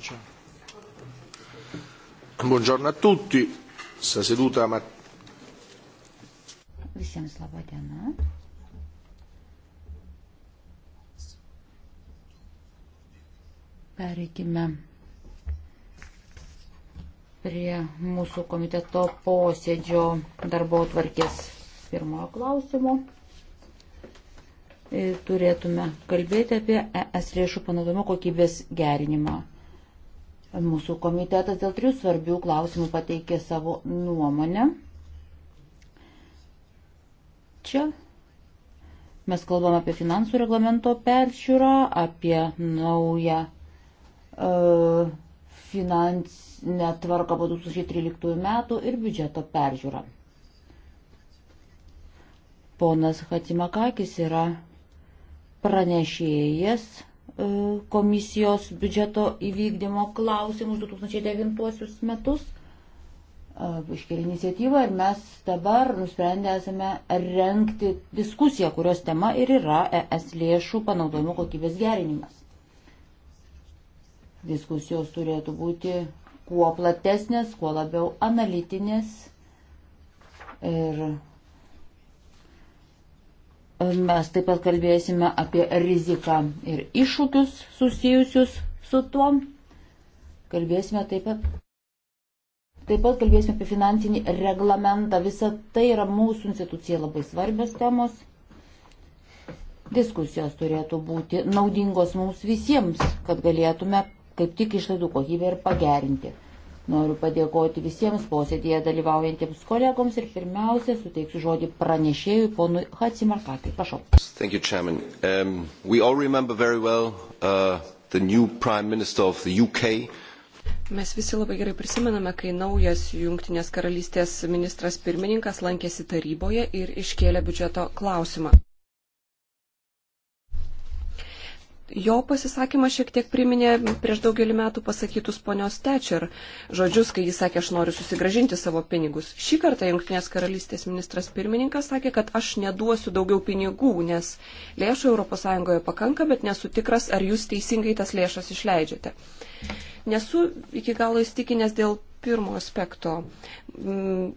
Bilancia. Buongiorno a tutti, sta seduta mattina. Visiems laba diena. Pereikime prie mūsų komiteto posėdžio darbo tvarkės pirmojo klausimo. Turėtume kalbėti apie ES lėšų panaudojimo kokybės gerinimą. Mūsų komitetas dėl trijų svarbių klausimų pateikė savo nuomonę. Čia mes kalbam apie finansų reglamento peržiūrą, apie naują uh, finansinę tvarką po 2013 metų ir biudžeto peržiūrą. Ponas Hatimakakis yra pranešėjas E, komisijos biudžeto įvykdymo klausimus 2009 metus. E, iškėlė iniciatyvą ir mes dabar nusprendę esame renkti diskusiją, kurios tema ir yra ES lėšų panaudojimo kokybės gerinimas. Diskusijos turėtų būti kuo platesnės, kuo labiau analitinės ir Mes taip pat kalbėsime apie riziką ir iššūkius susijusius su tuo. Kalbėsime taip pat. Taip pat kalbėsime apie finansinį reglamentą. Visa tai yra mūsų institucija labai svarbios temos. Diskusijos turėtų būti naudingos mums visiems, kad galėtume kaip tik išlaidų kokybę ir pagerinti. Noriu padėkoti visiems posėdėje dalyvaujantiems kolegoms ir pirmiausia suteiksiu žodį pranešėjui ponui Hatsimarkakai. Prašau. Thank you, Chairman. Um, we all remember very well uh, the new Prime Minister of the UK. Mes visi labai gerai prisimename, kai naujas Junktinės karalystės ministras pirmininkas lankėsi taryboje ir iškėlė biudžeto klausimą. jo pasisakymas šiek tiek priminė prieš daugelį metų pasakytus ponios Tečer žodžius, kai jis sakė, aš noriu susigražinti savo pinigus. Šį kartą Junktinės karalystės ministras pirmininkas sakė, kad aš neduosiu daugiau pinigų, nes lėšų ES pakanka, bet nesu tikras, ar jūs teisingai tas lėšas išleidžiate. Nesu iki galo įstikinęs dėl pirmo aspekto. Mm,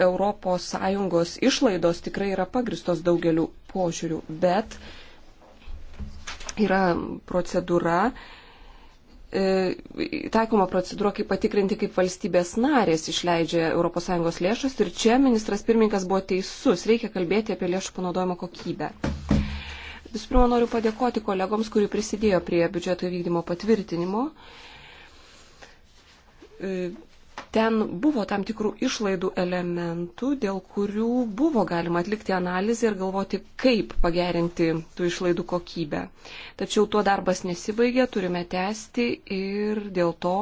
ES išlaidos tikrai yra pagristos daugeliu požiūrių, bet yra procedūra, e, taikoma procedūra, kaip patikrinti, kaip valstybės narės išleidžia ES lėšas. Ir čia ministras pirmininkas buvo teisus, reikia kalbėti apie lėšų panaudojimo kokybę. Visų pirma, noriu padėkoti kolegoms, kurie prisidėjo prie biudžeto įvykdymo patvirtinimo. E, ten buvo tam tikrų išlaidų elementų, dėl kurių buvo galima atlikti analizę ir galvoti, kaip pagerinti tų išlaidų kokybę. Tačiau tuo darbas nesibaigė, turime tęsti ir dėl to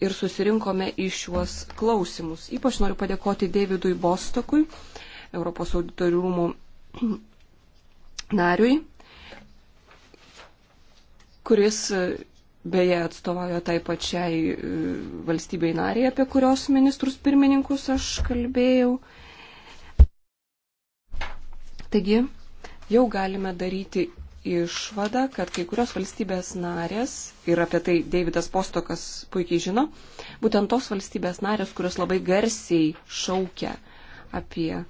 ir susirinkome į šiuos klausimus. Ypač noriu padėkoti Davidui Bostokui, Europos auditorių rūmų nariui, kuris beje atstovauja tai pačiai e, valstybei nariai, apie kurios ministrus pirmininkus aš kalbėjau. Taigi, jau galime daryti išvadą, kad kai kurios valstybės narės, ir apie tai Davidas Postokas puikiai žino, būtent tos valstybės narės, kurios labai garsiai šaukia apie e,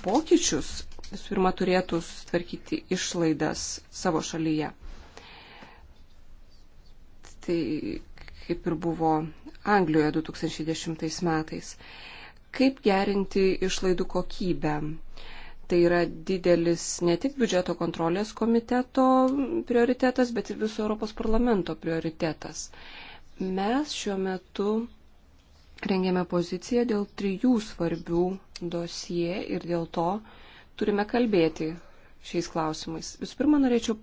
pokyčius, visų pirma turėtų sutvarkyti išlaidas savo šalyje tai kaip ir buvo Anglijoje 2010 metais. Kaip gerinti išlaidų kokybę? Tai yra didelis ne tik biudžeto kontrolės komiteto prioritetas, bet ir viso Europos parlamento prioritetas. Mes šiuo metu rengėme poziciją dėl trijų svarbių dosie ir dėl to turime kalbėti šiais klausimais. Visų pirma, norėčiau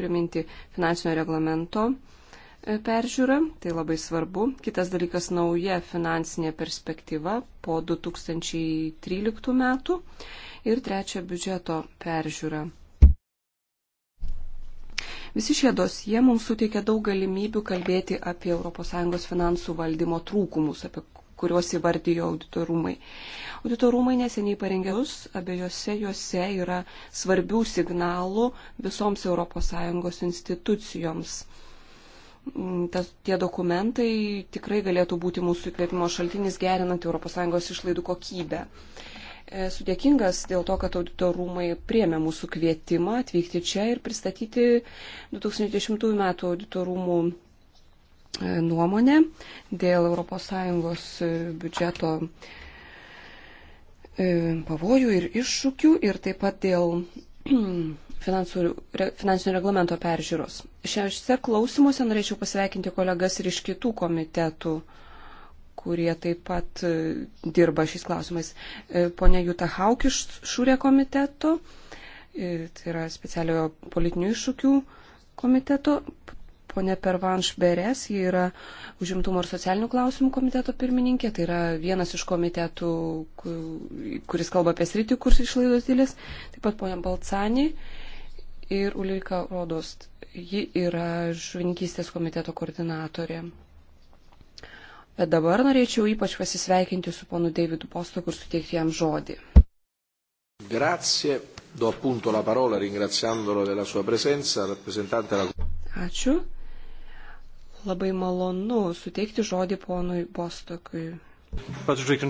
priminti finansinio reglamento peržiūra, tai labai svarbu. Kitas dalykas - nauja finansinė perspektyva po 2013 metų. Ir trečia - biudžeto peržiūra. Visi šie dosie mums suteikia daug galimybių kalbėti apie ES finansų valdymo trūkumus, apie kuriuos įvardijo auditorumai. Auditorumai neseniai parengėlus, abiejose juose yra svarbių signalų visoms ES institucijoms Mm, tas, tie dokumentai tikrai galėtų būti mūsų įkvėpimo šaltinis gerinant ES išlaidų kokybę. Esu dėkingas dėl to, kad audito rūmai priemė mūsų kvietimą atvykti čia ir pristatyti 2010 m. audito rūmų nuomonę dėl ES biudžeto e, pavojų ir iššūkių ir taip pat dėl finansų, finansinio reglamento peržiūros. Šiuose klausimuose norėčiau pasveikinti kolegas ir iš kitų komitetų, kurie taip pat e, dirba šiais klausimais. E, Pone Juta Hauk iš Šūrė komiteto, e, tai yra specialiojo politinių iššūkių komiteto. Pone Pervanš Beres, ji yra užimtumo ir socialinių klausimų komiteto pirmininkė, tai yra vienas iš komitetų, kuris kalba apie sritį, kur išlaidos dėlis. Taip pat ponė Balcani, ir Ulrika Rodost. Ji yra žuvininkystės komiteto koordinatorė. Bet dabar norėčiau ypač pasisveikinti su ponu Davidu Postoku ir suteikti jam žodį. Grazie. Do appunto la parola ringraziandolo della sua presenza, rappresentante la... Ačiū. Labai malonu suteikti žodį ponui Postokui. Tai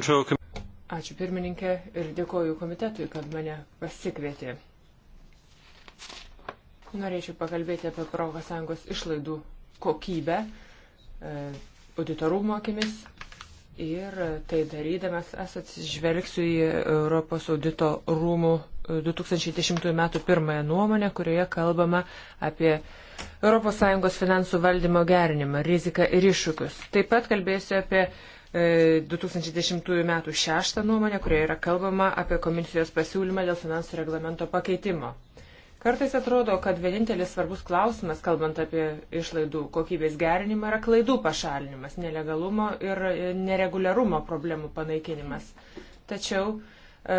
Ačiū pirmininkė ir dėkoju komitetui, kad mane pasikvietė. Norėčiau pakalbėti apie ES išlaidų kokybę e, auditorumo akimis ir tai darydamas aš atsižvelgsiu į Europos audito rūmų 2010 e, m. pirmąją nuomonę, kurioje kalbama apie ES finansų valdymo gerinimą, riziką ir iššūkius. Taip pat kalbėsiu apie 2010 e, m. šeštą nuomonę, kurioje yra kalbama apie komisijos pasiūlymą dėl finansų reglamento pakeitimo. Kartais atrodo, kad vienintelis svarbus klausimas, kalbant apie išlaidų kokybės gerinimą, yra klaidų pašalinimas, nelegalumo ir e, nereguliarumo problemų panaikinimas. Tačiau e,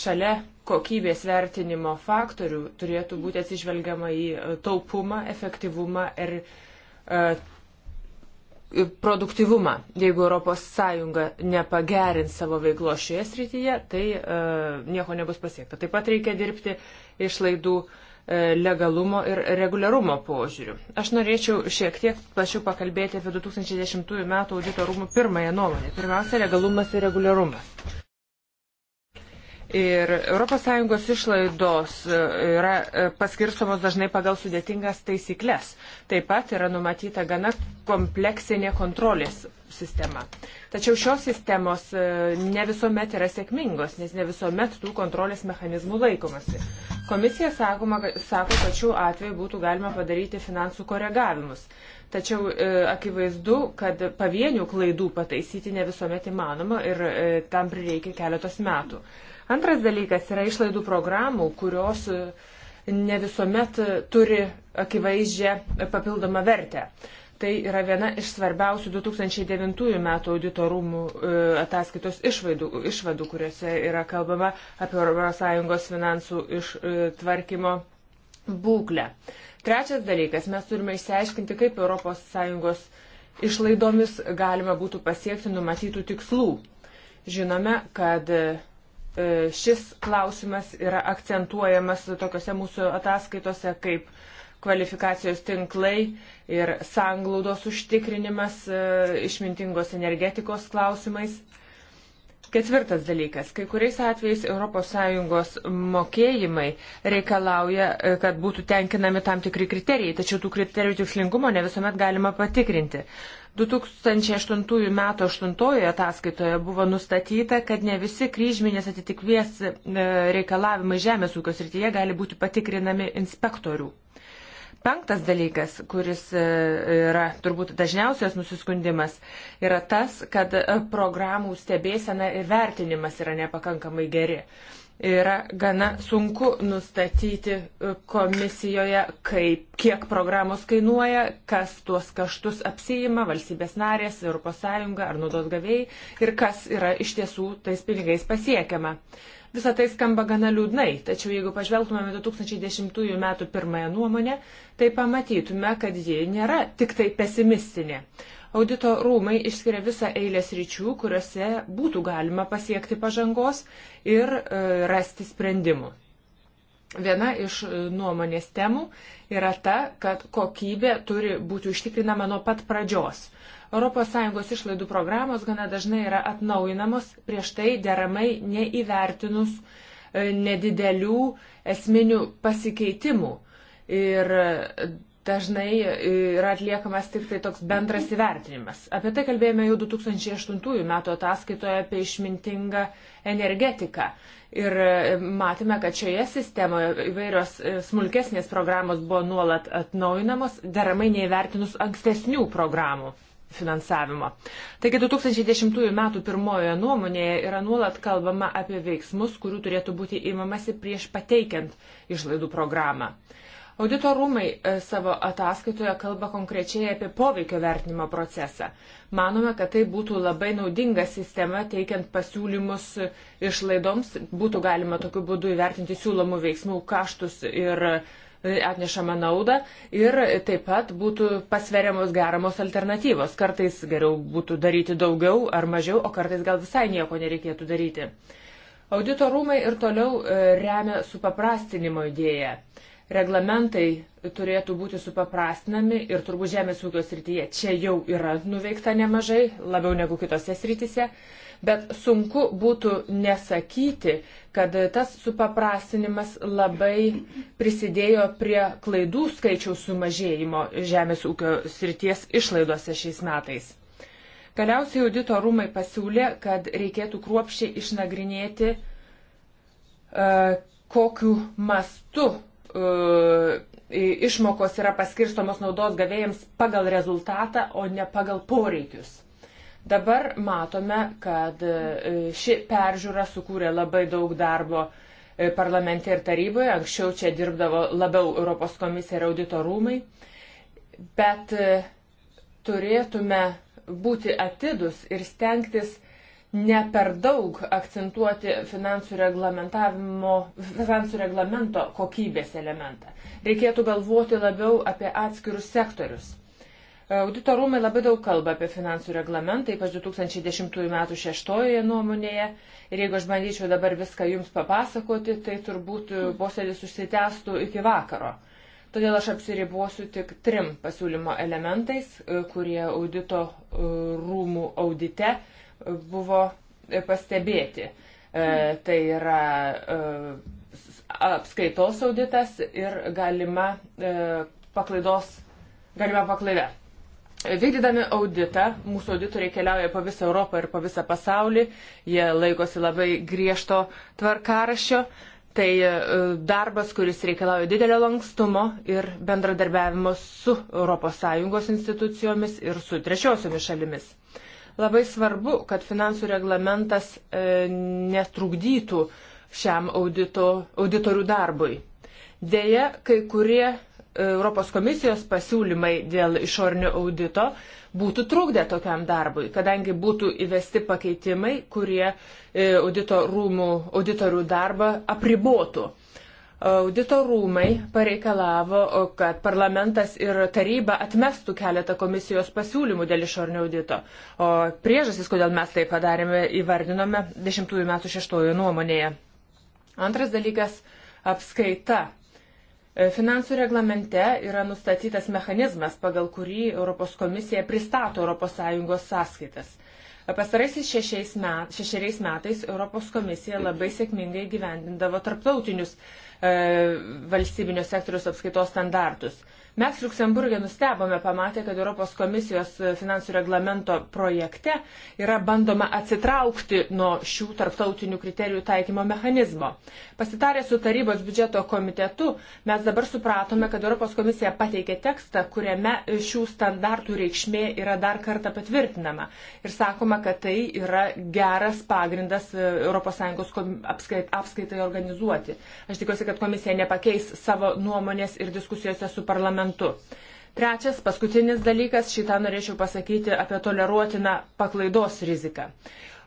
šalia kokybės vertinimo faktorių turėtų būti atsižvelgiama į e, taupumą, efektyvumą ir produktivumą. Jeigu ES nepagerins savo veiklos šioje srityje, tai e, nieko nebus pasiekta. Taip pat reikia dirbti išlaidų e, legalumo ir reguliarumo požiūrių. Aš norėčiau šiek tiek plačiau pakalbėti apie 2010 m. audito rūmų pirmąją nuomonę. Pirmiausia, legalumas ir reguliarumas. Ir ES išlaidos e, yra e, paskirstomos dažnai pagal sudėtingas taisyklės. Taip pat yra numatyta gana kompleksinė kontrolės sistema. Tačiau šios sistemos e, ne visuomet yra sėkmingos, nes ne visuomet tų kontrolės mechanizmų laikomasi. Komisija sakoma, sako, kad šiuo atveju būtų galima padaryti finansų koregavimus. Tačiau e, akivaizdu, kad pavienių klaidų pataisyti ne visuomet įmanoma ir e, tam prireikia keletos metų. E, Antras dalykas yra išlaidų programų, kurios e, ne visuomet turi akivaizdžią papildomą vertę. Tai yra viena iš svarbiausių 2009 metų auditorumų e, ataskaitos išvaidų, išvadų, kuriuose yra kalbama apie ES finansų ištvarkymo e, būklę. Trečias dalykas, mes turime išsiaiškinti, kaip ES išlaidomis galima būtų pasiekti numatytų tikslų. Žinome, kad E, šis klausimas yra akcentuojamas tokiuose mūsų ataskaitose kaip kvalifikacijos tinklai ir sanglaudos užtikrinimas e, išmintingos energetikos klausimais. Ketvirtas dalykas. Kai kuriais atvejais ES mokėjimai reikalauja, e, kad būtų tenkinami tam tikri kriterijai, tačiau tų kriterijų tikslingumo ne visuomet galima patikrinti. 2008 m. 8 ataskaitoje buvo nustatyta, kad ne visi kryžminės atitikvies e, reikalavimai žemės ūkio srityje gali būti patikrinami inspektorių. Penktas dalykas, kuris e, yra turbūt dažniausias nusiskundimas, yra tas, kad e, programų stebėsena ir vertinimas yra nepakankamai geri yra gana sunku nustatyti e, komisijoje, kaip, kiek programos kainuoja, kas tuos kaštus apsijima, valstybės narės, ES ar naudos gavėjai ir kas yra iš tiesų tais pinigais pasiekiama. Visą tai skamba gana liūdnai, tačiau jeigu pažvelgtumėme 2010 m. pirmąją nuomonę, tai pamatytume, kad ji nėra tik tai pesimistinė. Audito rūmai išskiria visą eilę sričių, kuriuose būtų galima pasiekti pažangos ir e, rasti sprendimų. Viena iš e, nuomonės temų yra ta, kad kokybė turi būti užtikrinama nuo pat pradžios. ES išlaidų programos gana dažnai yra atnaujinamos prieš tai deramai neįvertinus e, nedidelių esminių pasikeitimų. Ir dažnai e, yra atliekamas tik tai toks bendras įvertinimas. Apie tai kalbėjome jau 2008 metų ataskaitoje apie išmintingą energetiką. Ir e, matėme, kad šioje sistemoje įvairios e, smulkesnės programos buvo nuolat atnaujinamos, deramai neįvertinus ankstesnių programų finansavimo. Taigi 2010 metų pirmojoje nuomonėje yra nuolat kalbama apie veiksmus, kurių turėtų būti įmamasi prieš pateikiant išlaidų programą. Audito rūmai e, savo ataskaitoje kalba konkrečiai apie poveikio vertinimo procesą. Manome, kad tai būtų labai naudinga sistema, teikiant pasiūlymus išlaidoms. Būtų galima tokiu būdu įvertinti siūlomų veiksmų kaštus ir e, atnešama nauda ir taip pat būtų pasveriamos geramos alternatyvos. Kartais geriau būtų daryti daugiau ar mažiau, o kartais gal visai nieko nereikėtų daryti. Audito rūmai ir toliau e, remia supaprastinimo idėją reglamentai turėtų būti supaprastinami ir turbūt žemės ūkio srityje čia jau yra nuveikta nemažai, labiau negu kitose srityse, bet sunku būtų nesakyti, kad tas supaprastinimas labai prisidėjo prie klaidų skaičiaus sumažėjimo žemės ūkio srities išlaidose šiais metais. Galiausiai audito rūmai pasiūlė, kad reikėtų kruopščiai išnagrinėti, e, kokiu mastu E, išmokos yra paskirstomos naudos gavėjams pagal rezultatą, o ne pagal poreikius. Dabar matome, kad e, ši peržiūra sukūrė labai daug darbo e, parlamente ir taryboje. Anksčiau čia dirbdavo labiau Europos komisija ir audito rūmai. Bet turėtume būti atidus ir stengtis ne per daug akcentuoti finansų, finansų reglamento kokybės elementą. Reikėtų galvoti labiau apie atskirus sektorius. Auditorumai labai daug kalba apie finansų reglamentą, ypač 2010 m. šeštojoje nuomonėje. Ir jeigu aš bandyčiau dabar viską jums papasakoti, tai turbūt posėdis užsitęstų iki vakaro. Todėl aš apsiribuosiu tik trim pasiūlymo elementais, kurie audito e, rūmų audite buvo e, pastebėti. E, tai yra e, apskaitos auditas ir galima paklaidos, galima paklaida. Vykdydami auditą, mūsų auditoriai keliauja po visą Europą ir po visą pasaulį, jie laikosi labai griežto tvarkarašio, tai darbas, kuris reikalauja didelio lankstumo ir bendradarbiavimo su ES institucijomis ir su trečiosiomis šalimis. Labai svarbu, kad finansų reglamentas e, netrukdytų šiam audito, auditorių darbui. Deja, kai kurie e, Europos komisijos pasiūlymai dėl išornio audito būtų trukdę tokiam darbui, kadangi būtų įvesti pakeitimai, kurie e, audito rūmų, auditorių darbą apribotų. Auditorumai pareikalavo, kad parlamentas ir taryba atmestų keletą komisijos pasiūlymų dėl išornio audito. O priežasis, kodėl mes tai padarėme, įvardinome 10 metų 6 nuomonėje. Antras dalykas - apskaita. E, finansų reglamente yra nustatytas mechanizmas, pagal kurį Europos komisija pristato ES sąskaitas. E, pastaraisiais met, šešeriais metais Europos komisija labai sėkmingai gyvendindavo tarptautinius E, valstybinio sektoriaus apskaitos standartus. Mes Luksemburgė nustebome pamatę, kad Europos komisijos finansų reglamento projekte yra bandoma atsitraukti nuo šių tarptautinių kriterijų taikymo mechanizmo. Pasitarę su tarybos biudžeto komitetu, mes dabar supratome, kad Europos komisija pateikė tekstą, kuriame šių standartų reikšmė yra dar kartą patvirtinama. Ir sakoma, kad tai yra geras pagrindas ES apskaitai organizuoti. Aš tikiuosi, kad komisija nepakeis savo nuomonės ir diskusijose su parlamentu parlamentu. Trečias, paskutinis dalykas, šitą norėčiau pasakyti apie toleruotiną paklaidos riziką.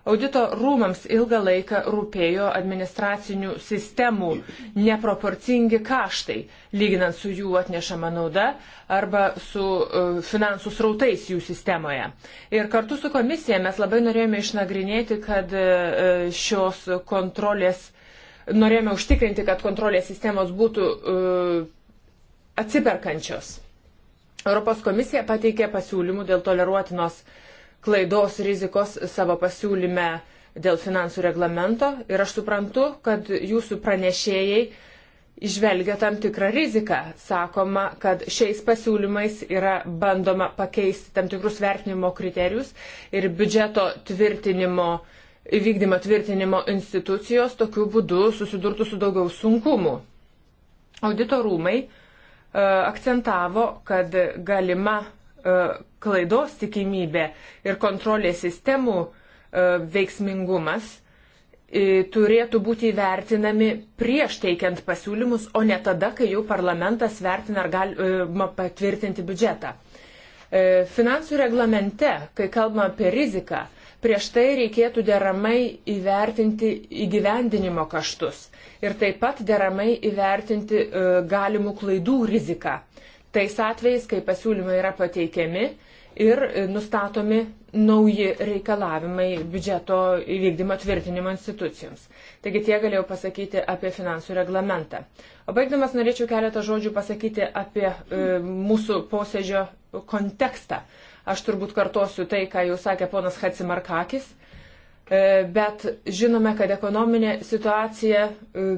Audito rūmams ilgą laiką rūpėjo administracinių sistemų neproporcingi kaštai, lyginant su jų atnešama nauda arba su e, finansų srautais jų sistemoje. Ir kartu su komisija mes labai norėjome išnagrinėti, kad e, šios kontrolės, norėjome užtikrinti, kad kontrolės sistemos būtų e, atsiperkančios. Europos komisija pateikė pasiūlymų dėl toleruotinos klaidos rizikos savo pasiūlyme dėl finansų reglamento ir aš suprantu, kad jūsų pranešėjai išvelgia tam tikrą riziką. Sakoma, kad šiais pasiūlymais yra bandoma pakeisti tam tikrus vertinimo kriterijus ir biudžeto tvirtinimo, įvykdymo tvirtinimo institucijos tokiu būdu susidurtų su daugiau sunkumų. Auditorumai rūmai E, akcentavo, kad galima e, klaidos tikimybė ir kontrolės sistemų e, veiksmingumas turėtų būti vertinami prieš teikiant pasiūlymus, o ne tada, kai jau parlamentas vertina ar galima patvirtinti biudžetą. Finansų reglamente, kai kalbama apie riziką, Prieš tai reikėtų deramai įvertinti įgyvendinimo kaštus ir taip pat deramai įvertinti e, galimų klaidų riziką. Tais atvejais, kai pasiūlymai yra pateikiami ir e, nustatomi nauji reikalavimai biudžeto įvykdymo tvirtinimo institucijoms. Taigi tie galėjau pasakyti apie finansų reglamentą. O baigdamas norėčiau keletą žodžių pasakyti apie e, mūsų posėdžio kontekstą. E, Aš turbūt kartosiu tai, ką jau sakė ponas Hatsimarkakis, e, bet žinome, kad ekonominė situacija e,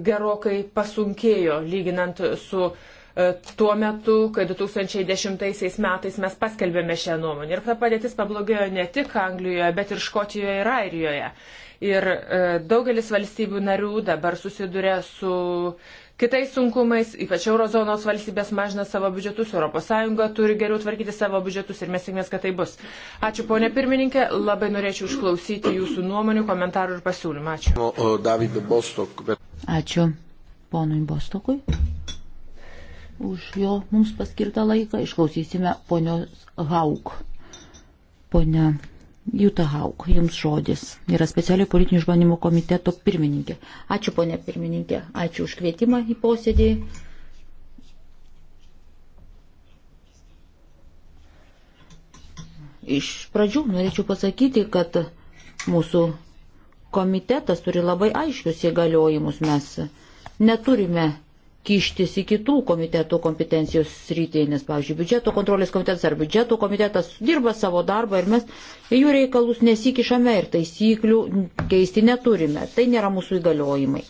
gerokai pasunkėjo lyginant su e, tuo metu, kai 2010 metais mes paskelbėme šią nuomonę. Ir ta padėtis pablogėjo ne tik Anglijoje, bet ir Škotijoje ir Airijoje. Ir daugelis valstybių narių dabar susiduria su kitais sunkumais, ypač eurozonos valstybės mažina savo biudžetus, ES turi geriau tvarkyti savo biudžetus ir mes tikimės, kad tai bus. Ačiū ponė pirmininkė, labai norėčiau išklausyti jūsų nuomonių, komentarų ir pasiūlymų. Ačiū. Ačiū ponui Bostokui už jo mums paskirtą laiką. Išklausysime ponios Hauk. Pone Jūta Hauk, jums žodis. Yra specialiai politinių žmonimų komiteto pirmininkė. Ačiū, ponė pirmininkė. Ačiū už kvietimą į posėdį. Iš pradžių norėčiau pasakyti, kad mūsų komitetas turi labai aiškius įgaliojimus. Mes neturime kištis į kitų komitetų kompetencijos srityje, nes, pavyzdžiui, biudžeto kontrolės komitetas ar biudžeto komitetas dirba savo darbą ir mes į jų reikalus nesikišame ir taisyklių keisti neturime. Tai nėra mūsų įgaliojimai.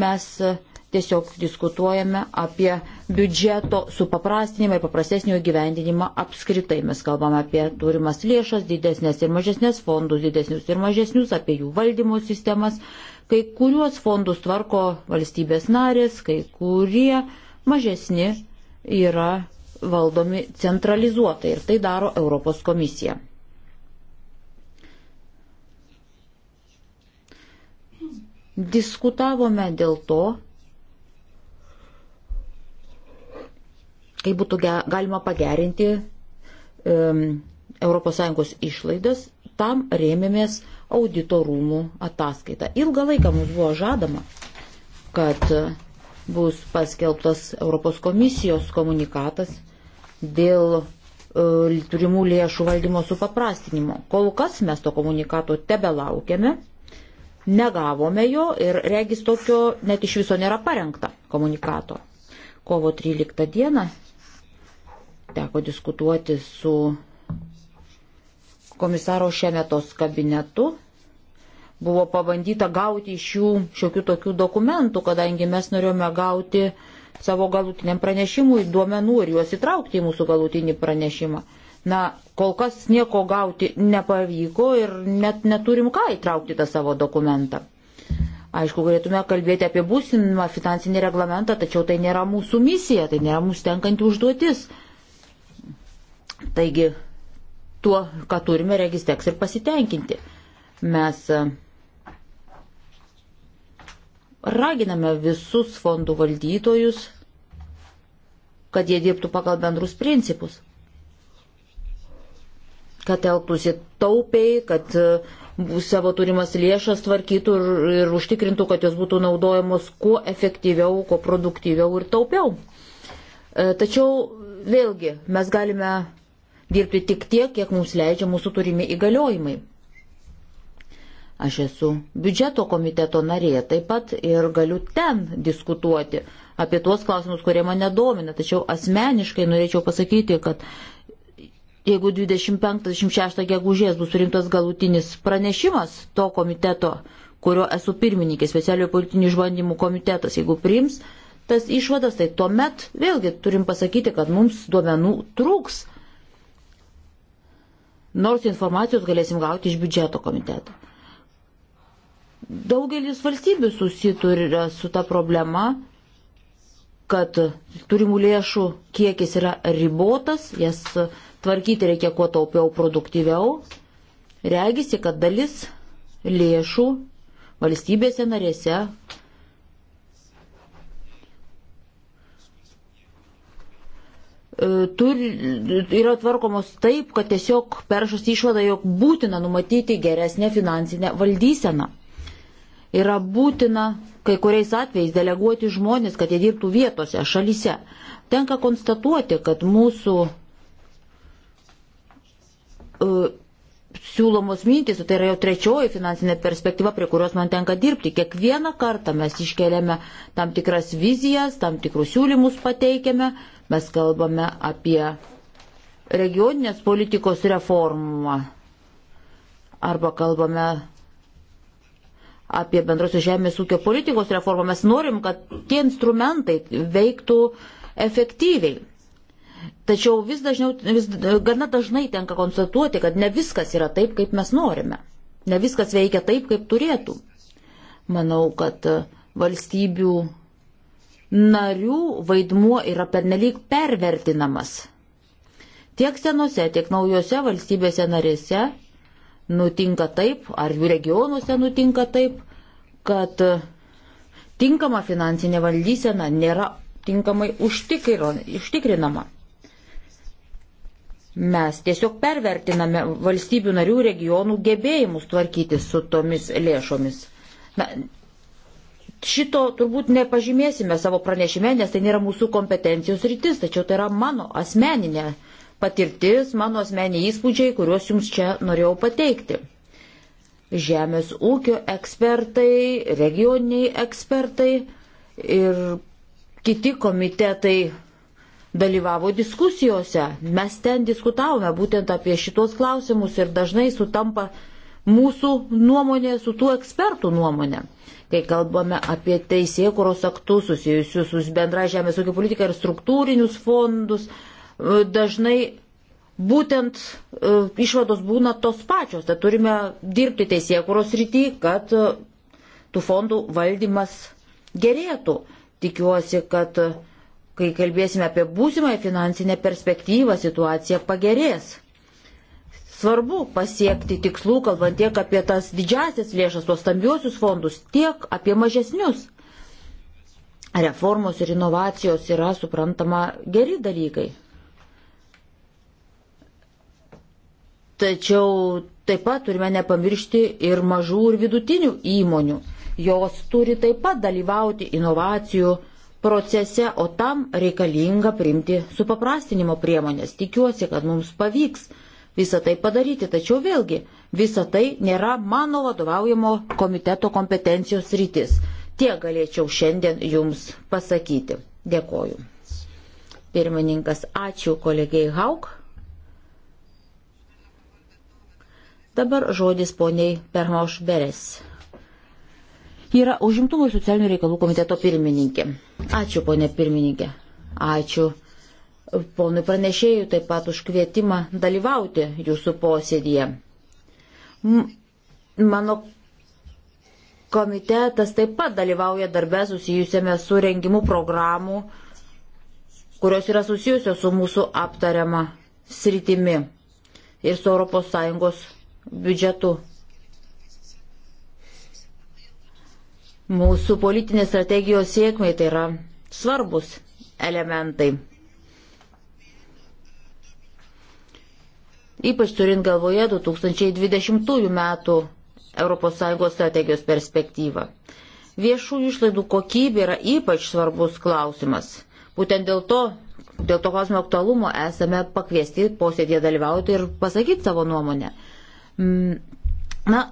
Mes e, tiesiog diskutuojame apie biudžeto supaprastinimą ir paprastesnio gyvendinimą apskritai. Mes kalbame apie turimas lėšas, didesnės ir mažesnės fondus, didesnius ir mažesnius, apie jų valdymo sistemas Kai kuriuos fondus tvarko valstybės narės, kai kurie mažesni yra valdomi centralizuotai ir tai daro Europos komisija. Diskutavome dėl to, kaip būtų galima pagerinti um, ES išlaidas, tam rėmėmės uh, auditorumų ataskaitą. Ilgą laiką mums buvo žadama, kad bus paskelbtas Europos komisijos komunikatas dėl e, turimų lėšų valdymo supaprastinimo. Kol kas mes to komunikato tebe laukiame, negavome jo ir regis tokio net iš viso nėra parengta komunikato. Kovo 13 dieną teko diskutuoti su komisaro Šemetos kabinetu buvo pabandyta gauti iš jų šiokių tokių dokumentų, kadangi mes norėjome gauti savo galutiniam pranešimui duomenų ir juos įtraukti į mūsų galutinį pranešimą. Na, kol kas nieko gauti nepavyko ir net neturim ką įtraukti tą savo dokumentą. Aišku, galėtume kalbėti apie būsimą finansinį reglamentą, tačiau tai nėra mūsų misija, tai nėra mūsų tenkanti užduotis. Taigi, tuo, ką turime, regis teks ir pasitenkinti. Mes e, raginame visus fondų valdytojus, kad jie dirbtų pagal bendrus principus, kad elgtųsi taupiai, kad e, savo turimas lėšas tvarkytų ir, ir užtikrintų, kad jos būtų naudojamos kuo efektyviau, kuo produktyviau ir taupiau. E, tačiau vėlgi mes galime dirbti tik tiek, kiek mums leidžia mūsų turimi įgaliojimai. Aš esu biudžeto komiteto narė taip pat ir galiu ten diskutuoti apie tuos klausimus, kurie mane domina. Tačiau asmeniškai norėčiau pasakyti, kad jeigu 25-26 gegužės bus rimtas galutinis pranešimas to komiteto, kurio esu pirmininkė, specialiojo politinių išbandymų komitetas, jeigu priims tas išvadas, tai tuomet vėlgi turim pasakyti, kad mums duomenų trūks nors informacijos galėsim gauti iš biudžeto komiteto. Daugelis valstybių susituria su ta problema, kad turimų lėšų kiekis yra ribotas, jas tvarkyti reikia kuo taupiau, produktyviau. Regisi, kad dalis lėšų valstybėse narėse turi, yra tvarkomos taip, kad tiesiog peršas išvada, jog būtina numatyti geresnę finansinę valdyseną. Yra būtina kai kuriais atvejais deleguoti žmonės, kad jie dirbtų vietose, šalyse. Tenka konstatuoti, kad mūsų uh, siūlomos mintys, tai yra jau trečioji finansinė perspektyva, prie kurios man tenka dirbti. Kiekvieną kartą mes iškeliame tam tikras vizijas, tam tikrus siūlymus pateikiame, mes kalbame apie regioninės politikos reformą arba kalbame apie bendrosios žemės ūkio politikos reformą. Mes norim, kad tie instrumentai veiktų efektyviai. Tačiau vis dažniau, vis, gana dažnai tenka konstatuoti, kad ne viskas yra taip, kaip mes norime. Ne viskas veikia taip, kaip turėtų. Manau, kad e, valstybių narių vaidmuo yra pernelyg pervertinamas. Tiek senose, tiek naujose valstybėse narėse nutinka taip, ar jų regionuose nutinka taip, kad e, tinkama finansinė valdysena nėra tinkamai užtikrinama. Mes tiesiog pervertiname valstybių narių regionų gebėjimus tvarkyti su tomis lėšomis. Na, šito turbūt nepažymėsime savo pranešime, nes tai nėra mūsų kompetencijos rytis, tačiau tai yra mano asmeninė patirtis, mano asmeniai įspūdžiai, kuriuos jums čia norėjau pateikti. Žemės ūkio ekspertai, regioniniai ekspertai ir kiti komitetai dalyvavo diskusijose. Mes ten diskutavome būtent apie šitos klausimus ir dažnai sutampa mūsų nuomonė su tų ekspertų nuomonė. Kai kalbame apie teisėkuros aktus susijusius su bendra žemės ūkio politika ir struktūrinius fondus, e, dažnai būtent e, išvados būna tos pačios. Tad turime dirbti teisėkuros rytį, kad e, tų fondų valdymas gerėtų. Tikiuosi, kad kai kalbėsime apie būsimąją finansinę perspektyvą, situacija pagerės. Svarbu pasiekti tikslų, kalbant tiek apie tas didžiasias lėšas, tuos stambiuosius fondus, tiek apie mažesnius. Reformos ir inovacijos yra, suprantama, geri dalykai. Tačiau taip pat turime nepamiršti ir mažų ir vidutinių įmonių. Jos turi taip pat dalyvauti inovacijų procese, o tam reikalinga priimti supaprastinimo priemonės. Tikiuosi, kad mums pavyks visą tai padaryti, tačiau vėlgi visą tai nėra mano vadovaujamo komiteto kompetencijos rytis. Tie galėčiau šiandien jums pasakyti. Dėkoju. Pirmininkas, ačiū kolegiai Hauk. Dabar žodis poniai Permoš Beres yra užimtumo ir socialinių reikalų komiteto pirmininkė. Ačiū, ponė pirmininkė. Ačiū e, ponui pranešėjui taip pat už kvietimą dalyvauti jūsų posėdėje. Mano komitetas taip pat dalyvauja darbę susijusiame su rengimu programų, kurios yra susijusios su mūsų aptariama sritimi ir su ES biudžetu. mūsų politinės strategijos sėkmai tai yra svarbus elementai. Ypač turint galvoje 2020 metų ES strategijos perspektyvą. Viešų išlaidų kokybė yra ypač svarbus klausimas. Būtent dėl to, dėl to klausimo aktualumo esame pakviesti posėdėje dalyvauti ir pasakyti savo nuomonę. Mm, na,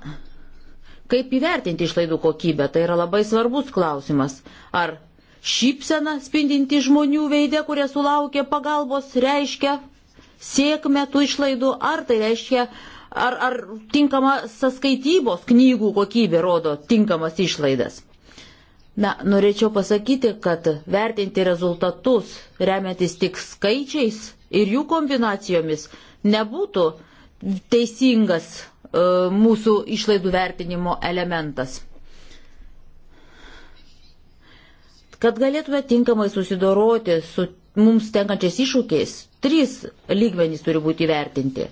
Kaip įvertinti išlaidų kokybę, tai yra labai svarbus klausimas. Ar šypsena spindinti žmonių veidė, kurie sulaukė pagalbos, reiškia sėkmę tų išlaidų, ar tai reiškia, ar, ar tinkama saskaitybos knygų kokybė rodo tinkamas išlaidas. Na, norėčiau pasakyti, kad vertinti rezultatus, remiantis tik skaičiais ir jų kombinacijomis, nebūtų teisingas E, mūsų išlaidų vertinimo elementas. Kad galėtume tinkamai susidoroti su mums tenkančiais iššūkiais, trys lygmenys turi būti įvertinti.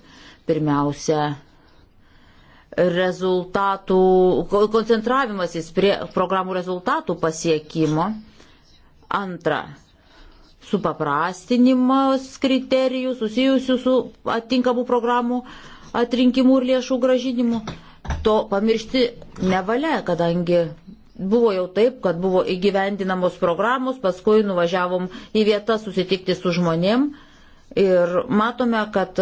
Pirmiausia, rezultatų, koncentravimasis prie programų rezultatų pasiekimo. Antra, supaprastinimas kriterijų susijusių su atinkamų programų uh, atrinkimų ir lėšų gražinimų. To pamiršti nevalia, kadangi buvo jau taip, kad buvo įgyvendinamos programos, paskui nuvažiavom į vietą susitikti su žmonėm ir matome, kad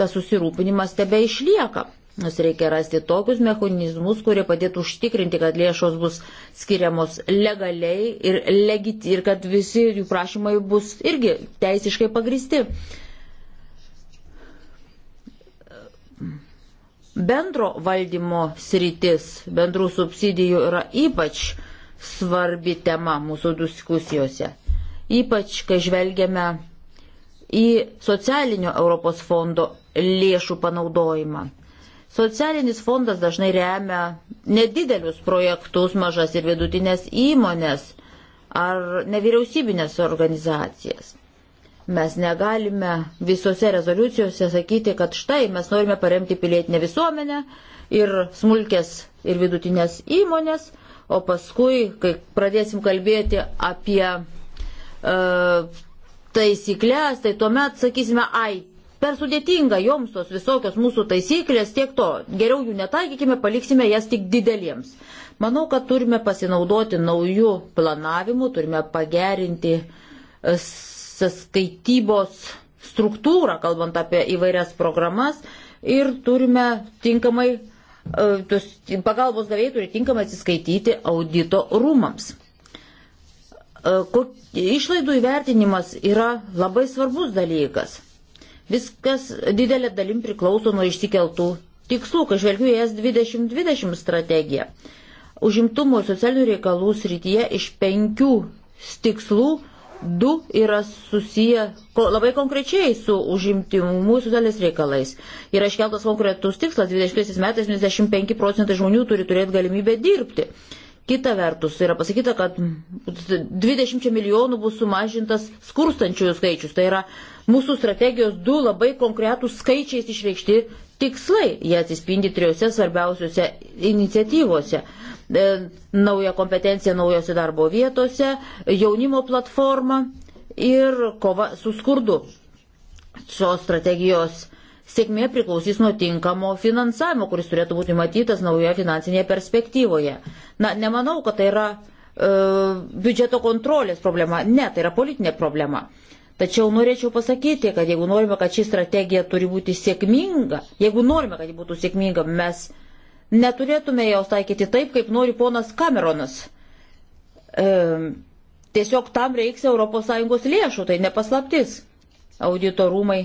tas susirūpinimas tebe išlieka. Nes reikia rasti tokius mechanizmus, kurie padėtų užtikrinti, kad lėšos bus skiriamos legaliai ir, legit, ir kad visi jų prašymai bus irgi teisiškai pagristi. Bendro valdymo sritis, bendrų subsidijų yra ypač svarbi tema mūsų diskusijose. Ypač, kai žvelgiame į socialinio Europos fondo lėšų panaudojimą. Socialinis fondas dažnai remia nedidelius projektus, mažas ir vidutinės įmonės ar nevyriausybinės organizacijas. Mes negalime visose rezoliucijose sakyti, kad štai mes norime paremti pilietinę visuomenę ir smulkės ir vidutinės įmonės, o paskui, kai pradėsim kalbėti apie e, taisyklės, tai tuomet sakysime, ai, per sudėtinga joms tos visokios mūsų taisyklės, tiek to, geriau jų netaikykime, paliksime jas tik dideliems. Manau, kad turime pasinaudoti naujų planavimų, turime pagerinti skaitybos struktūrą, kalbant apie įvairias programas ir turime tinkamai, e, pagalbos gavėjai turi tinkamai atsiskaityti audito rūmams. E, išlaidų įvertinimas yra labai svarbus dalykas. Viskas didelė dalim priklauso nuo išsikeltų tikslų, kai žvelgiu į S2020 strategiją. Užimtumo ir socialinių reikalų srityje iš penkių tikslų Du yra susiję labai konkrečiai su užimtimu socialiniais reikalais. Yra iškeltas konkretus tikslas, 20 metais 25 procentai žmonių turi turėti galimybę dirbti. Kita vertus, yra pasakyta, kad 20 milijonų bus sumažintas skurstančiųjų skaičius. Tai yra mūsų strategijos du labai konkretūs skaičiais išreikšti tikslai. Jie atsispindi trijose svarbiausiose iniciatyvose. E, naują kompetenciją naujose darbo vietose, jaunimo platformą ir kova su skurdu. Šios strategijos sėkmė priklausys nuo tinkamo finansavimo, kuris turėtų būti matytas naujoje finansinėje perspektyvoje. Na, nemanau, kad tai yra e, biudžeto kontrolės problema. Ne, tai yra politinė problema. Tačiau norėčiau pasakyti, kad jeigu norime, kad ši strategija turi būti sėkminga, jeigu norime, kad ji būtų sėkminga, mes Neturėtume jos taikyti taip, kaip nori ponas Cameronas. E, tiesiog tam reiks ES lėšų, tai nepaslaptis. Auditorumai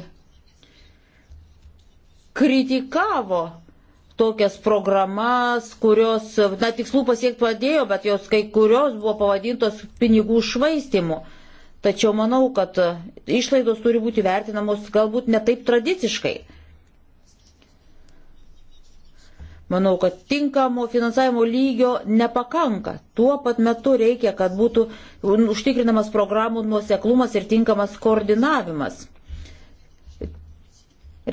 kritikavo tokias programas, kurios, na, tikslų pasiekti padėjo, bet jos kai kurios buvo pavadintos pinigų švaistimu. Tačiau manau, kad išlaidos turi būti vertinamos galbūt netaip tradiciškai. Manau, kad tinkamo finansavimo lygio nepakanka. Tuo pat metu reikia, kad būtų užtikrinamas programų nuoseklumas ir tinkamas koordinavimas.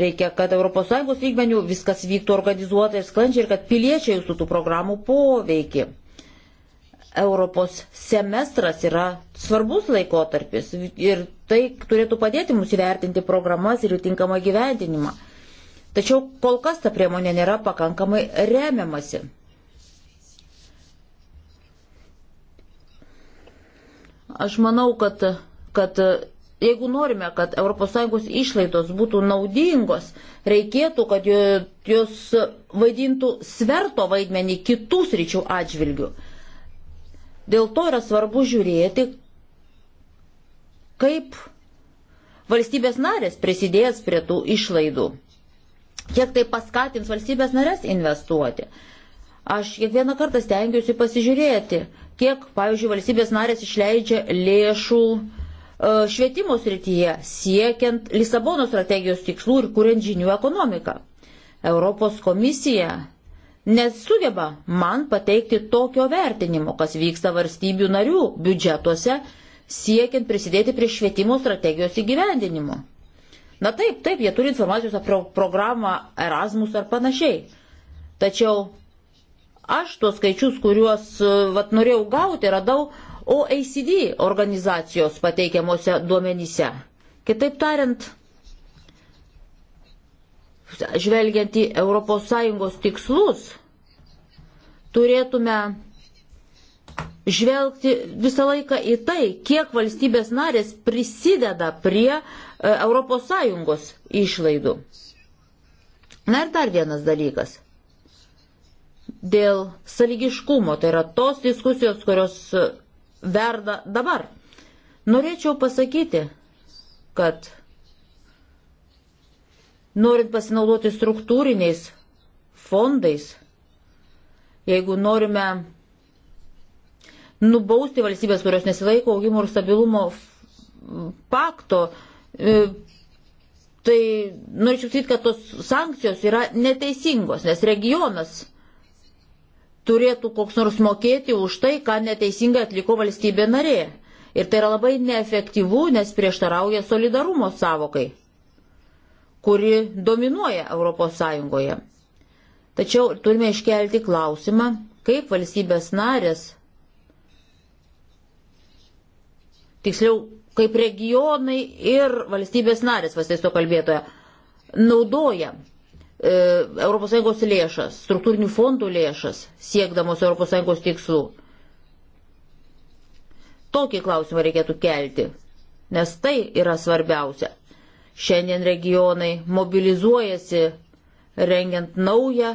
Reikia, kad ES lygmenių viskas vyktų organizuotai ir sklandžiai ir kad piliečiai jūsų tų programų poveikį. Europos semestras yra svarbus laikotarpis ir tai turėtų padėti mums įvertinti programas ir jų tinkamą gyventinimą. Tačiau kol kas ta priemonė nėra pakankamai remiamasi. Aš manau, kad, kad jeigu norime, kad ES išlaidos būtų naudingos, reikėtų, kad jos vaidintų sverto vaidmenį kitų sričių atžvilgių. Dėl to yra svarbu žiūrėti, kaip valstybės narės prisidės prie tų išlaidų kiek tai paskatins valstybės narės investuoti. Aš kiekvieną kartą stengiuosi pasižiūrėti, kiek, pavyzdžiui, valstybės narės išleidžia lėšų e, švietimo srityje, siekiant Lisabono strategijos tikslų ir kuriant žinių ekonomiką. Europos komisija nesugeba man pateikti tokio vertinimo, kas vyksta valstybių narių biudžetuose, siekiant prisidėti prie švietimo strategijos įgyvendinimo. Na taip, taip, jie turi informacijos apie programą Erasmus ar panašiai. Tačiau aš tuos skaičius, kuriuos e, vat, norėjau gauti, radau OECD organizacijos pateikiamuose duomenyse. Kitaip tariant, žvelgiant į ES tikslus, turėtume žvelgti visą laiką į tai, kiek valstybės narės prisideda prie ES išlaidų. Na ir dar vienas dalykas. Dėl saligiškumo, tai yra tos diskusijos, kurios e, verda dabar. Norėčiau pasakyti, kad norint pasinaudoti struktūriniais fondais, jeigu norime nubausti valstybės, kurios nesilaiko augimo ir stabilumo pakto, E, tai norėčiau sakyti, kad tos sankcijos yra neteisingos, nes regionas turėtų koks nors mokėti už tai, ką neteisingai atliko valstybė narė. Ir tai yra labai neefektyvu, nes prieštarauja solidarumo savokai, kuri dominuoja ES. Tačiau turime iškelti klausimą, kaip valstybės narės, tiksliau kaip regionai ir valstybės narės, pasitaiso kalbėtoja, naudoja e, ES lėšas, struktūrinių fondų lėšas, siekdamos ES tikslų. Tokį klausimą reikėtų kelti, nes tai yra svarbiausia. Šiandien regionai mobilizuojasi rengiant naują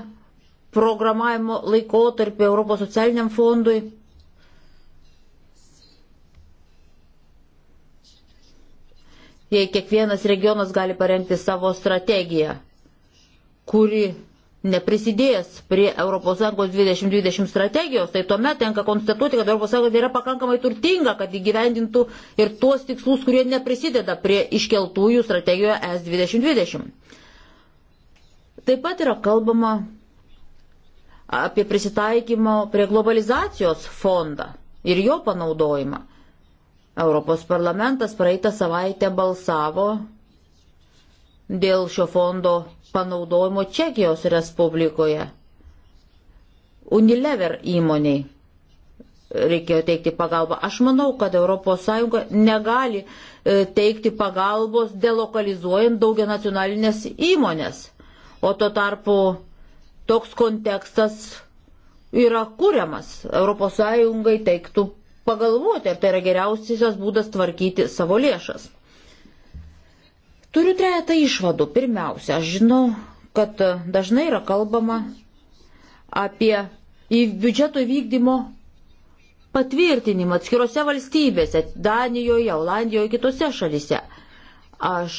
programavimo laikotarpį Europos socialiniam fondui jei kiekvienas regionas gali parengti savo strategiją, kuri neprisidės prie ES 2020 strategijos, tai tuomet tenka konstatuoti, kad ES yra pakankamai turtinga, kad įgyvendintų ir tuos tikslus, kurie neprisideda prie iškeltųjų strategijoje ES 2020. Taip pat yra kalbama apie prisitaikymo prie globalizacijos fondą ir jo panaudojimą. Europos parlamentas praeitą savaitę balsavo dėl šio fondo panaudojimo Čekijos Respublikoje. Unilever įmoniai reikėjo teikti pagalbą. Aš manau, kad ES negali e, teikti pagalbos delokalizuojant daugia nacionalinės įmonės. O tuo tarpu toks kontekstas yra kuriamas. ES teiktų pagalvoti, ar tai yra geriausias būdas tvarkyti savo lėšas. Turiu trejata išvadų. Pirmiausia, aš žinau, kad dažnai yra kalbama apie į biudžeto vykdymo patvirtinimą atskirose valstybėse - Danijoje, Olandijoje, kitose šalise. Aš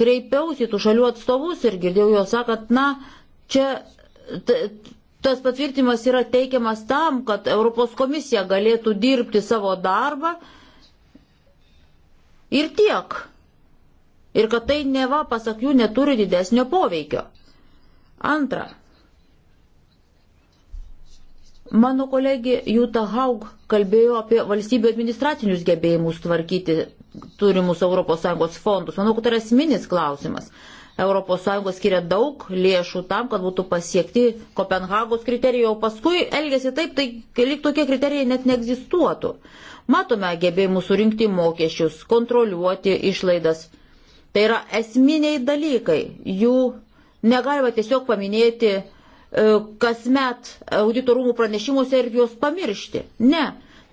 kreipiausi tų šalių atstovus ir girdėjau juos sakant, na, čia tas patvirtimas yra teikiamas tam, kad Europos komisija galėtų dirbti savo darbą ir tiek. Ir kad tai neva, pasak jų, neturi didesnio poveikio. Antra. Mano kolegė Jūta Haug kalbėjo apie valstybių administracinius gebėjimus tvarkyti turimus ES fondus. Manau, kad tai yra esminis klausimas. ES skiria daug lėšų tam, kad būtų pasiekti Kopenhagos kriterijai, o paskui elgesi taip, tai lyg tokie kriterijai net neegzistuotų. Matome gebėjimus surinkti mokesčius, kontroliuoti išlaidas. Tai yra esminiai dalykai. Jų negalima tiesiog paminėti e, kasmet auditorumų pranešimuose ir juos pamiršti. Ne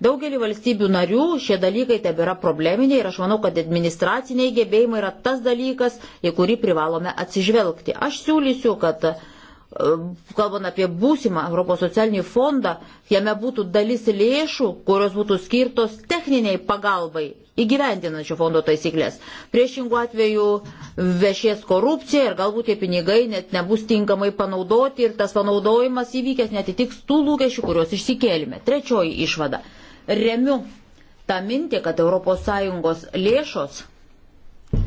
Daugelį valstybių narių šie dalykai tebėra probleminiai ir aš manau, kad administraciniai gebėjimai yra tas dalykas, į kurį privalome atsižvelgti. Aš siūlysiu, kad e, kalbant apie būsimą Europos socialinį fondą, jame būtų dalis lėšų, kurios būtų skirtos techniniai pagalbai įgyvendinančių fondo taisyklės. Priešingų atveju vešies korupcija ir galbūt tie pinigai net nebus tinkamai panaudoti ir tas panaudojimas įvykęs netitiks tų lūkesčių, kuriuos išsikėlėme. Trečioji išvada. Remiu tą mintį, kad ES lėšos e,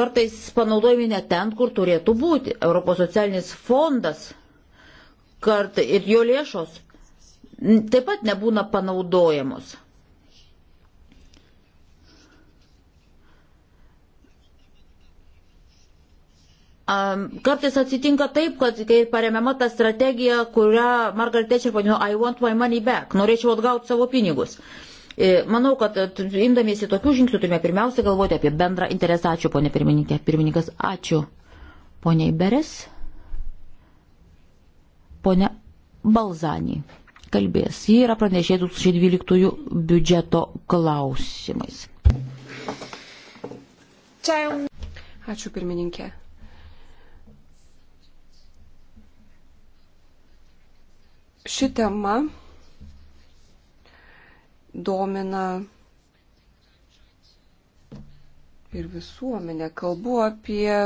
kartais panaudojami ne ten, kur turėtų būti. ES fondas kart, ir jo lėšos taip pat nebūna panaudojamos. Kartais atsitinka taip, kad kai paremiama ta strategija, kurią Margaret Thatcher vadino I want my money back, norėčiau atgauti savo pinigus. E, manau, kad e, imdamiesi tokių žingsnių turime pirmiausia galvoti apie bendrą interesą. Ačiū, ponė pirmininkė. Pirmininkas, ačiū. Pone Iberes. Pone Balzanį kalbės. Ji yra pranešė 2012 biudžeto klausimais. Čia jau. Ačiū pirmininkė. ši tema domina ir visuomenę. Kalbu apie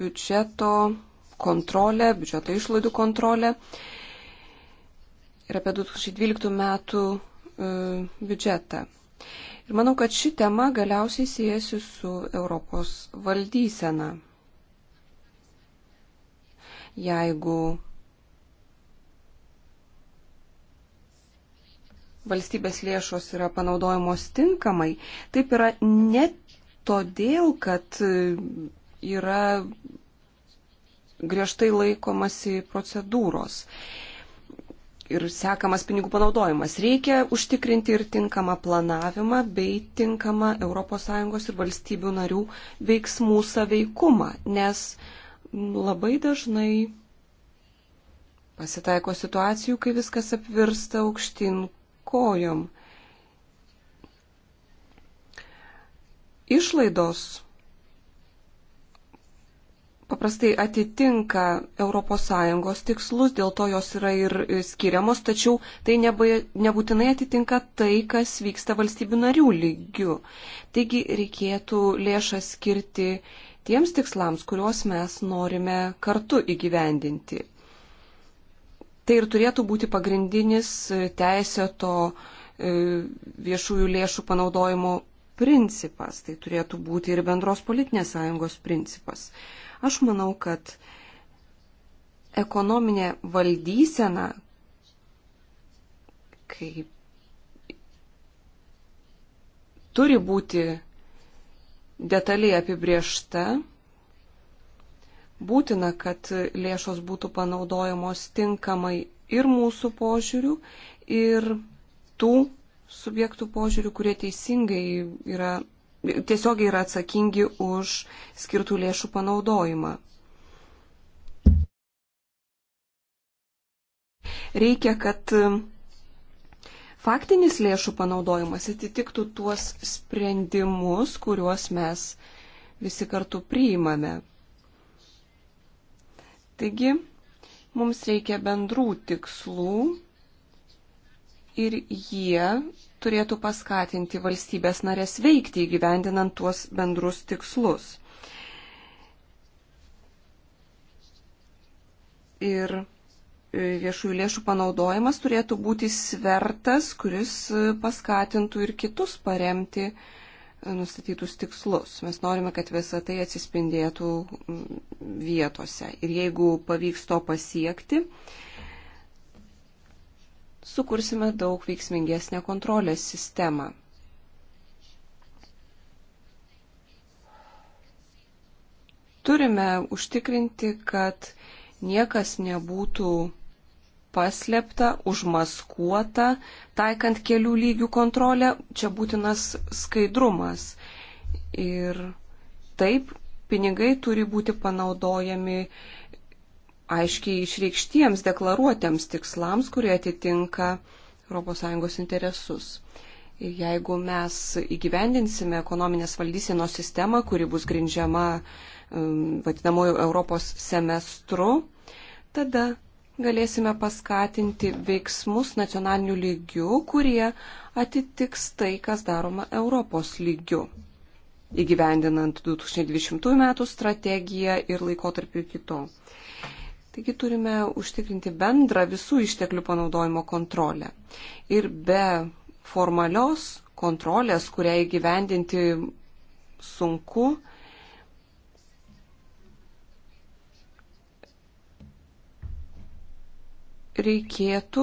biudžeto kontrolę, biudžeto išlaidų kontrolę ir apie 2012 metų e, biudžetą. Ir manau, kad ši tema galiausiai siejasi su Europos valdysena. Jeigu valstybės lėšos yra panaudojamos tinkamai, taip yra ne todėl, kad e, yra griežtai laikomasi procedūros ir sekamas pinigų panaudojimas. Reikia užtikrinti ir tinkamą planavimą bei tinkamą ES ir valstybių narių veiksmų saveikumą, nes labai dažnai pasitaiko situacijų, kai viskas apvirsta aukštin kojom. Išlaidos paprastai atitinka ES tikslus, dėl to jos yra ir skiriamos, tačiau tai nebūtinai atitinka tai, kas vyksta valstybių narių lygių. Taigi reikėtų lėšas skirti tiems tikslams, kuriuos mes norime kartu įgyvendinti. Tai ir turėtų būti pagrindinis e, teisėto e, viešųjų lėšų panaudojimo principas. Tai turėtų būti ir bendros politinės sąjungos principas. Aš manau, kad ekonominė valdysena, kaip turi būti detaliai apibriešta būtina, kad lėšos būtų panaudojamos tinkamai ir mūsų požiūrių, ir tų subjektų požiūrių, kurie teisingai yra, tiesiogiai yra atsakingi už skirtų lėšų panaudojimą. Reikia, kad faktinis lėšų panaudojimas atitiktų tuos sprendimus, kuriuos mes visi kartu priimame. Taigi, mums reikia bendrų tikslų ir jie turėtų paskatinti valstybės narės veikti įgyvendinant tuos bendrus tikslus. Ir e, viešųjų lėšų panaudojimas turėtų būti svertas, kuris e, paskatintų ir kitus paremti uh, nustatytus tikslus. Mes norime, kad visa tai atsispindėtų mm, vietose. Ir jeigu pavyks to pasiekti, sukursime daug veiksmingesnę kontrolės sistemą. Turime užtikrinti, kad niekas nebūtų paslėpta, užmaskuota, taikant kelių lygių kontrolę, čia būtinas skaidrumas. Ir taip, pinigai turi būti panaudojami aiškiai išreikštiems, deklaruotiems tikslams, kurie atitinka ES interesus. Ir jeigu mes įgyvendinsime ekonominės valdysenos sistemą, kuri bus grindžiama um, vadinamojų Europos semestru, tada galėsime paskatinti veiksmus nacionalinių lygių, kurie atitiks tai, kas daroma Europos lygių. Įgyvendinant 2020 m. strategiją ir laikotarpį kito. Taigi turime užtikrinti bendrą visų išteklių panaudojimo kontrolę. Ir be formalios kontrolės, kurią įgyvendinti sunku, reikėtų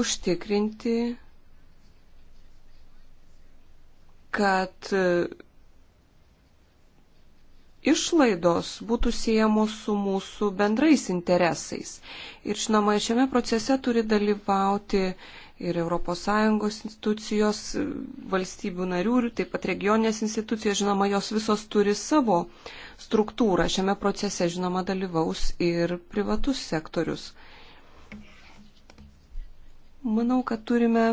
užtikrinti, kad išlaidos būtų siejamos su mūsų bendrais interesais. Ir žinoma, šiame procese turi dalyvauti uh, ir ES institucijos, valstybių narių ir taip pat regioninės institucijos, žinoma, jos visos turi savo struktūrą. Šiame procese, žinoma, dalyvaus ir privatus sektorius. Manau, kad turime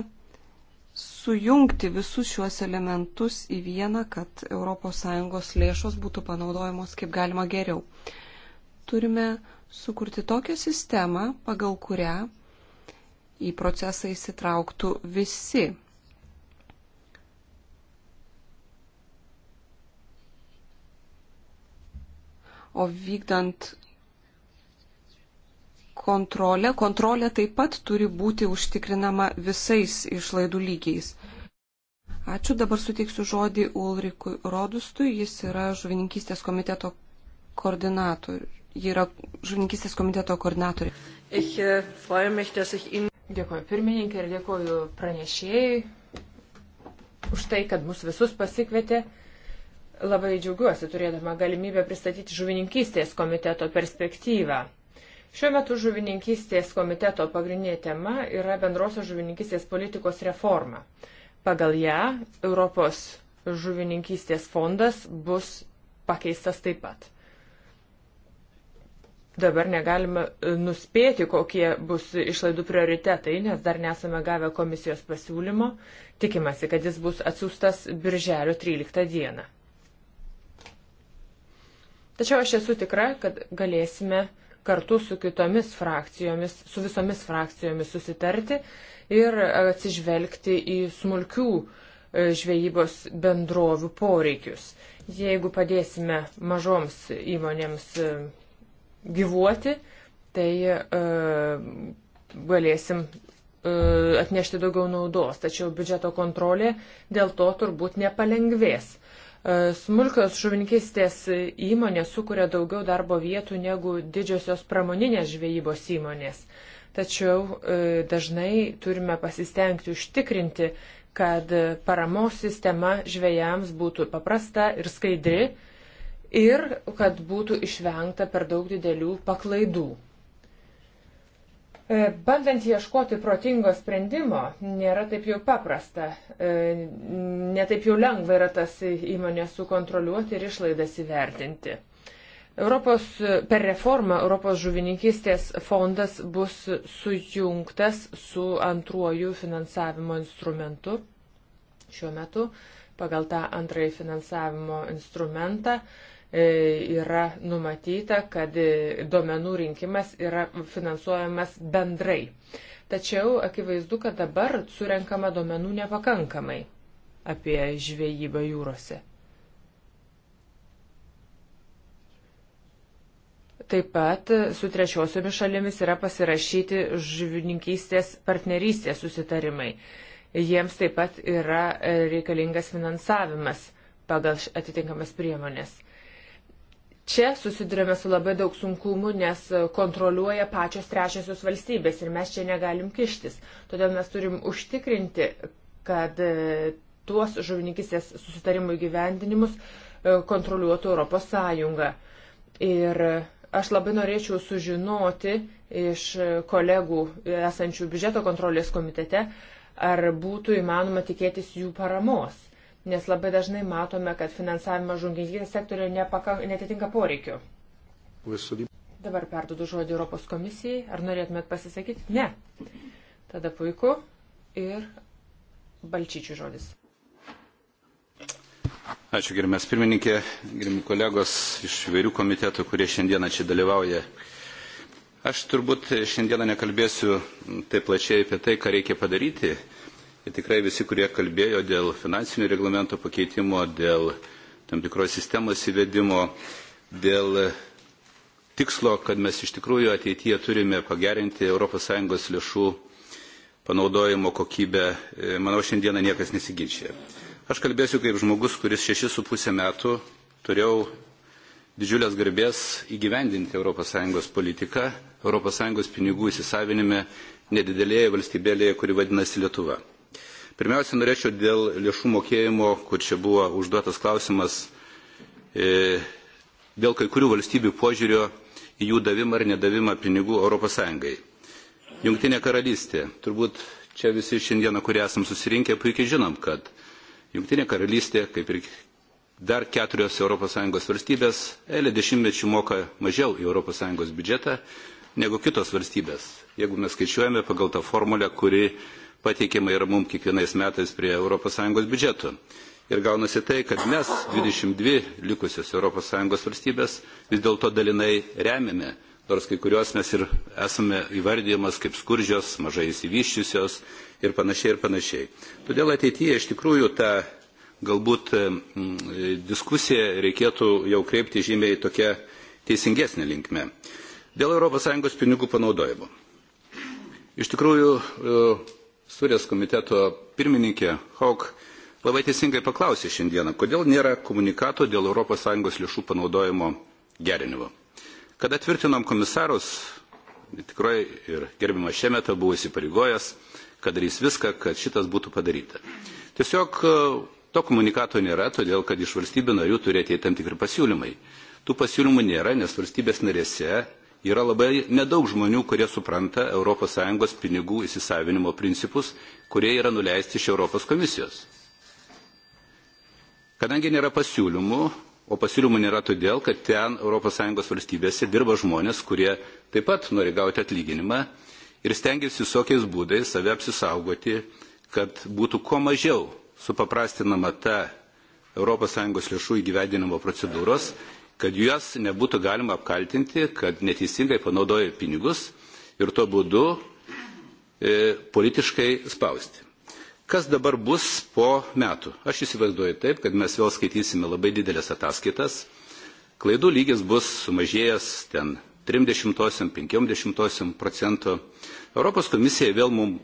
sujungti visus šiuos elementus į vieną, kad ES lėšos būtų panaudojamos kaip galima geriau. Turime sukurti tokią sistemą, pagal kurią į procesą įsitrauktų visi. O vykdant kontrolę, kontrolė taip pat turi būti užtikrinama visais išlaidų lygiais. Ačiū, dabar suteiksiu žodį Ulrikui Rodustui, jis yra žuvininkystės komiteto koordinatorius. Ji yra žuvininkystės komiteto koordinatorė. Ich äh, freue mich, dass ich Ihnen Dėkuoju pirmininkė ir dėkuoju pranešėjai už tai, kad mus visus pasikvietė. Labai džiaugiuosi turėdama galimybę pristatyti žuvininkystės komiteto perspektyvą. Šiuo metu žuvininkystės komiteto pagrindinė tema yra bendrosios žuvininkystės politikos reforma. Pagal ją Europos žuvininkystės fondas bus pakeistas taip pat dabar negalime e, nuspėti, kokie bus išlaidų prioritetai, nes dar nesame gavę komisijos pasiūlymo. Tikimasi, kad jis bus atsiųstas birželio 13 dieną. Tačiau aš esu tikra, kad galėsime kartu su kitomis frakcijomis, su visomis frakcijomis susitarti ir atsižvelgti į smulkių e, žvejybos bendrovių poreikius. Jeigu padėsime mažoms įmonėms e, gyvuoti, tai e, galėsim e, atnešti daugiau naudos, tačiau biudžeto kontrolė dėl to turbūt nepalengvės. E, smulkios žuvininkistės įmonės sukuria daugiau darbo vietų negu didžiosios pramoninės žvejybos įmonės. Tačiau dažnai turime pasistengti užtikrinti, kad paramos sistema žvėjams būtų paprasta ir skaidri, ir kad būtų išvengta per daug didelių paklaidų. E, bandant ieškoti protingo sprendimo nėra taip jau paprasta, e, netaip jau lengva yra tas įmonės sukontroliuoti ir išlaidas įvertinti. Europos, per reformą Europos žuvininkystės fondas bus sujungtas su antruoju finansavimo instrumentu. Šiuo metu pagal tą antrąjį finansavimo instrumentą E, yra numatyta, kad e, duomenų rinkimas yra finansuojamas bendrai. Tačiau akivaizdu, kad dabar surenkama duomenų nepakankamai apie žvejybą jūrose. Taip pat su trečiosiomis šalimis yra pasirašyti žuvininkystės partnerystės susitarimai. Jiems taip pat yra e, reikalingas finansavimas pagal atitinkamas priemonės. Čia susidurėme su labai daug sunkumų, nes kontroliuoja pačios trečiosios valstybės ir mes čia negalim kištis. Todėl mes turim užtikrinti, kad e, tuos žuvininkistės susitarimų įgyvendinimus e, kontroliuotų Europos Sąjunga. Ir e, aš labai norėčiau sužinoti iš kolegų esančių biudžeto kontrolės komitete, ar būtų įmanoma tikėtis jų paramos nes labai dažnai matome, kad finansavimas žungininkės sektoriuje netitinka poreikių. Dabar perduodu žodį Europos komisijai. Ar norėtumėt pasisakyti? Ne. Tada puiku. Ir Balčyčių žodis. Ačiū gerimės pirmininkė, gerimi kolegos iš vairių komitetų, kurie šiandieną čia dalyvauja. Aš turbūt šiandieną nekalbėsiu taip plačiai apie tai, ką reikia padaryti Ir tikrai visi, kurie kalbėjo dėl finansinio reglamento pakeitimo, dėl tam tikros sistemos įvedimo, dėl tikslo, kad mes iš tikrųjų ateityje turime pagerinti ES lėšų panaudojimo kokybę, e, manau, šiandieną niekas nesiginčia. Aš kalbėsiu kaip žmogus, kuris šešis su pusė metų turėjau didžiulės garbės įgyvendinti ES politiką, ES pinigų įsisavinime nedidelėje valstybėlėje, kuri vadinasi Lietuva. Pirmiausia, norėčiau dėl lėšų mokėjimo, kur čia buvo užduotas klausimas, e, dėl kai kurių valstybių požiūrio į jų davimą ar nedavimą pinigų ES. Jungtinė karalystė. Turbūt čia visi šiandieną, kurie esam susirinkę, puikiai žinom, kad Jungtinė karalystė, kaip ir dar keturios ES valstybės, eilė dešimtmečių moka mažiau į ES biudžetą negu kitos valstybės. Jeigu mes skaičiuojame pagal tą formulę, kuri pateikiama yra mums kiekvienais metais prie ES biudžeto. Ir gaunasi tai, kad mes 22 likusios ES valstybės vis dėlto dalinai remiame, nors kai kurios mes ir esame įvardyjamas kaip skurdžios, mažai įsivyščiusios ir panašiai ir panašiai. Todėl ateityje iš tikrųjų tą galbūt diskusiją reikėtų jau kreipti žymiai tokia teisingesnė linkme. Dėl ES pinigų panaudojimo. Iš tikrųjų, e, Surės komiteto pirmininkė Hauk labai teisingai paklausė šiandieną, kodėl nėra komunikato dėl ES lėšų panaudojimo gerinimo. Kada tvirtinom komisarus, tikrai ir gerbimas Šemeta buvo įsipareigojęs, kad darys viską, kad šitas būtų padaryta. Tiesiog e, to komunikato nėra, todėl kad iš valstybių narių turėti tam tikri pasiūlymai. Tų pasiūlymų nėra, nes valstybės narėse yra labai nedaug žmonių, kurie supranta ES pinigų įsisavinimo principus, kurie yra nuleisti iš Europos komisijos. Kadangi nėra pasiūlymų, o pasiūlymų nėra todėl, kad ten ES valstybėse dirba žmonės, kurie taip pat nori gauti atlyginimą ir stengiasi visokiais būdais save apsisaugoti, kad būtų kuo mažiau supaprastinama ta ES lėšų įgyvedinimo procedūros kad juos nebūtų galima apkaltinti, kad neteisingai panaudoja pinigus ir tuo būdu e, politiškai spausti. Kas dabar bus po metų? Aš įsivaizduoju taip, kad mes vėl skaitysime labai didelės ataskaitas. Klaidų lygis bus sumažėjęs ten 30-50 procentų. Europos komisija vėl mums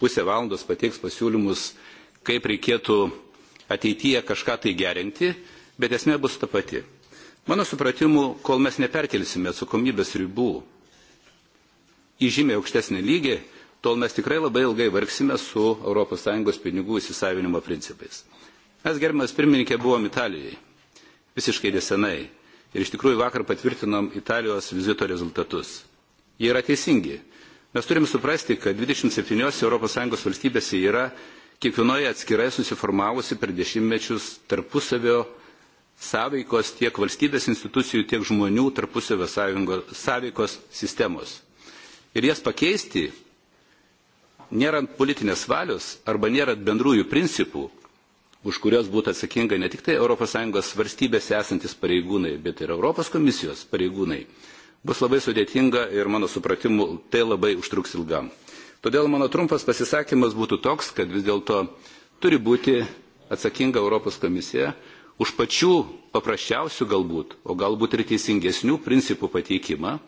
pusę valandos pateiks pasiūlymus, kaip reikėtų ateityje kažką tai gerinti, bet esmė bus ta pati. Mano supratimu, kol mes neperkelsime atsakomybės ribų į žymiai aukštesnį lygį, tol mes tikrai labai ilgai vargsime su ES pinigų įsisavinimo principais. Mes, gerbiamas pirmininkė, buvom Italijoje visiškai nesenai ir iš tikrųjų vakar patvirtinom Italijos vizito rezultatus. Jie yra teisingi. Mes turim suprasti, kad 27 ES valstybėse yra kiekvienoje atskirai susiformavusi per dešimtmečius tarpusavio sąveikos tiek valstybės institucijų, tiek žmonių tarpusavio sąveikos sistemos. Ir jas pakeisti, nėrant politinės valios arba nėrant bendrųjų principų, už kurios būtų atsakinga ne tik tai ES valstybėse esantis pareigūnai, bet ir Europos komisijos pareigūnai, bus labai sudėtinga ir mano supratimu tai labai užtruks ilgam. Todėl mano trumpas pasisakymas būtų toks, kad vis dėlto turi būti atsakinga Europos komisija už pačių paprasčiausių galbūt, o galbūt ir teisingesnių principų pateikimą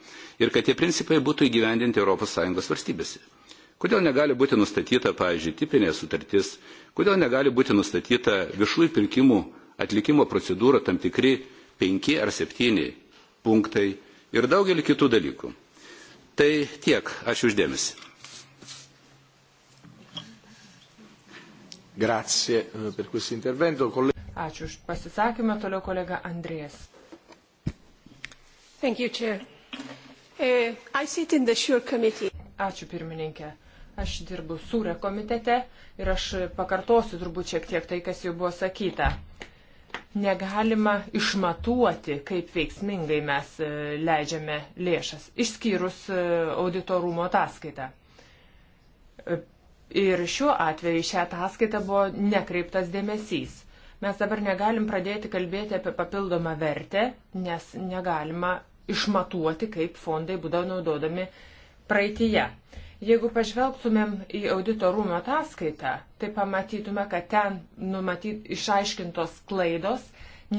ir kad tie principai būtų įgyvendinti ES valstybėse. Kodėl negali būti nustatyta, pavyzdžiui, tipinė sutartis, kodėl negali būti nustatyta viešųjų pirkimų atlikimo procedūra tam tikri penki ar septyni punktai ir daugelį kitų dalykų. Tai tiek, ačiū uždėmesi. Grazie eh, per questo intervento. Ačiū už pasisakymą. Toliau kolega Andrėjas. Thank you, Chair. Uh, I sit in the SURE committee. Ačiū pirmininkė. Aš dirbu SURE komitete ir aš pakartosiu turbūt šiek tiek tai, kas jau buvo sakyta. Negalima išmatuoti, kaip veiksmingai mes e, leidžiame lėšas, išskyrus e, auditorumo ataskaitą. E, ir šiuo atveju šią ataskaitą buvo nekreiptas dėmesys. Mes dabar negalim pradėti kalbėti apie papildomą vertę, nes negalima išmatuoti, kaip fondai būdavo naudodami praeitįje. Jeigu pažvelgtumėm į audito rūmio ataskaitą, tai pamatytume, kad ten numatyt, išaiškintos klaidos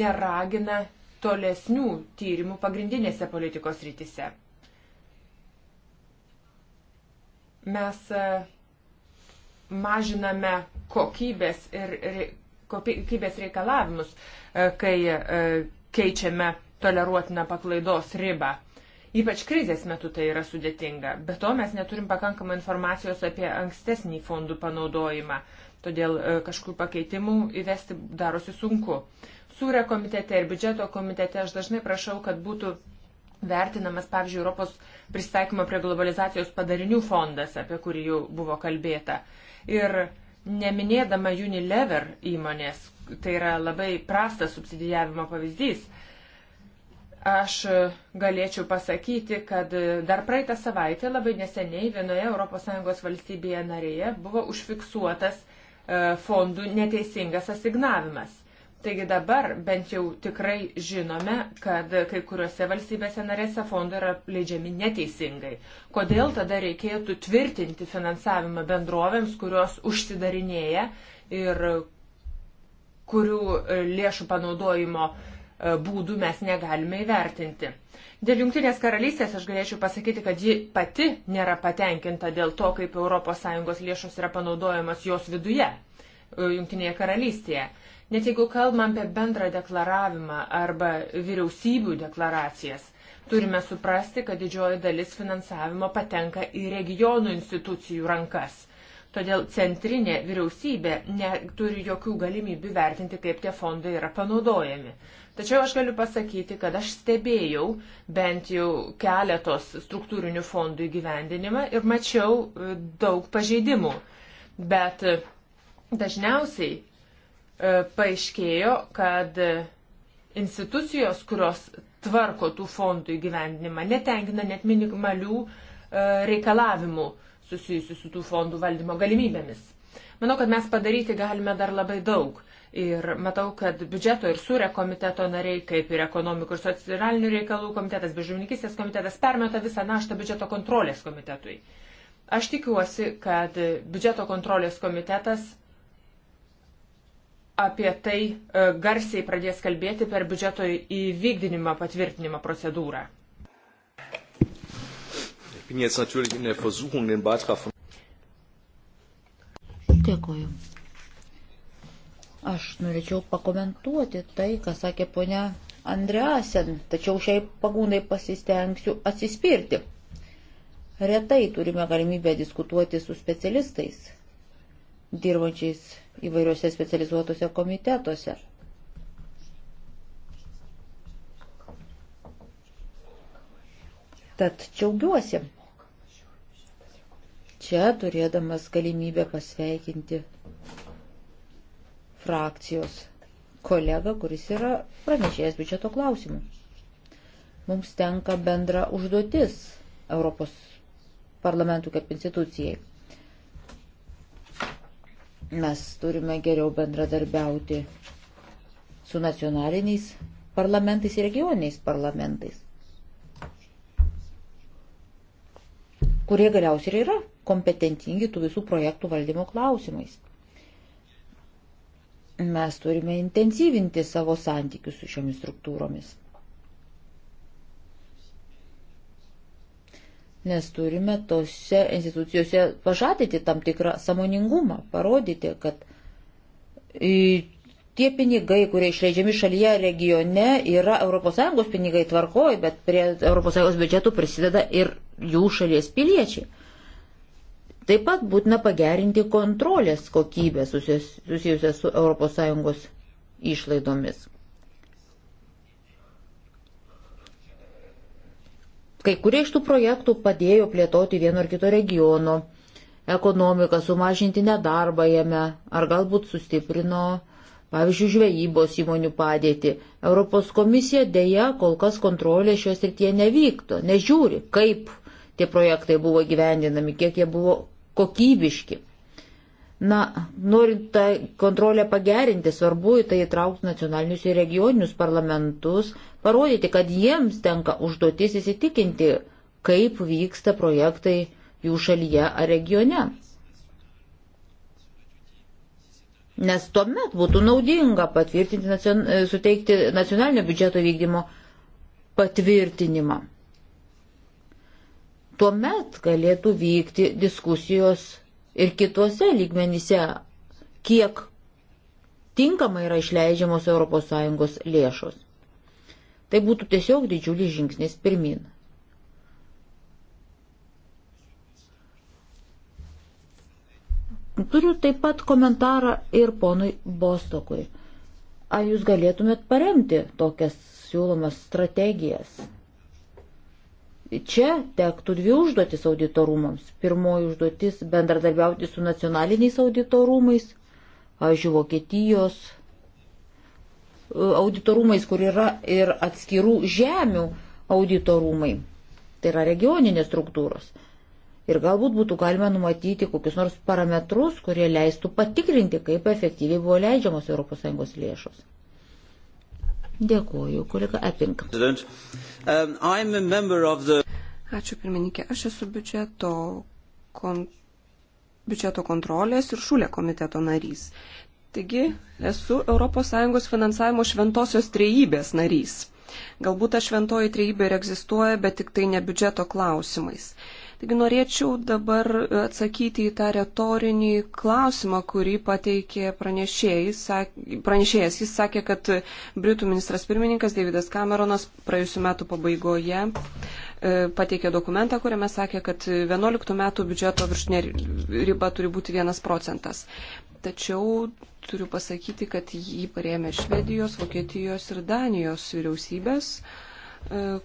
neragina tolesnių tyrimų pagrindinėse politikos rytise. Mes e, mažiname kokybės ir kokybės reikalavimus, e, kai e, keičiame toleruotiną paklaidos ribą. Ypač krizės metu tai yra sudėtinga. Be to mes neturim pakankamai informacijos apie ankstesnį fondų panaudojimą, todėl e, kažkokių pakeitimų įvesti darosi sunku. Sūrė komitete ir biudžeto komitete aš dažnai prašau, kad būtų vertinamas, pavyzdžiui, Europos pristaikymo prie globalizacijos padarinių fondas, apie kurį jau buvo kalbėta. Ir neminėdama Unilever įmonės, tai yra labai prastas subsidijavimo pavyzdys, aš galėčiau pasakyti, kad dar praeitą savaitę labai neseniai vienoje ES valstybėje narėje buvo užfiksuotas e, fondų neteisingas asignavimas. Taigi dabar bent jau tikrai žinome, kad kai kuriuose valstybėse narėse fondai yra leidžiami neteisingai. Kodėl tada reikėtų tvirtinti finansavimą bendrovėms, kurios užsidarinėja ir kurių e, lėšų panaudojimo e, būdų mes negalime įvertinti. Dėl Junktinės karalystės aš galėčiau pasakyti, kad ji pati nėra patenkinta dėl to, kaip ES lėšos yra panaudojamas jos viduje, e, Junktinėje karalystėje. Net jeigu kalbam apie bendrą deklaravimą arba vyriausybių deklaracijas, turime suprasti, kad didžioji dalis finansavimo patenka į regionų institucijų rankas. Todėl centrinė vyriausybė neturi jokių galimybių vertinti, kaip tie fondai yra panaudojami. Tačiau aš galiu pasakyti, kad aš stebėjau bent jau keletos struktūrinių fondų įgyvendinimą ir mačiau e, daug pažeidimų. Bet e, dažniausiai E, paaiškėjo, kad institucijos, kurios tvarko tų fondų įgyvendinimą, netenkina net minimalių e, reikalavimų susijusių su tų fondų valdymo galimybėmis. Manau, kad mes padaryti galime dar labai daug. Ir matau, kad biudžeto ir sūrė komiteto nariai, kaip ir ekonomikų ir socialinių reikalų komitetas, bežuvininkistės komitetas, permeta visą naštą biudžeto kontrolės komitetui. Aš tikiuosi, kad biudžeto kontrolės komitetas apie tai e, garsiai pradės kalbėti per biudžeto įvykdinimą patvirtinimą procedūrą. Dėkuoju. Aš norėčiau pakomentuoti tai, ką sakė ponia Andreasen, tačiau šiai pagūnai pasistengsiu atsispirti. Retai turime galimybę diskutuoti su specialistais, dirbančiais įvairiuose specializuotuose komitetuose. Tad čiaugiuosi. Čia turėdamas galimybę pasveikinti frakcijos kolegą, kuris yra pranešėjęs biudžeto klausimų. Mums tenka bendra užduotis Europos parlamentų kaip institucijai. Mes turime geriau bendradarbiauti su nacionaliniais parlamentais ir regioniniais parlamentais, kurie galiausiai ir yra kompetentingi tų visų projektų valdymo klausimais. Mes turime intensyvinti savo santykius su šiomis struktūromis. nes turime tose institucijose pažadyti tam tikrą samoningumą, parodyti, kad e, tie pinigai, kurie išleidžiami šalyje regione, yra ES pinigai tvarkoj, bet prie ES biudžetų prisideda ir jų šalies piliečiai. Taip pat būtina pagerinti kontrolės kokybę susijusią su ES išlaidomis. Kai kurie iš tų projektų padėjo plėtoti vieno ar kito regiono ekonomiką, sumažinti nedarbą jame, ar galbūt sustiprino, pavyzdžiui, žvejybos įmonių padėtį. Europos komisija dėja kol kas kontrolė šios rytie nevykdo, nežiūri, kaip tie projektai buvo gyvendinami, kiek jie buvo kokybiški. Na, norint tą kontrolę pagerinti, svarbu į tai įtraukti nacionalinius ir regioninius parlamentus, parodyti, kad jiems tenka užduotis įsitikinti, kaip vyksta projektai jų šalyje ar regione. Nes tuomet būtų naudinga patvirtinti, nacion, suteikti nacionalinio biudžeto vykdymo patvirtinimą. Tuomet galėtų vykti diskusijos ir kitose lygmenyse, kiek tinkamai yra išleidžiamos ES lėšos. Tai būtų tiesiog didžiulis žingsnis pirmin. Turiu taip pat komentarą ir ponui Bostokui. Ar jūs galėtumėt paremti tokias siūlomas strategijas? Čia tektų dvi užduotis auditorumams. Pirmoji užduotis - bendradarbiauti su nacionaliniais auditorumais, pavyzdžiui, Vokietijos e, auditorumais, kur yra ir atskirų žemių auditorumai. Tai yra regioninės struktūros. Ir galbūt būtų galima numatyti kokius nors parametrus, kurie leistų patikrinti, kaip efektyviai buvo leidžiamos ES lėšos. Dėkuoju, kolega Epink. Um, Ačiū pirmininkė, aš esu biudžeto, kon... biudžeto kontrolės ir šulė komiteto narys. Taigi esu ES finansavimo šventosios trejybės narys. Galbūt ta šventoji trejybė ir egzistuoja, bet tik tai ne biudžeto klausimais. Taigi norėčiau dabar atsakyti į tą retorinį klausimą, kurį pateikė pranešėjas. Jis sakė, kad Britų ministras pirmininkas Davidas Cameronas praėjusiu metu pabaigoje e, pateikė dokumentą, kuriame sakė, kad 11 metų biudžeto viršinė riba turi būti 1 procentas. Tačiau turiu pasakyti, kad jį parėmė Švedijos, Vokietijos ir Danijos vyriausybės, e,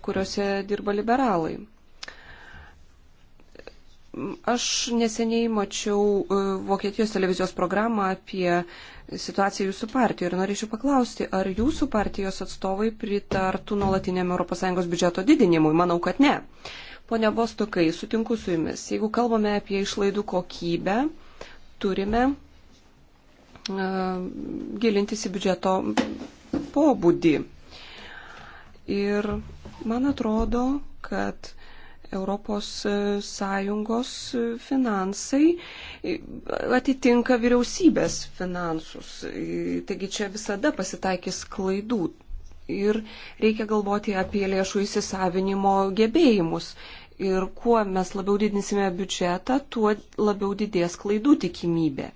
kuriuose dirba liberalai. Aš neseniai mačiau e, Vokietijos televizijos programą apie situaciją jūsų partijoje ir norėčiau paklausti, ar jūsų partijos atstovai pritartų nuolatiniam ES biudžeto didinimui? Manau, kad ne. Pone Bostokai, sutinku su jumis. Jeigu kalbame apie išlaidų kokybę, turime uh, gilintis į biudžeto pobūdį. Ir man atrodo, kad ES e, e, finansai e, atitinka vyriausybės finansus. Taigi čia visada pasitaikys klaidų. Ir reikia galvoti apie lėšų įsisavinimo gebėjimus. Ir kuo mes labiau didinsime biudžetą, tuo labiau didės klaidų tikimybė.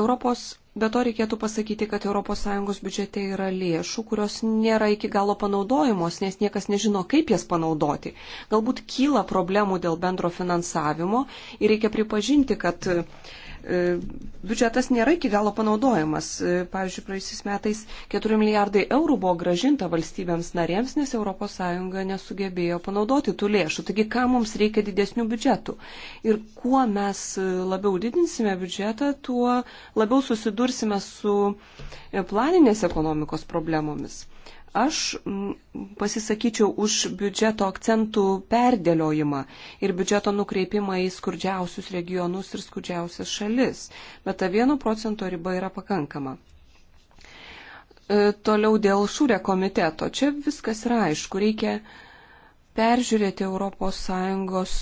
Europos Be to reikėtų pasakyti, kad ES biudžete yra lėšų, kurios nėra iki galo panaudojamos, nes niekas nežino, kaip jas panaudoti. Galbūt kyla problemų dėl bendro finansavimo ir reikia pripažinti, kad E, biudžetas nėra iki galo panaudojamas. E, pavyzdžiui, praėjusiais metais 4 milijardai eurų buvo gražinta valstybėms narėms, nes ES nesugebėjo panaudoti tų lėšų. Taigi, ką mums reikia didesnių biudžetų? Ir kuo mes labiau didinsime biudžetą, tuo labiau susidursime su planinės ekonomikos problemomis. Aš pasisakyčiau už biudžeto akcentų perdėliojimą ir biudžeto nukreipimą į skurdžiausius regionus ir skurdžiausias šalis, bet ta vieno procento riba yra pakankama. E, toliau dėl šūrė komiteto. Čia viskas yra aišku. Reikia peržiūrėti ES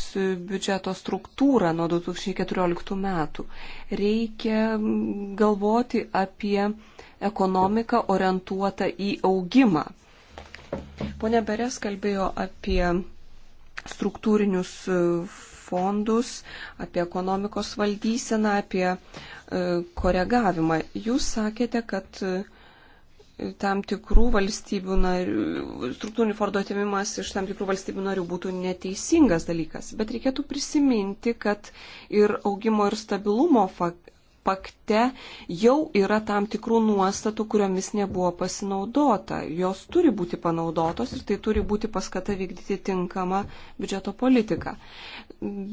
biudžeto struktūrą nuo 2014 metų. Reikia galvoti apie ekonomika orientuota į augimą. Pone Beres kalbėjo apie struktūrinius e, fondus, apie ekonomikos valdyseną, apie e, koregavimą. Jūs sakėte, kad e, tam tikrų valstybių narių, struktūrinių fondų atimimas iš tam tikrų valstybių narių būtų neteisingas dalykas. Bet reikėtų prisiminti, kad ir augimo ir stabilumo pakte jau yra tam tikrų nuostatų, kuriomis nebuvo pasinaudota. Jos turi būti panaudotos ir tai turi būti paskata vykdyti tinkamą biudžeto politiką.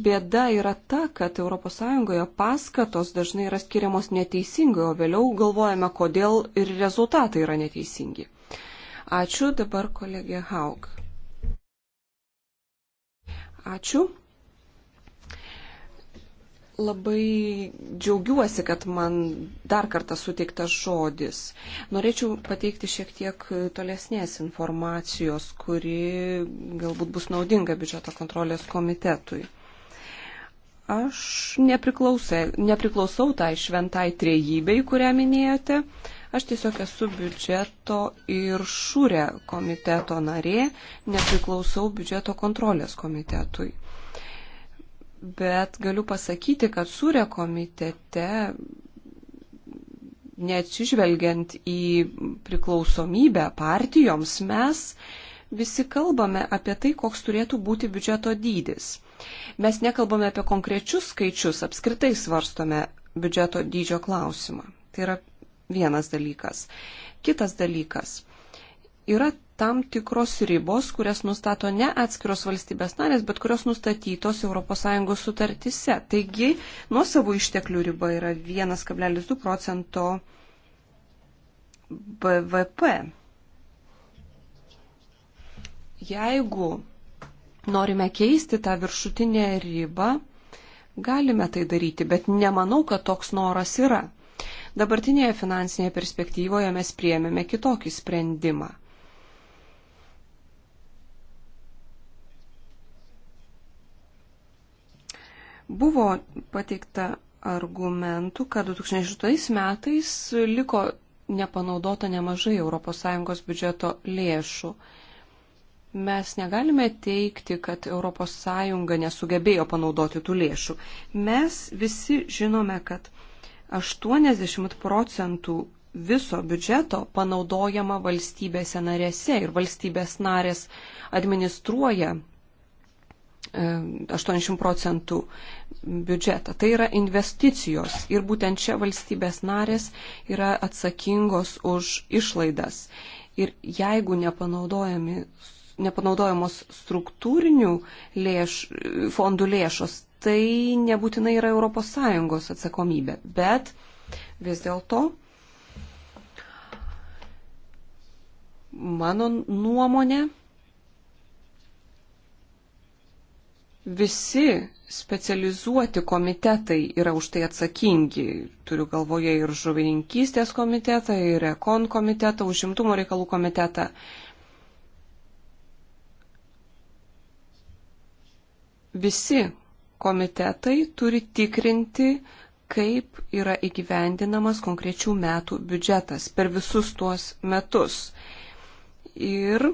Bėda yra ta, kad ES paskatos dažnai yra skiriamos neteisingai, o vėliau galvojame, kodėl ir rezultatai yra neteisingi. Ačiū dabar kolegė Haug. Ačiū labai džiaugiuosi, kad man dar kartą suteiktas žodis. Norėčiau pateikti šiek tiek tolesnės informacijos, kuri galbūt bus naudinga biudžeto kontrolės komitetui. Aš nepriklausau tai šventai trejybei, kurią minėjote. Aš tiesiog esu biudžeto ir šūrė komiteto narė, nepriklausau biudžeto kontrolės komitetui bet galiu pasakyti, kad sūrė komitete, neatsižvelgiant į priklausomybę partijoms, mes visi kalbame apie tai, koks turėtų būti biudžeto dydis. Mes nekalbame apie konkrečius skaičius, apskritai svarstome biudžeto dydžio klausimą. Tai yra vienas dalykas. Kitas dalykas. Yra tam tikros ribos, kurias nustato ne atskiros valstybės narės, bet kurios nustatytos ES sutartise. Taigi, nuo savo išteklių riba yra 1,2 procento BVP. Jeigu norime keisti tą viršutinę ribą, galime tai daryti, bet nemanau, kad toks noras yra. Dabartinėje finansinėje perspektyvoje mes priemėme kitokį sprendimą – Buvo pateikta argumentų, kad 2006 metais liko nepanaudota nemažai ES biudžeto lėšų. Mes negalime teikti, kad ES nesugebėjo panaudoti tų lėšų. Mes visi žinome, kad 80 procentų viso biudžeto panaudojama valstybėse narėse ir valstybės narės administruoja 80 procentų biudžetą. Tai yra investicijos ir būtent čia valstybės narės yra atsakingos už išlaidas. Ir jeigu nepanaudojamos struktūrinių lėš, fondų lėšos, tai nebūtinai yra ES atsakomybė. Bet vis dėlto mano nuomonė visi specializuoti komitetai yra už tai atsakingi. Turiu galvoje ir žuvininkystės komitetą, ir ekon komitetą, užimtumo reikalų komitetą. Visi komitetai turi tikrinti, kaip yra įgyvendinamas konkrečių metų biudžetas per visus tuos metus. Ir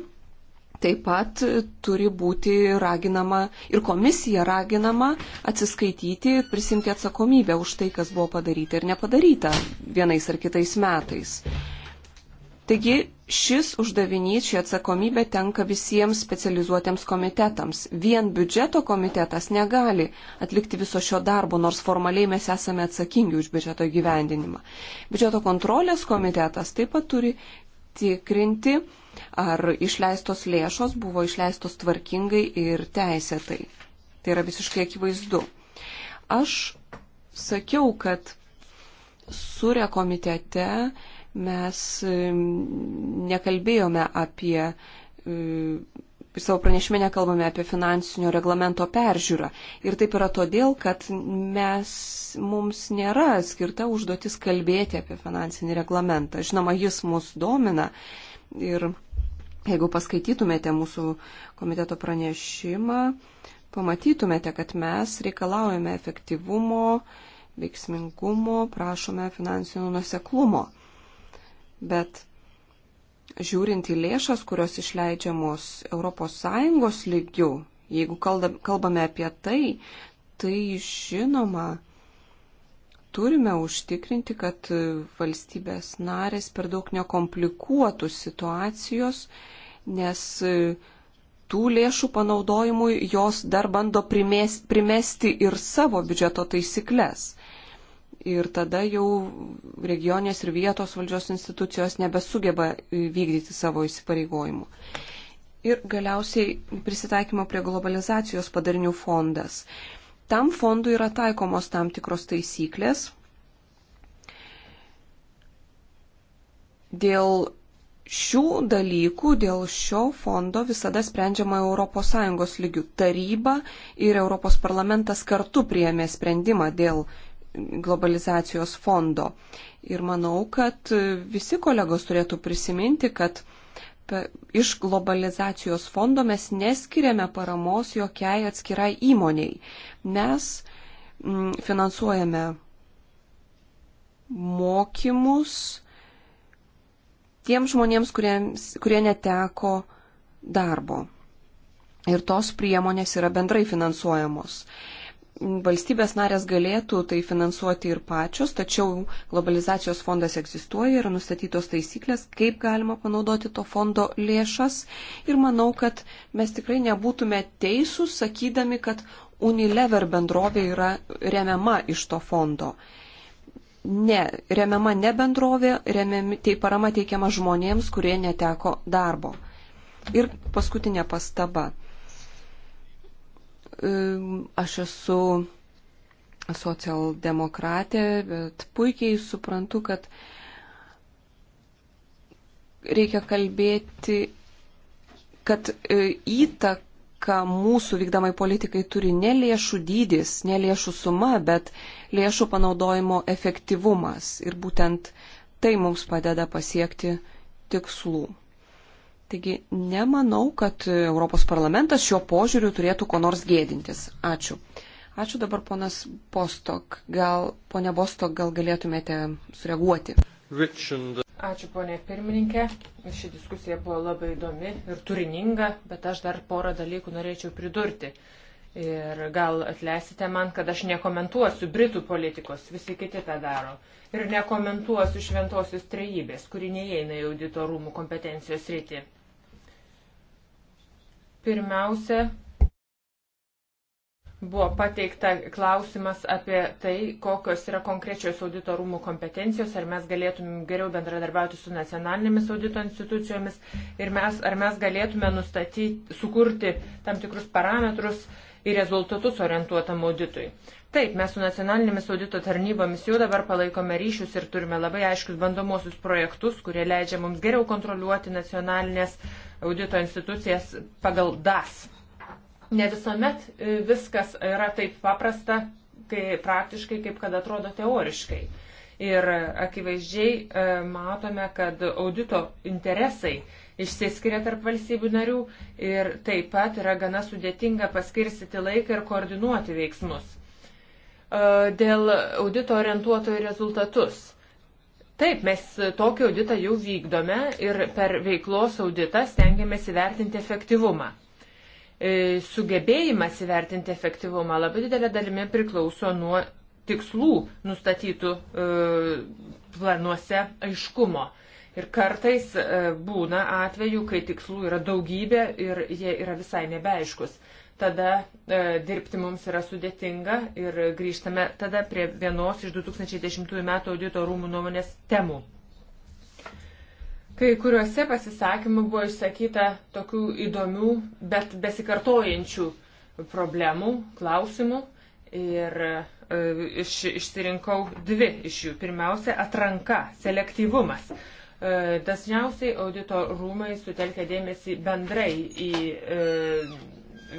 Taip pat turi būti raginama ir komisija raginama atsiskaityti ir prisimti atsakomybę už tai, kas buvo padaryta ir nepadaryta vienais ar kitais metais. Taigi šis uždavinys, ši atsakomybė tenka visiems specializuotiems komitetams. Vien biudžeto komitetas negali atlikti viso šio darbo, nors formaliai mes esame atsakingi už biudžeto gyvendinimą. Biudžeto kontrolės komitetas taip pat turi tikrinti ar išleistos lėšos buvo išleistos tvarkingai ir teisėtai. Tai yra visiškai akivaizdu. Aš sakiau, kad surė komitete mes nekalbėjome apie, e, savo pranešime nekalbame apie finansinio reglamento peržiūrą. Ir taip yra todėl, kad mes, mums nėra skirta užduotis kalbėti apie finansinį reglamentą. Žinoma, jis mus domina ir Jeigu paskaitytumėte mūsų komiteto pranešimą, pamatytumėte, kad mes reikalaujame efektyvumo, veiksmingumo, prašome finansinio nuseklumo. Bet žiūrint į lėšas, kurios išleidžiamos ES lygių, jeigu kalbame apie tai, tai žinoma, turime užtikrinti, kad valstybės narės per daug nekomplikuotų situacijos, nes e, tų lėšų panaudojimui jos dar bando primės, primesti ir savo biudžeto taisyklės. Ir tada jau regionės ir vietos valdžios institucijos nebesugeba e, vykdyti savo įsipareigojimų. Ir galiausiai prisitaikymo prie globalizacijos padarinių fondas. Uh, Tam fondui yra taikomos tam tikros taisyklės. Dėl šių dalykų, dėl šio fondo visada sprendžiama ES lygių. Taryba ir Europos parlamentas kartu priėmė sprendimą dėl globalizacijos fondo. Ir manau, kad visi kolegos turėtų prisiminti, kad iš globalizacijos fondo mes neskiriame paramos jokiai atskirai įmoniai. Mes mm, finansuojame mokymus tiems žmonėms, kuriems, kurie neteko darbo. Ir tos priemonės yra bendrai finansuojamos valstybės narės galėtų tai finansuoti ir pačios, tačiau globalizacijos fondas egzistuoja ir nustatytos taisyklės, kaip galima panaudoti to fondo lėšas. Ir manau, kad mes tikrai nebūtume teisūs, sakydami, kad Unilever bendrovė yra remiama iš to fondo. Ne, remiama ne bendrovė, remiami, tai parama teikiama žmonėms, kurie neteko darbo. Ir paskutinė pastaba. Aš esu socialdemokratė, bet puikiai suprantu, kad reikia kalbėti, kad e, įtaka mūsų vykdamai politikai turi ne lėšų dydis, ne lėšų suma, bet lėšų panaudojimo efektyvumas. Ir būtent tai mums padeda pasiekti tikslų. Taigi nemanau, kad Europos parlamentas šiuo požiūriu turėtų ko nors gėdintis. Ačiū. Ačiū dabar ponas Postok. Gal, ponė Bostok, gal galėtumėte sureaguoti? Richard. Ačiū ponė pirmininkė. Ši diskusija buvo labai įdomi ir turininga, bet aš dar porą dalykų norėčiau pridurti. Ir gal atleisite man, kad aš nekomentuosiu Britų politikos, visi kiti tą daro. Ir nekomentuosiu šventosios trejybės, kuri neįeina į auditorumų kompetencijos rytį. Pirmiausia, buvo pateikta klausimas apie tai, kokios yra konkrečios audito rūmų kompetencijos, ar mes galėtumėm geriau bendradarbiauti su nacionalinėmis audito institucijomis ir mes, ar mes galėtume nustatyti, sukurti tam tikrus parametrus į rezultatus orientuotam auditui. Taip, mes su nacionalinėmis audito tarnybomis jau dabar palaikome ryšius ir turime labai aiškius bandomosius projektus, kurie leidžia mums geriau kontroliuoti nacionalinės audito institucijas pagal DAS. Ne visuomet e, viskas yra taip paprasta, kai praktiškai, kaip kad atrodo teoriškai. Ir akivaizdžiai e, matome, kad audito interesai išsiskiria tarp valstybių narių ir taip pat yra gana sudėtinga paskirstyti laiką ir koordinuoti veiksmus. E, dėl audito orientuoto į rezultatus Taip, mes tokį auditą jau vykdome ir per veiklos auditą stengiamės įvertinti efektyvumą. E, sugebėjimas įvertinti efektyvumą labai didelė dalimi priklauso nuo tikslų nustatytų e, planuose aiškumo. Ir kartais e, būna atveju, kai tikslų yra daugybė ir jie yra visai nebeaiškus tada e, dirbti mums yra sudėtinga ir grįžtame tada prie vienos iš 2010 m. audito rūmų nuomonės temų. Kai kuriuose pasisakymų buvo išsakyta tokių įdomių, bet besikartojančių problemų, klausimų ir e, iš, išsirinkau dvi iš jų. Pirmiausia, atranka, selektyvumas. E, dažniausiai audito rūmai sutelkia dėmesį bendrai į e,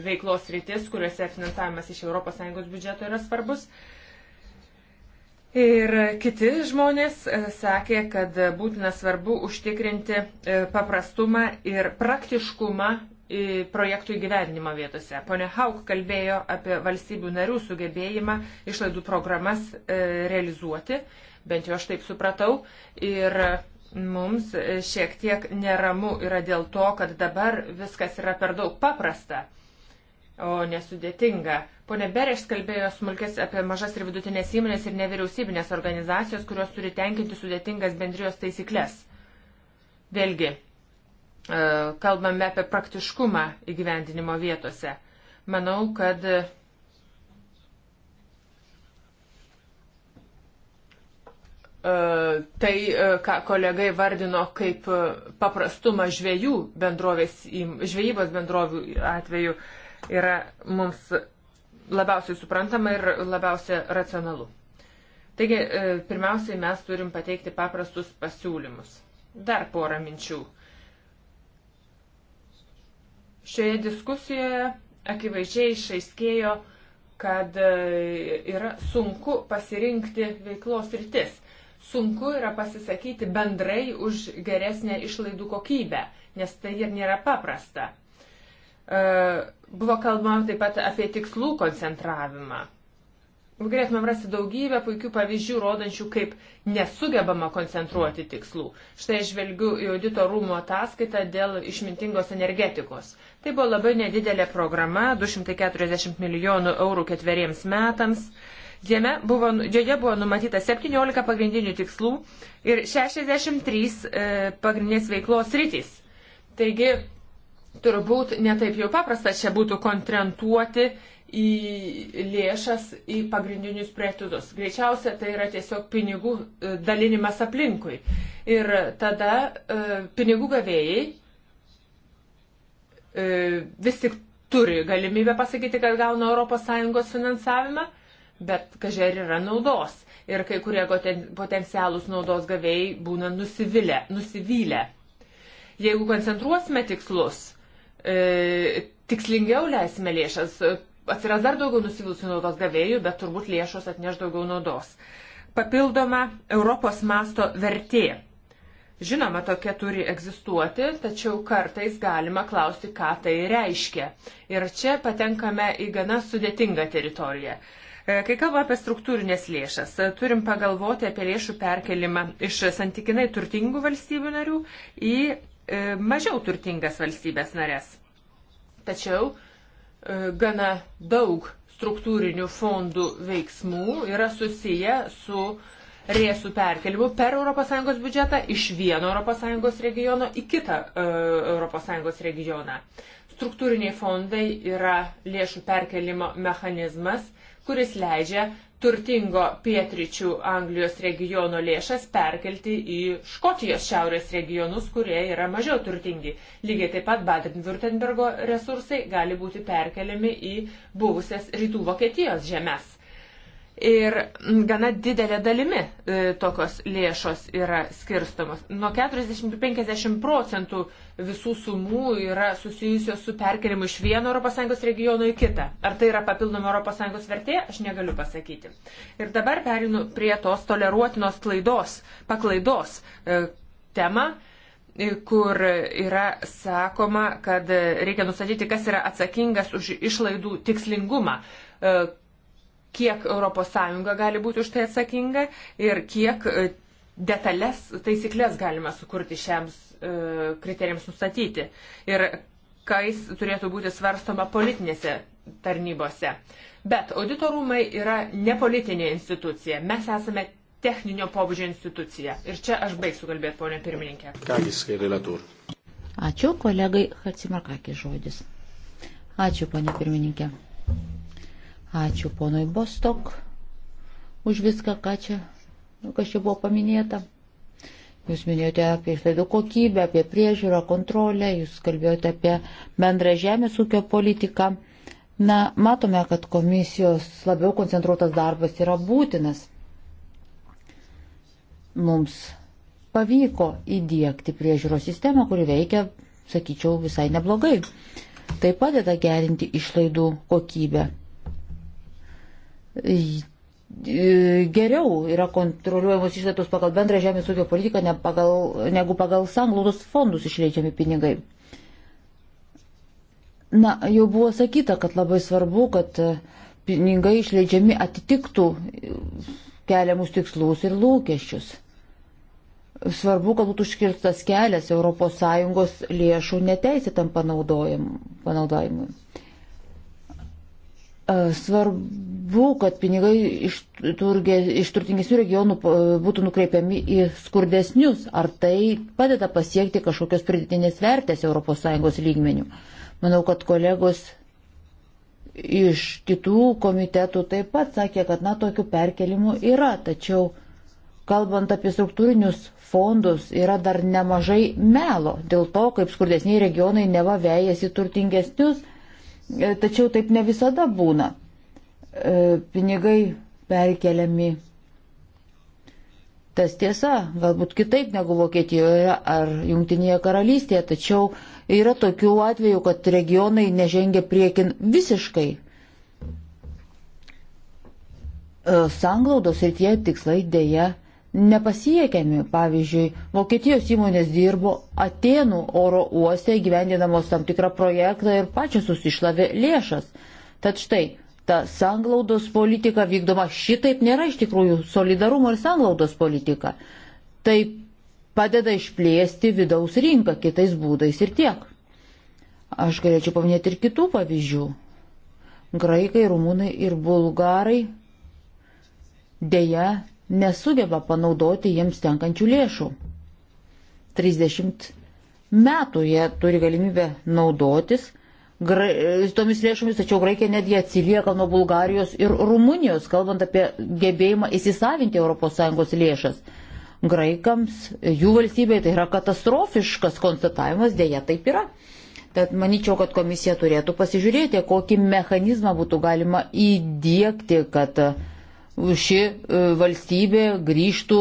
veiklos rytis, kuriuose finansavimas iš ES biudžeto yra svarbus. Ir kiti žmonės e, sakė, kad būtina svarbu užtikrinti e, paprastumą ir praktiškumą projektų įgyvendinimo vietose. Pone Hauk kalbėjo apie valstybių narių sugebėjimą išlaidų programas e, realizuoti, bent jau aš taip supratau. Ir mums šiek tiek neramu yra dėl to, kad dabar viskas yra per daug paprasta o nesudėtinga. Pone Bereš kalbėjo smulkės apie mažas ir vidutinės įmonės ir nevyriausybinės organizacijos, kurios turi tenkinti sudėtingas bendrijos taisyklės. Vėlgi, e, kalbame apie praktiškumą įgyvendinimo vietose. Manau, kad e, tai, e, ką kolegai vardino kaip paprastumą žvėjų bendrovės, žvėjybos bendrovių atveju, yra mums labiausiai suprantama ir labiausiai racionalu. Taigi, e, pirmiausiai mes turim pateikti paprastus pasiūlymus. Dar porą minčių. Šioje diskusijoje akivaizdžiai išaiškėjo, kad e, yra sunku pasirinkti veiklos rytis. Sunku yra pasisakyti bendrai už geresnę išlaidų kokybę, nes tai ir nėra paprasta. Uh, Buvo kalbama taip pat apie tikslų koncentravimą. Galėtumėm rasti daugybę puikių pavyzdžių, rodančių, kaip nesugebama koncentruoti tikslų. Štai žvelgiu į audito rūmo ataskaitą dėl išmintingos energetikos. Tai buvo labai nedidelė programa, 240 milijonų eurų ketveriems metams. Jame buvo, nu, joje buvo numatyta 17 pagrindinių tikslų ir 63 e, pagrindinės veiklos rytis. Taigi turbūt netaip jau paprasta čia būtų kontrentuoti į lėšas, į pagrindinius prietudus. Greičiausia, tai yra tiesiog pinigų e, dalinimas aplinkui. Ir tada e, pinigų gavėjai e, vis tik turi galimybę pasakyti, kad gauna ES finansavimą, bet kažer yra naudos. Ir kai kurie potencialūs naudos gavėjai būna nusivylę. nusivylę. Jeigu koncentruosime tikslus, e, tikslingiau leisime lėšas, atsiras dar daugiau nusivylusių naudos gavėjų, bet turbūt lėšos atneš daugiau naudos. Papildoma Europos masto vertė. Žinoma, tokia turi egzistuoti, tačiau kartais galima klausti, ką tai reiškia. Ir čia patenkame į gana sudėtingą teritoriją. E, kai kalbame apie struktūrinės lėšas, turim pagalvoti apie lėšų perkelimą iš santykinai turtingų valstybių narių į E, mažiau turtingas valstybės narės. Tačiau e, gana daug struktūrinių fondų veiksmų yra susiję su rėsų perkelimu per ES biudžetą iš vieno ES regiono į kitą e, ES regioną. Struktūriniai fondai yra lėšų perkelimo mechanizmas, kuris leidžia turtingo pietryčių Anglijos regiono lėšas perkelti į Škotijos šiaurės regionus, kurie yra mažiau turtingi. Lygiai taip pat Baden-Württembergo resursai gali būti perkeliami į buvusias rytų Vokietijos žemės. Ir gana didelė dalimi e, tokios lėšos yra skirstamos. Nuo 40-50 procentų visų sumų yra susijusios su perkelimu iš vieno ES regiono į kitą. Ar tai yra papildoma ES vertė, aš negaliu pasakyti. Ir dabar perinu prie tos toleruotinos klaidos, paklaidos e, temą e, kur yra sakoma, kad e, reikia nustatyti, kas yra atsakingas už išlaidų tikslingumą, e, kiek ES gali būti už tai atsakinga ir kiek e, detalės taisyklės galime sukurti šiems e, kriterijams nustatyti ir kais turėtų būti svarstoma politinėse tarnybose. Bet auditorumai yra nepolitinė institucija. Mes esame techninio pobūdžio institucija. Ir čia aš baigsiu kalbėti, ponė pirmininkė. Kagis, relator. Ačiū kolegai Hatsimarkakis žodis. Ačiū, ponė pirmininkė. Ačiū ponui Bostok už viską, ką čia, nu, kas čia buvo paminėta. Jūs minėjote apie išlaidų kokybę, apie priežiūrą, kontrolę, jūs kalbėjote apie bendrą žemės ūkio politiką. Na, matome, kad komisijos labiau koncentruotas darbas yra būtinas. Mums pavyko įdėkti priežiūros sistemą, kuri veikia, sakyčiau, visai neblogai. Tai padeda gerinti išlaidų kokybę geriau yra kontroliuojamos išlaidos pagal bendrą žemės ūkio politiką ne pagal, negu pagal sanglaudos fondus išleidžiami pinigai. Na, jau buvo sakyta, kad labai svarbu, kad pinigai išleidžiami atitiktų keliamus tikslus ir lūkesčius. Svarbu, kad būtų užkirstas kelias ES lėšų neteisėtam panaudojimui. E, svarbu, kad pinigai iš, turgė, iš turtingesnių regionų e, būtų nukreipiami į skurdesnius. Ar tai padeda pasiekti kažkokios pridėtinės vertės ES lygmenių? Manau, kad kolegos iš kitų komitetų taip pat sakė, kad, na, tokių perkelimų yra, tačiau kalbant apie struktūrinius fondus, yra dar nemažai melo dėl to, kaip skurdesniai regionai neva vėjasi turtingesnius E, tačiau taip ne visada būna. E, pinigai perkeliami. Tas tiesa, galbūt kitaip negu Vokietijoje ar Junktinėje karalystėje, tačiau yra tokių atvejų, kad regionai nežengia priekin visiškai. E, sanglaudos ir tie tikslai dėja nepasiekiami. Pavyzdžiui, Vokietijos įmonės dirbo Atenų oro uoste gyvendinamos tam tikrą projektą ir pačios susišlavė lėšas. Tad štai, ta sanglaudos politika vykdoma šitaip nėra iš tikrųjų solidarumo ir sanglaudos politika. Tai padeda išplėsti vidaus rinką kitais būdais ir tiek. Aš galėčiau paminėti ir kitų pavyzdžių. Graikai, rumūnai ir bulgarai dėja nesugeba panaudoti jiems tenkančių lėšų. 30 metų jie turi galimybę naudotis gra, tomis lėšomis, tačiau Graikija netgi atsilieka nuo Bulgarijos ir Rumunijos, kalbant apie gebėjimą įsisavinti ES lėšas. Graikams, jų valstybei tai yra katastrofiškas konstatavimas, dėja taip yra. Tad manyčiau, kad komisija turėtų pasižiūrėti, kokį mechanizmą būtų galima įdėkti, kad uh, ši e, valstybė grįžtų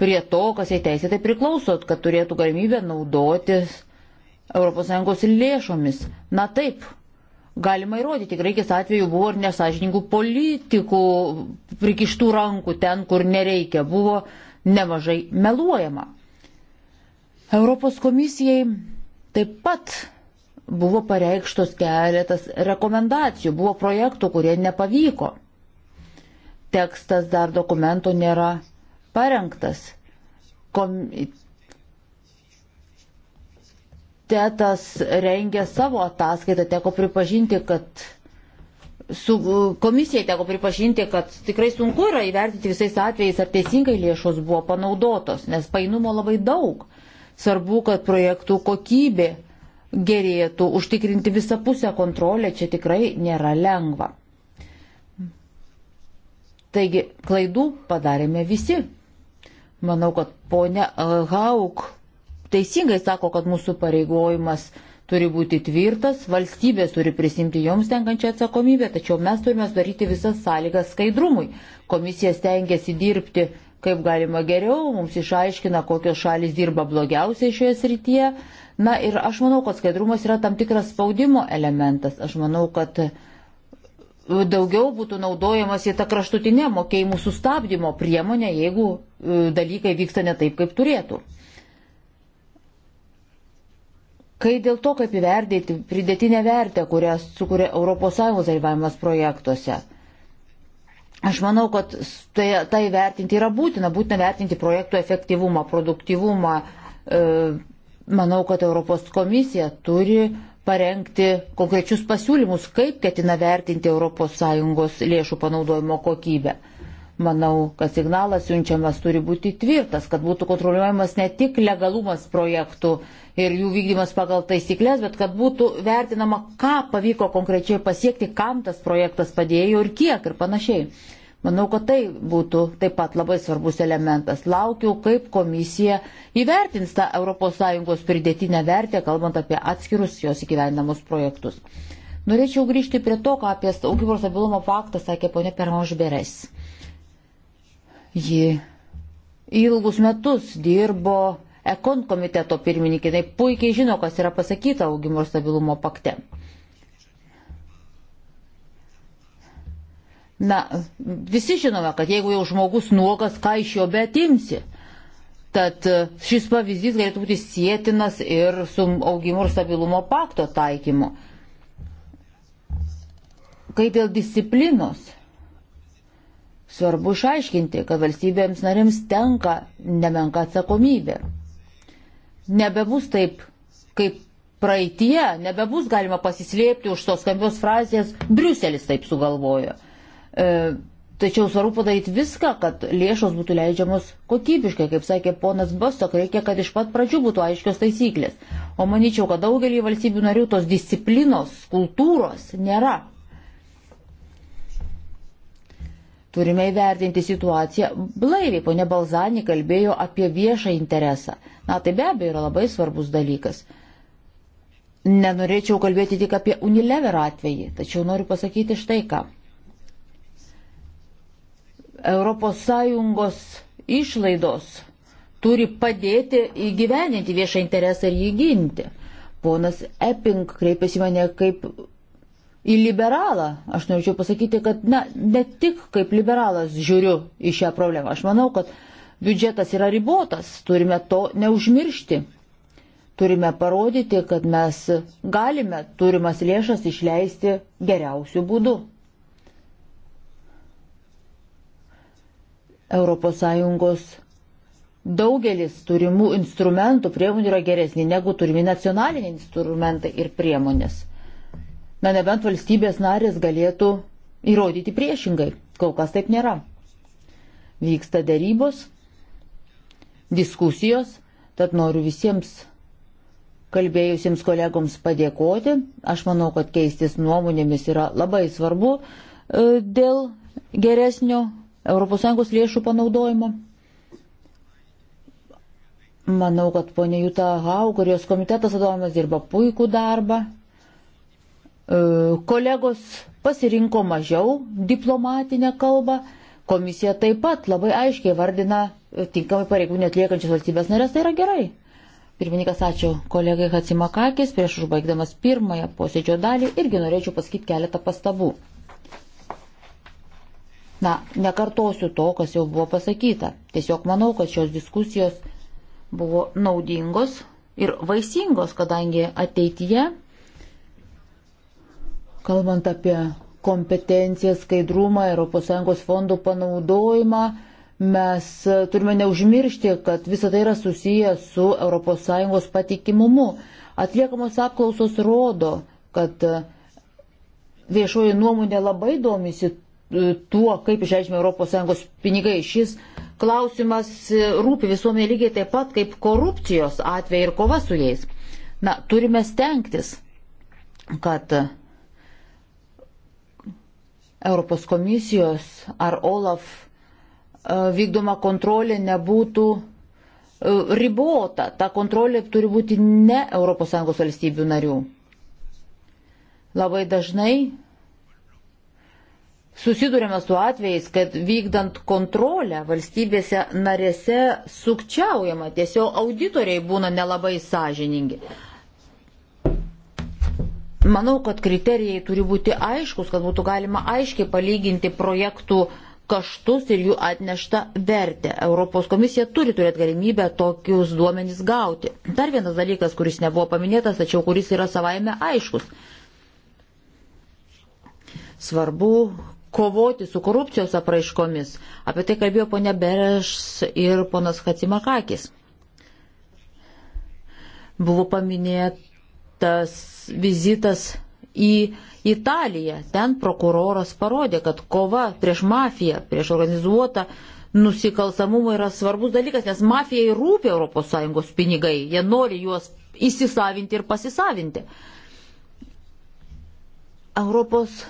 prie to, kas jai teisėtai priklauso, kad turėtų galimybę naudotis ES lėšomis. Na taip, galima įrodyti, Graikijos atveju buvo ir nesažininkų politikų prikištų rankų ten, kur nereikia, buvo nemažai meluojama. Europos komisijai taip pat buvo pareikštos keletas rekomendacijų, buvo projektų, kurie nepavyko tekstas dar dokumento nėra parengtas. Komitetas rengia savo ataskaitą, teko pripažinti, kad su komisijai teko pripažinti, kad tikrai sunku yra įvertinti visais atvejais, ar teisingai lėšos buvo panaudotos, nes painumo labai daug. Svarbu, kad projektų kokybė gerėtų, užtikrinti visą pusę kontrolę čia tikrai nėra lengva. Taigi klaidų padarėme visi. Manau, kad ponia Hauk teisingai sako, kad mūsų pareigojimas turi būti tvirtas, valstybės turi prisimti joms tenkančią atsakomybę, tačiau mes turime sudaryti visas sąlygas skaidrumui. Komisija stengiasi dirbti kaip galima geriau, mums išaiškina, kokios šalis dirba blogiausiai šioje srityje. Na ir aš manau, kad skaidrumas yra tam tikras spaudimo elementas. Aš manau, kad uh, daugiau būtų naudojamas į tą kraštutinę mokėjimų sustabdymo priemonę, jeigu e, dalykai vyksta ne taip, kaip turėtų. Kai dėl to, kaip įverdėti pridėtinę vertę, kurią sukuria ES dalyvavimas projektuose, aš manau, kad tai, tai vertinti yra būtina, būtina vertinti projektų efektyvumą, produktyvumą. E, manau, kad Europos komisija turi uh, parengti konkrečius pasiūlymus, kaip ketina vertinti ES lėšų panaudojimo kokybę. Manau, kad signalas siunčiamas turi būti tvirtas, kad būtų kontroliuojamas ne tik legalumas projektų ir jų vykdymas pagal taisyklės, bet kad būtų vertinama, ką pavyko konkrečiai pasiekti, kam tas projektas padėjo ir kiek ir panašiai. Manau, kad tai būtų taip pat labai svarbus elementas. Laukiu, kaip komisija įvertins tą ES pridėtinę vertę, kalbant apie atskirus jos įgyvendinamus projektus. Norėčiau grįžti prie to, ką apie augimo stabilumo faktą sakė ponė Permanžberes. Ji ilgus metus dirbo Ekon komiteto pirmininkinai, puikiai žino, kas yra pasakyta augimo stabilumo pakte. Na, visi žinome, kad jeigu jau žmogus nuogas, ką iš jo betimsi. Tad e, šis pavyzdys galėtų būti sėtinas ir su augimo ir stabilumo pakto taikymu. Kai dėl disciplinos, svarbu išaiškinti, kad valstybėms narėms tenka nemenka atsakomybė. Nebebus taip, kaip praeitie, nebebus galima pasislėpti už tos skambios frazės, Briuselis taip sugalvojo. E, tačiau svarbu padaryti viską, kad lėšos būtų leidžiamos kokybiškai, kaip sakė ponas Bostok, reikia, kad iš pat pradžių būtų aiškios taisyklės. O manyčiau, kad daugelį valstybių narių tos disciplinos, kultūros nėra. Turime įvertinti situaciją blaiviai, ponė Balzani kalbėjo apie viešą interesą. Na, tai be abejo yra labai svarbus dalykas. Nenorėčiau kalbėti tik apie Unilever atvejį, tačiau noriu pasakyti štai ką. ES išlaidos turi padėti įgyveninti viešą interesą ir jį ginti. Ponas Epping kreipėsi mane kaip į liberalą. Aš norėčiau pasakyti, kad na, ne tik kaip liberalas žiūriu į šią problemą. Aš manau, kad biudžetas yra ribotas, turime to neužmiršti. Turime parodyti, kad mes galime turimas lėšas išleisti geriausių būdų. ES daugelis turimų instrumentų, priemonių yra geresni negu turimi nacionaliniai instrumentai ir priemonės. Na nebent valstybės narės galėtų įrodyti priešingai. Kol kas taip nėra. Vyksta dėrybos, diskusijos, tad noriu visiems kalbėjusiems kolegoms padėkoti. Aš manau, kad keistis nuomonėmis yra labai svarbu e, dėl geresnio ES lėšų panaudojimo. Manau, kad ponė Juta Hau, kurios komitetas vadovavimas dirba puikų darbą. E, kolegos pasirinko mažiau diplomatinę kalbą. Komisija taip pat labai aiškiai vardina tinkamai pareigų netliekančias valstybės narės. Tai yra gerai. Pirmininkas, ačiū kolegai Hatsimakakis. Prieš užbaigdamas pirmąją posėdžio dalį irgi norėčiau pasakyti keletą pastabų. Na, nekartosiu to, kas jau buvo pasakyta. Tiesiog manau, kad šios diskusijos buvo naudingos ir vaisingos, kadangi ateityje, kalbant apie kompetenciją, skaidrumą, ES fondų panaudojimą, mes turime neužmiršti, kad visa tai yra susiję su ES patikimumu. Atliekamos apklausos rodo, kad viešoji nuomonė labai domisi tuo, kaip išleidžiami ES pinigai. Šis klausimas e, rūpi visuomenė lygiai taip pat kaip korupcijos atvejai ir kova su jais. Na, turime stengtis, kad Europos komisijos ar OLAF e, vykdoma kontrolė nebūtų e, ribota. Ta kontrolė turi būti ne ES valstybių narių. Labai dažnai susidurėme su atvejais, kad vykdant kontrolę valstybėse narėse sukčiaujama, tiesiog auditoriai būna nelabai sąžiningi. Manau, kad kriterijai turi būti aiškus, kad būtų galima aiškiai palyginti projektų kaštus ir jų atneštą vertę. Europos komisija turi turėti galimybę tokius duomenys gauti. Dar vienas dalykas, kuris nebuvo paminėtas, tačiau kuris yra savaime aiškus. Svarbu, kovoti su korupcijos apraiškomis. Apie tai kalbėjo ponia Bereš ir ponas Hatsimakakis. Buvo paminėtas vizitas į Italiją. Ten prokuroras parodė, kad kova prieš mafiją, prieš organizuotą nusikalstamumą yra svarbus dalykas, nes mafijai rūpi ES pinigai. Jie nori juos įsisavinti ir pasisavinti. Europos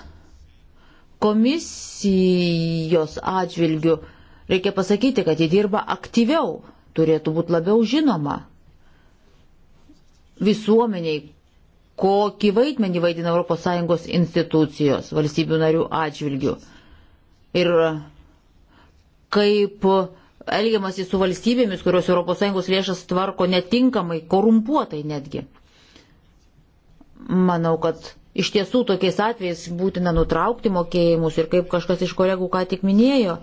Komisijos atžvilgių reikia pasakyti, kad jie dirba aktyviau, turėtų būti labiau žinoma visuomeniai, kokį vaidmenį vaidina ES institucijos valstybių narių atžvilgių ir kaip elgiamasi su valstybėmis, kurios ES lėšas tvarko netinkamai, korumpuotai netgi. Manau, kad iš tiesų tokiais atvejais būtina nutraukti mokėjimus ir kaip kažkas iš kolegų ką tik minėjo,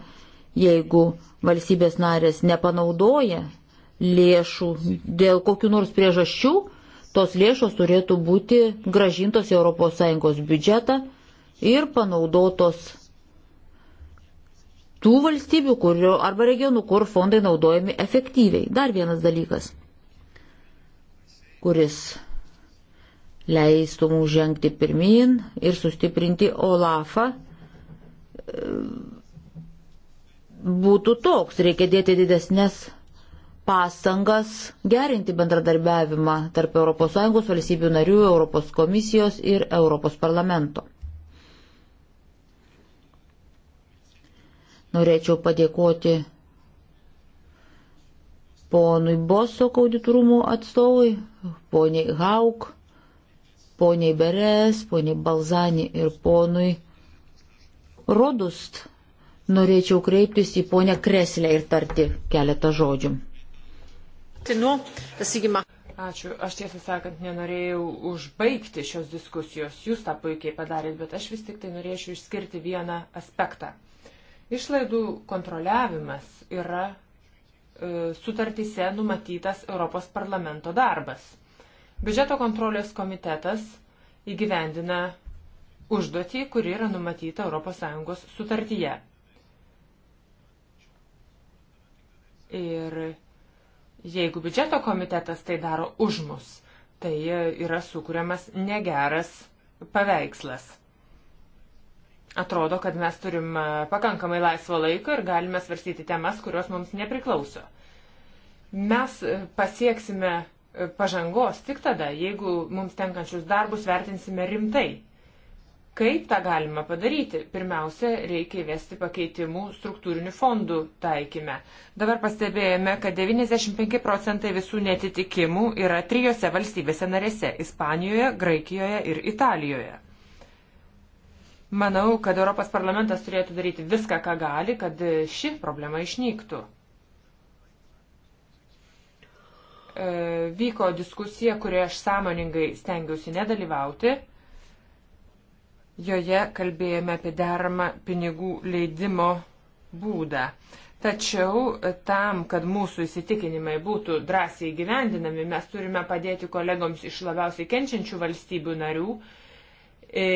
jeigu valstybės narės nepanaudoja lėšų dėl kokių nors priežasčių, tos lėšos turėtų būti gražintos į ES biudžetą ir panaudotos tų valstybių kurio, arba regionų, kur fondai naudojami efektyviai. Dar vienas dalykas, kuris leistų mums žengti pirmin ir sustiprinti Olafą būtų toks. Reikia dėti didesnės pastangas gerinti bendradarbiavimą tarp ES valstybių narių, ES komisijos ir ES parlamento. Norėčiau padėkoti ponui Bosok auditorumų atstovui, poniai Hauk poniai Beres, poniai Balzani ir ponui Rodust norėčiau kreiptis į ponę Kreslę ir tarti keletą žodžių. Ačiū. Aš tiesą sakant, nenorėjau užbaigti šios diskusijos. Jūs tą puikiai padarėt, bet aš vis tik tai norėčiau išskirti vieną aspektą. Išlaidų kontroliavimas yra e, sutartyse numatytas Europos parlamento darbas. Biudžeto kontrolės komitetas įgyvendina užduotį, kuri yra numatyta ES sutartyje. Ir jeigu biudžeto komitetas tai daro už mus, tai yra sukūriamas negeras paveikslas. Atrodo, kad mes turim e, pakankamai laisvo laiko ir galime svarstyti temas, kurios mums nepriklauso. Mes e, pasieksime pažangos tik tada, jeigu mums tenkančius darbus vertinsime rimtai. Kaip tą galima padaryti? Pirmiausia, reikia įvesti pakeitimų struktūrinių fondų taikymę. Dabar pastebėjome, kad 95 procentai visų netitikimų yra trijose valstybėse narėse - Ispanijoje, Graikijoje ir Italijoje. Manau, kad Europos parlamentas turėtų daryti viską, ką gali, kad ši problema išnyktų. E, vyko diskusija, kurioje aš sąmoningai stengiausi nedalyvauti. Joje kalbėjome apie deramą pinigų leidimo būdą. Tačiau e, tam, kad mūsų įsitikinimai būtų drąsiai gyvendinami, mes turime padėti kolegoms iš labiausiai kenčiančių valstybių narių, e,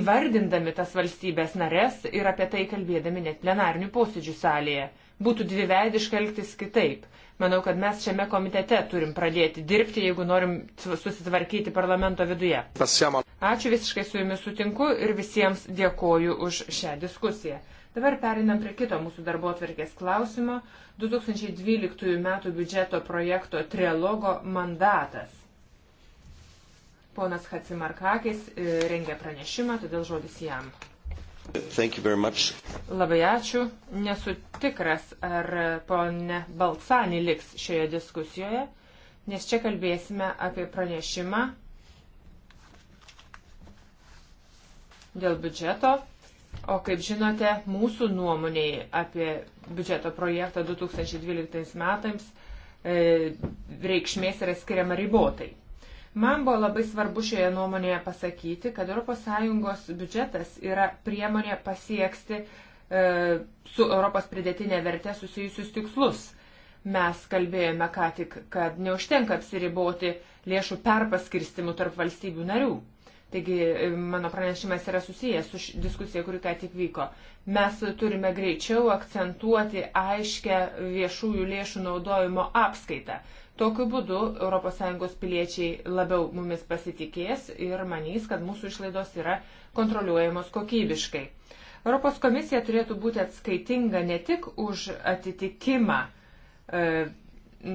įvardindami tas valstybės narės ir apie tai kalbėdami net plenarnių posėdžių salėje. Būtų dviveidiška elgtis kitaip. Manau, kad mes šiame komitete turim pradėti dirbti, jeigu norim susitvarkyti parlamento viduje. Pasiemo. Ačiū visiškai su jumis sutinku ir visiems dėkoju už šią diskusiją. Dabar perinam prie kito mūsų darbo atverkės klausimo - 2012 m. biudžeto projekto trilogo mandatas. Ponas Hatsimarkakis e, rengia pranešimą, todėl žodis jam. Labai ačiū. Nesu tikras, ar ponė Balcani liks šioje diskusijoje, nes čia kalbėsime apie pranešimą dėl biudžeto. O kaip žinote, mūsų nuomonėje apie biudžeto projektą 2012 metams e, reikšmės yra skiriama ribotai. Man buvo labai svarbu šioje nuomonėje pasakyti, kad ES biudžetas yra priemonė pasieksti e, su Europos pridėtinė vertė susijusius tikslus. Mes kalbėjome ką tik, kad neužtenka apsiriboti lėšų perpaskirstimų tarp valstybių narių. Taigi e, mano pranešimas yra susijęs su diskusija, kuri ką tik vyko. Mes turime greičiau akcentuoti aiškę viešųjų lėšų naudojimo apskaitą. Tokiu būdu ES piliečiai labiau mumis pasitikės ir manys, kad mūsų išlaidos yra kontroliuojamos kokybiškai. Europos komisija turėtų būti atskaitinga ne tik už atitikimą e,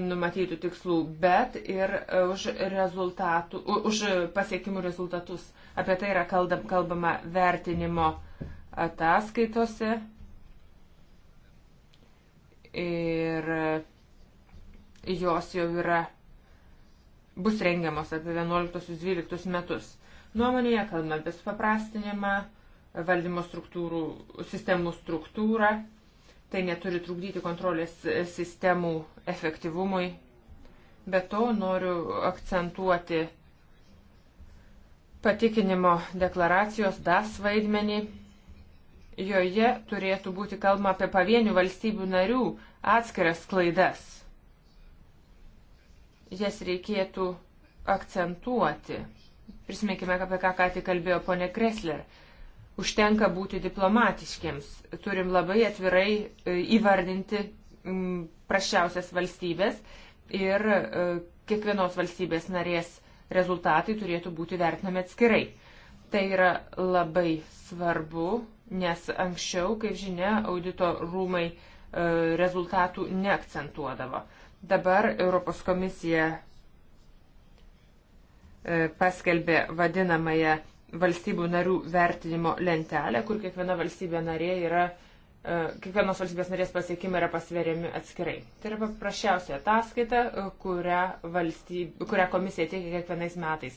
numatytų tikslų, bet ir e, už, rezultatų, už pasiekimų rezultatus. Apie tai yra kalbama vertinimo ataskaitose. Ir jos jau yra, bus rengiamos apie 11-12 metus. Nuomonėje kalbame apie supaprastinimą, valdymo struktūrų, sistemų struktūrą, tai neturi trukdyti kontrolės sistemų efektyvumui. Be to noriu akcentuoti patikinimo deklaracijos DAS vaidmenį. Joje turėtų būti kalbama apie pavienių valstybių narių atskiras klaidas jas reikėtų akcentuoti. Prisiminkime, apie ką ką tik kalbėjo ponė Kresler. Užtenka būti diplomatiškiams. Turim labai atvirai e, įvardinti prašiausias valstybės ir e, kiekvienos valstybės narės rezultatai turėtų būti vertinami atskirai. Tai yra labai svarbu, nes anksčiau, kaip žinia, audito rūmai e, rezultatų neakcentuodavo. Dabar Europos komisija e, paskelbė vadinamąją valstybių narių vertinimo lentelę, kur kiekviena valstybė narė yra, e, kiekvienos valstybės narės pasiekimai yra pasveriami atskirai. Tai yra paprasčiausia ataskaita, e, kurią, valstyb, kurią komisija teikia kiekvienais metais.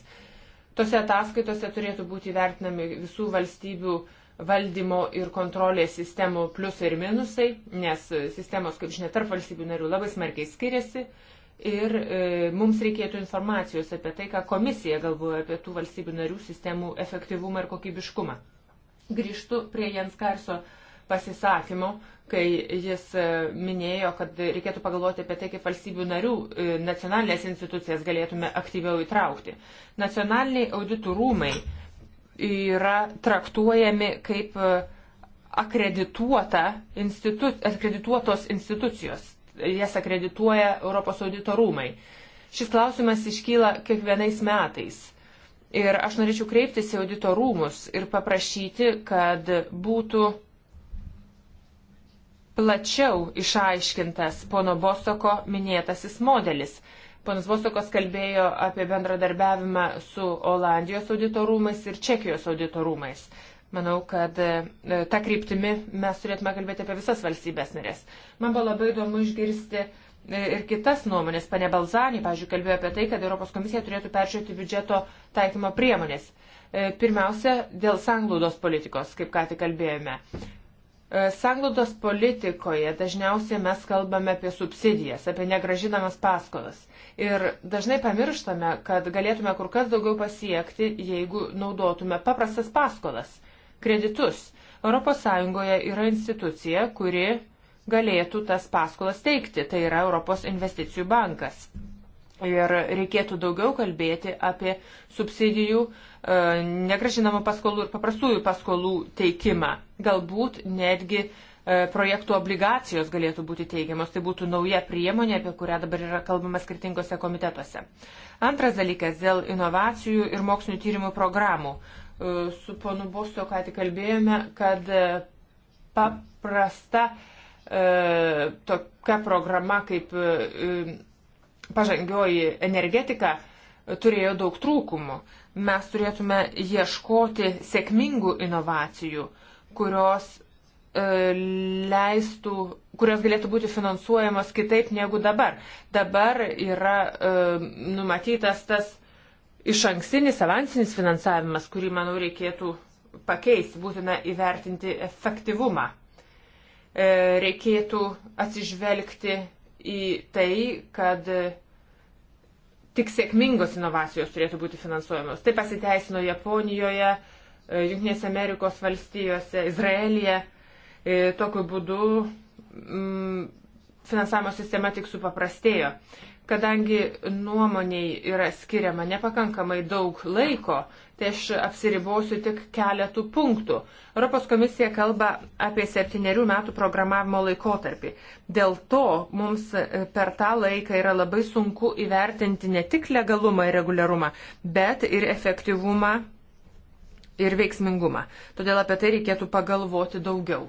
Tose ataskaitose turėtų būti vertinami visų valstybių uh, valdymo ir kontrolės sistemų pliusai ir minusai, nes sistemos, kaip žinia, tarp valstybių narių labai smarkiai skiriasi ir e, mums reikėtų informacijos apie tai, ką komisija galvoja apie tų valstybių narių sistemų efektyvumą ir kokybiškumą. Grįžtu prie Jens Karso pasisakymo, kai jis e, minėjo, kad reikėtų pagalvoti apie tai, kaip valstybių narių e, nacionalinės institucijas galėtume aktyviau įtraukti. Nacionaliniai auditų rūmai yra traktuojami kaip e, akredituota institu, akredituotos institucijos. Jas akredituoja Europos audito rūmai. Šis klausimas iškyla kiekvienais metais. Ir aš norėčiau kreiptis į audito rūmus ir paprašyti, kad būtų plačiau išaiškintas pono Bostoko minėtasis modelis. Panas Vostokas kalbėjo apie bendradarbiavimą su Olandijos auditorumais ir Čekijos auditorumais. Manau, kad e, tą kryptimį mes turėtume kalbėti apie visas valstybės narės. Man buvo labai įdomu išgirsti e, ir kitas nuomonės. Pane Balzanį, pažiūrėjau, kalbėjo apie tai, kad Europos komisija turėtų peržiūrėti biudžeto taikymo priemonės. E, pirmiausia, dėl sanglaudos politikos, kaip ką tik kalbėjome. Sanglaudos politikoje dažniausiai mes kalbame apie subsidijas, apie negražinamas paskolas. Ir dažnai pamirštame, kad galėtume kur kas daugiau pasiekti, jeigu naudotume paprastas paskolas, kreditus. ES yra institucija, kuri galėtų tas paskolas teikti, tai yra Europos investicijų bankas. Ir reikėtų daugiau kalbėti apie subsidijų, e, negražinamų paskolų ir paprastųjų paskolų teikimą. Galbūt netgi uh, E, projektų obligacijos galėtų būti teigiamos. Tai būtų nauja priemonė, apie kurią dabar yra kalbama skirtingose komitetuose. Antras dalykas - dėl inovacijų ir mokslinių tyrimų programų. E, su ponu Bosto ką tik kalbėjome, kad e, paprasta tokia programa kaip pažangioji energetika turėjo daug trūkumų. Mes turėtume ieškoti sėkmingų inovacijų, kurios E, leistų, kurios galėtų būti finansuojamos kitaip negu dabar. Dabar yra e, numatytas tas iš ankstinis avansinis finansavimas, kurį, manau, reikėtų pakeisti, būtina įvertinti efektyvumą. E, reikėtų atsižvelgti į tai, kad tik sėkmingos inovacijos turėtų būti finansuojamos. Tai pasiteisino Japonijoje, e, Junktinėse Amerikos valstijose, Izraelyje. E, E, tokiu būdu mm, finansavimo sistema tik supaprastėjo. Kadangi nuomoniai yra skiriama nepakankamai daug laiko, tai aš apsiribosiu tik keletų punktų. Europos komisija kalba apie septyniarių metų programavimo laikotarpį. Dėl to mums e, per tą laiką yra labai sunku įvertinti ne tik legalumą ir reguliarumą, bet ir efektyvumą ir veiksmingumą. Todėl apie tai reikėtų pagalvoti daugiau.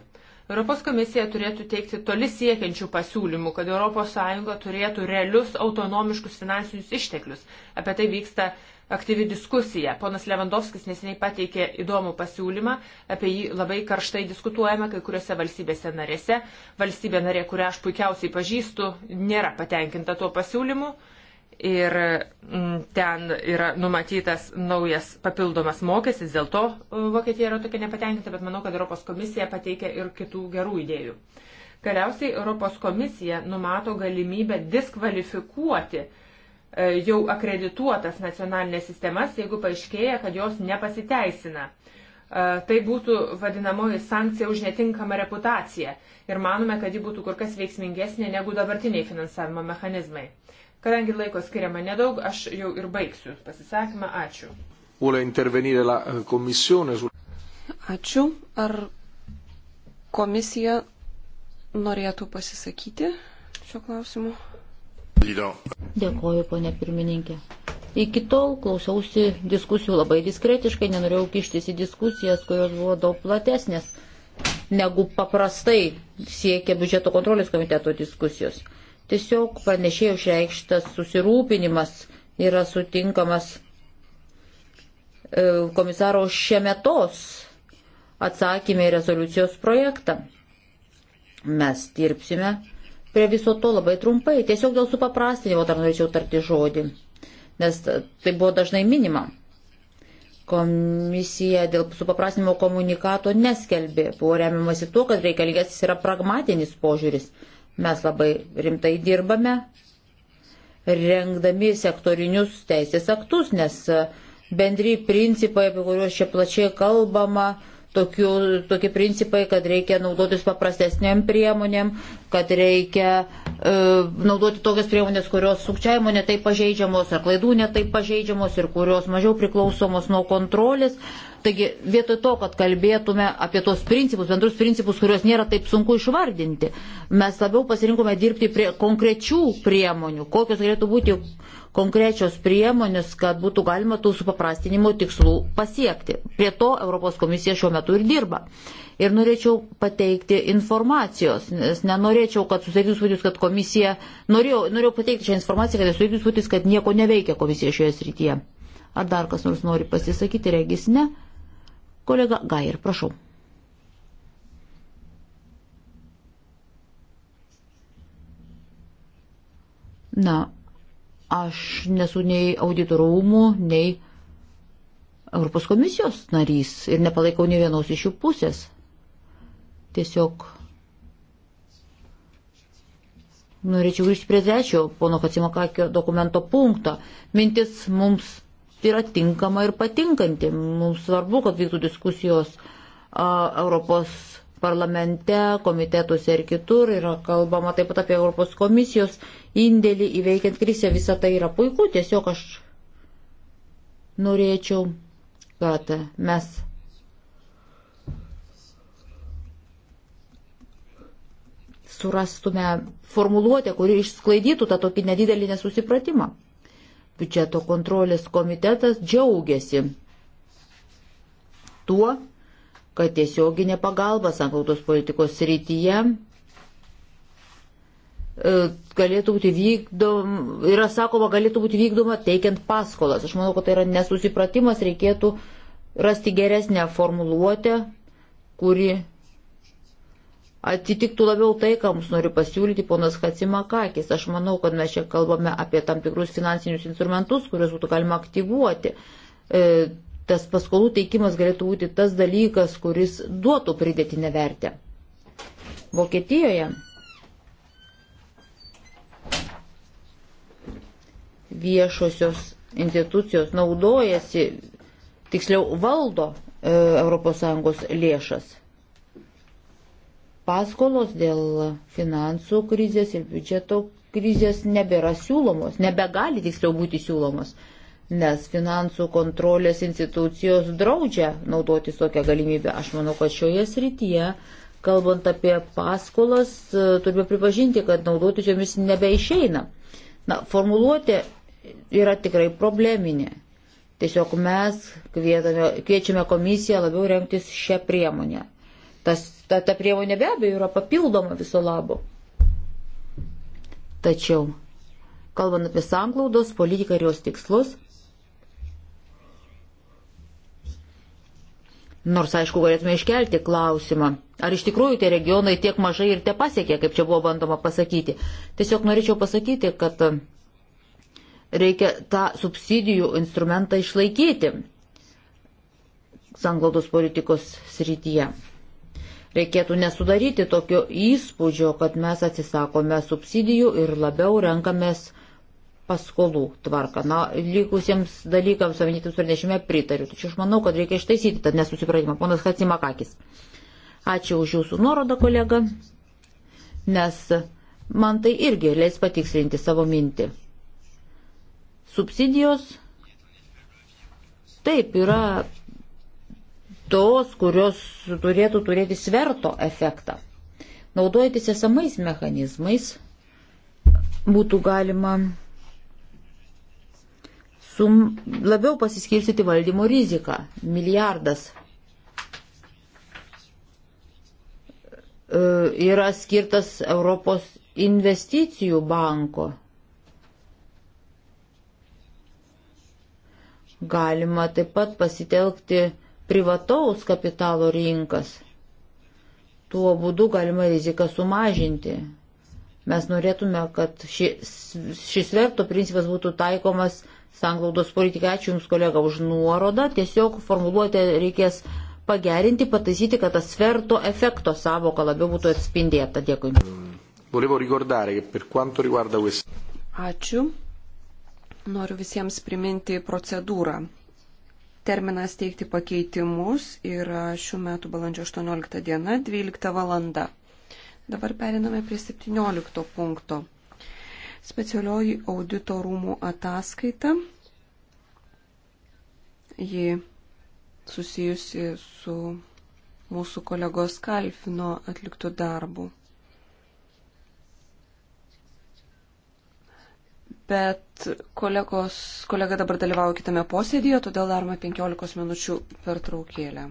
Europos komisija turėtų teikti toli siekiančių pasiūlymų, kad ES turėtų realius autonomiškus finansinius išteklius. Apie tai vyksta aktyvi diskusija. Ponas Levandovskis nesiniai pateikė įdomų pasiūlymą, apie jį labai karštai diskutuojame kai kuriuose valstybėse narėse. Valstybė narė, kurią aš puikiausiai pažįstu, nėra patenkinta tuo pasiūlymu ir mm, ten yra numatytas naujas papildomas mokestis, dėl to e, Vokietija yra tokia nepatenkinta, bet manau, kad Europos komisija pateikia ir kitų gerų idėjų. Galiausiai Europos komisija numato galimybę diskvalifikuoti e, jau akredituotas nacionalinės sistemas, jeigu paaiškėja, kad jos nepasiteisina. E, tai būtų vadinamoji sankcija už netinkamą reputaciją ir manome, kad ji būtų kur kas veiksmingesnė negu dabartiniai finansavimo mechanizmai. Kadangi laiko skiriama nedaug, aš jau ir baigsiu pasisakymą. Ačiū. Eh, Ačiū. Ar komisija norėtų pasisakyti šio klausimu? Dėkoju, ponė pirmininkė. Iki tol klausiausi diskusijų labai diskretiškai, nenorėjau kištis į diskusijas, kurios buvo daug platesnės negu paprastai siekia biudžeto kontrolės komiteto diskusijos. Tiesiog pranešėjų išreikštas susirūpinimas yra sutinkamas e, komisaro šiemetos atsakymė į rezoliucijos projektą. Mes dirbsime prie viso to labai trumpai, tiesiog dėl supaprastinimo dar norėčiau tarti žodį, nes tai buvo dažnai minima. Komisija dėl supaprastinimo komunikato neskelbė, buvo remiamasi tuo, kad reikalingas yra pragmatinis požiūris. Mes labai rimtai dirbame, rengdami sektorinius teisės aktus, nes bendri principai, apie kuriuos čia plačiai kalbama, tokių, tokie principai, kad reikia naudotis paprastesniam priemonėm, kad reikia e, naudoti tokias priemonės, kurios sukčiavimo netai pažeidžiamos ar klaidų netai pažeidžiamos ir kurios mažiau priklausomos nuo kontrolės. Taigi vietoj to, kad kalbėtume apie tos principus, bendrus principus, kuriuos nėra taip sunku išvardinti, mes labiau pasirinkome dirbti prie konkrečių priemonių, kokios galėtų būti konkrečios priemonės, kad būtų galima tų supaprastinimo tikslų pasiekti. Prie to Europos komisija šiuo metu ir dirba. Ir norėčiau pateikti informacijos, nes nenorėčiau, kad susidarytų spūdis, kad komisija, norėjau, norėjau pateikti šią informaciją, kad susidarytų spūdis, kad nieko neveikia komisija šioje srityje. Ar dar kas nors nori pasisakyti, regis ne? Kolega Gair, prašau. Na, Aš nesu nei auditorumų, nei Europos komisijos narys ir nepalaikau nei vienos iš jų pusės. Tiesiog norėčiau grįžti prie trečio pono Kacimakakio dokumento punkto. Mintis mums tai yra tinkama ir patinkanti. Mums svarbu, kad vyktų diskusijos a, Europos parlamente, komitetuose ir kitur. Yra kalbama taip pat apie Europos komisijos indėlį įveikiant krisę. Visa tai yra puiku. Tiesiog aš norėčiau, kad mes. surastume formuluotę, kuri išsklaidytų tą tokį nedidelį nesusipratimą. Biudžeto kontrolės komitetas džiaugiasi tuo, kad tiesioginė pagalba sanklaudos politikos srityje e, galėtų būti vykdoma, yra sakoma, galėtų būti vykdoma teikiant paskolas. Aš manau, kad tai yra nesusipratimas, reikėtų rasti geresnę formuluotę, kuri atitiktų labiau tai, ką mums nori pasiūlyti ponas Hatsimakakis. Aš manau, kad mes čia kalbame apie tam tikrus finansinius instrumentus, kuriuos būtų galima aktyvuoti. E, tas paskolų teikimas galėtų būti tas dalykas, kuris duotų pridėtinę vertę. Vokietijoje viešosios institucijos naudojasi, tiksliau valdo e, ES lėšas. Paskolos dėl finansų krizės ir biudžeto krizės nebėra siūlomos, nebegali tiksliau būti siūlomos nes finansų kontrolės institucijos draudžia naudotis tokią galimybę. Aš manau, kad šioje srityje, kalbant apie paskolas, e, turime pripažinti, kad naudotis jomis nebeišeina. Na, formuluotė yra tikrai probleminė. Tiesiog mes kvietame, kviečiame komisiją labiau remtis šią priemonę. Tas, ta, ta priemonė be abejo yra papildoma viso labo. Tačiau, kalbant apie sanglaudos politiką ir jos tikslus, Nors, aišku, galėtume iškelti klausimą, ar iš tikrųjų tie regionai tiek mažai ir te pasiekė, kaip čia buvo bandoma pasakyti. Tiesiog norėčiau pasakyti, kad reikia tą subsidijų instrumentą išlaikyti sanglaudos politikos srityje. Reikėtų nesudaryti tokio įspūdžio, kad mes atsisakome subsidijų ir labiau renkamės paskolų tvarką. Na, likusiems dalykams paminėtams pranešime pritariu. Tačiau aš manau, kad reikia ištaisyti tą nesusipratimą. Ponas Hatsimakakis. Ačiū už jūsų nuorodą, kolega, nes man tai irgi leis patikslinti savo mintį. Subsidijos taip yra tos, kurios turėtų turėti sverto efektą. Naudojantis esamais mechanizmais būtų galima sum, labiau pasiskirstyti valdymo riziką. Milijardas e, yra skirtas Europos investicijų banko. Galima taip pat pasitelkti privataus kapitalo rinkas. Tuo būdu galima riziką sumažinti. Mes norėtume, kad šis sverto principas būtų taikomas sanglaudos politiką. Ačiū Jums, kolega, už nuorodą. Tiesiog formuluotę reikės pagerinti, pataisyti, kad tas sverto efekto savoka labiau būtų atspindėta. Dėkui. Ačiū. Noriu visiems priminti procedūrą. Terminas teikti pakeitimus yra šių metų balandžio 18 diena, 12 valanda. Dabar periname prie 17 punkto specialioji audito rūmų ataskaita. Ji susijusi su mūsų kolegos Kalfino atliktų darbų. Bet kolegos, kolega dabar dalyvauja kitame posėdėje, todėl darome 15 minučių per traukėlę.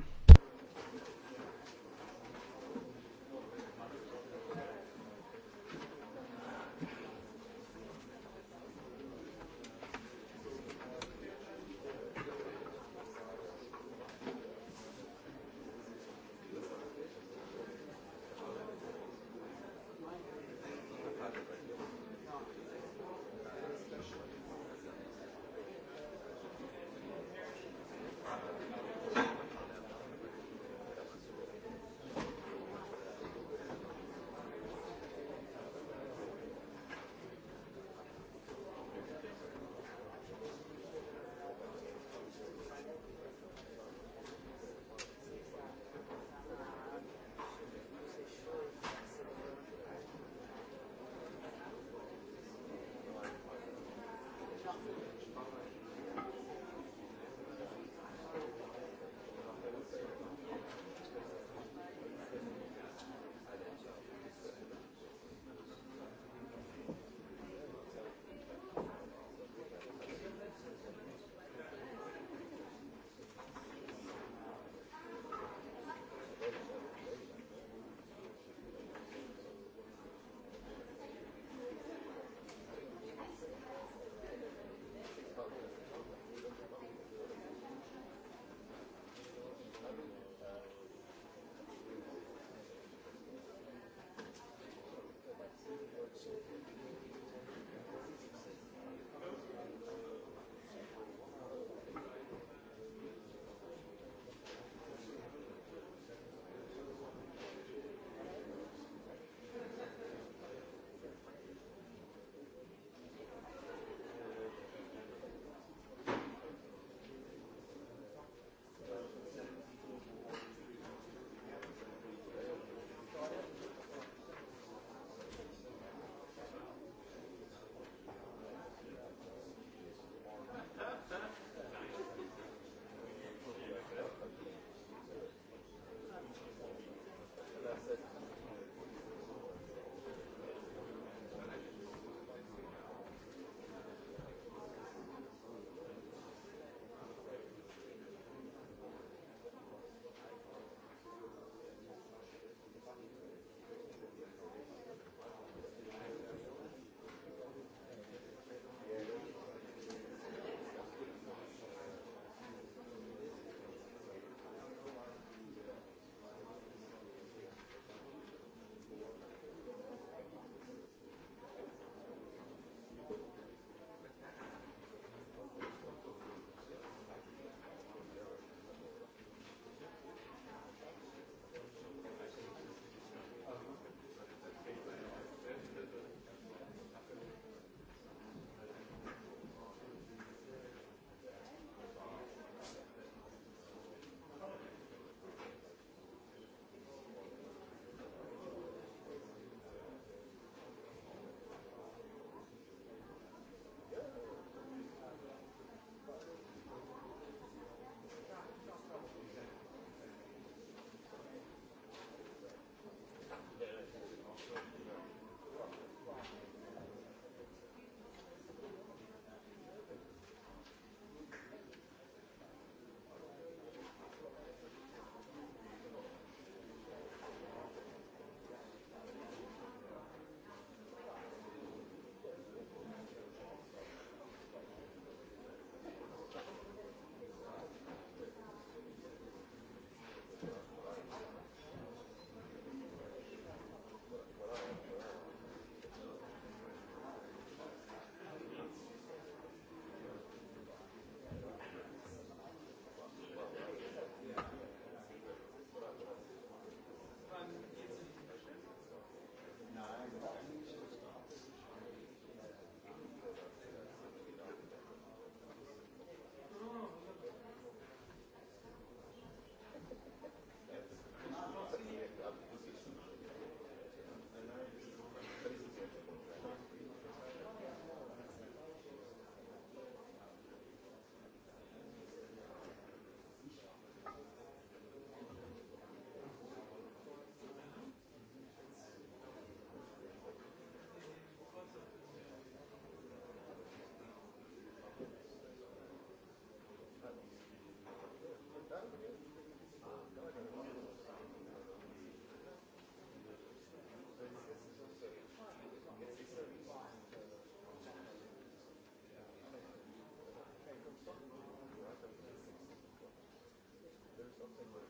something like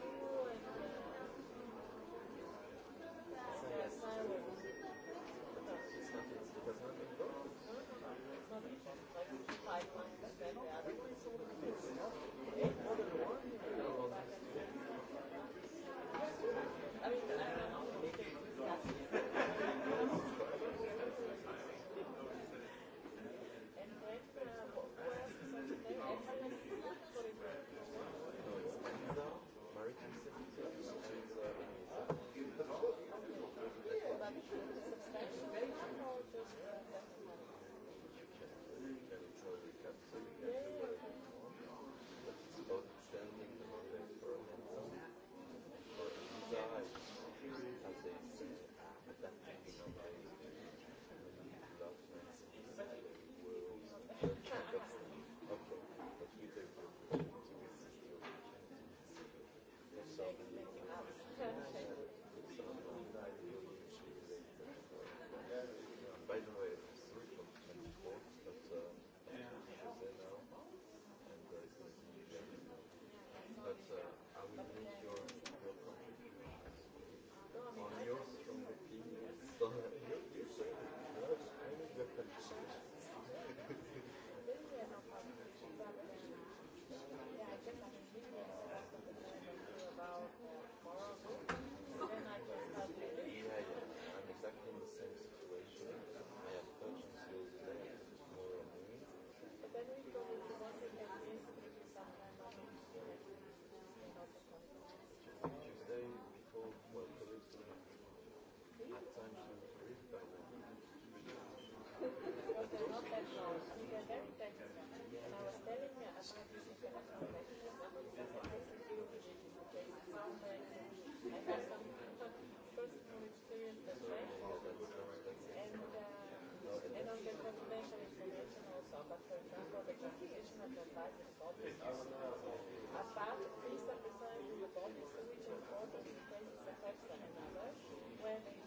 but for example, the composition of the advisory body is apart, these are besides the bodies which are important in cases affects one another, where they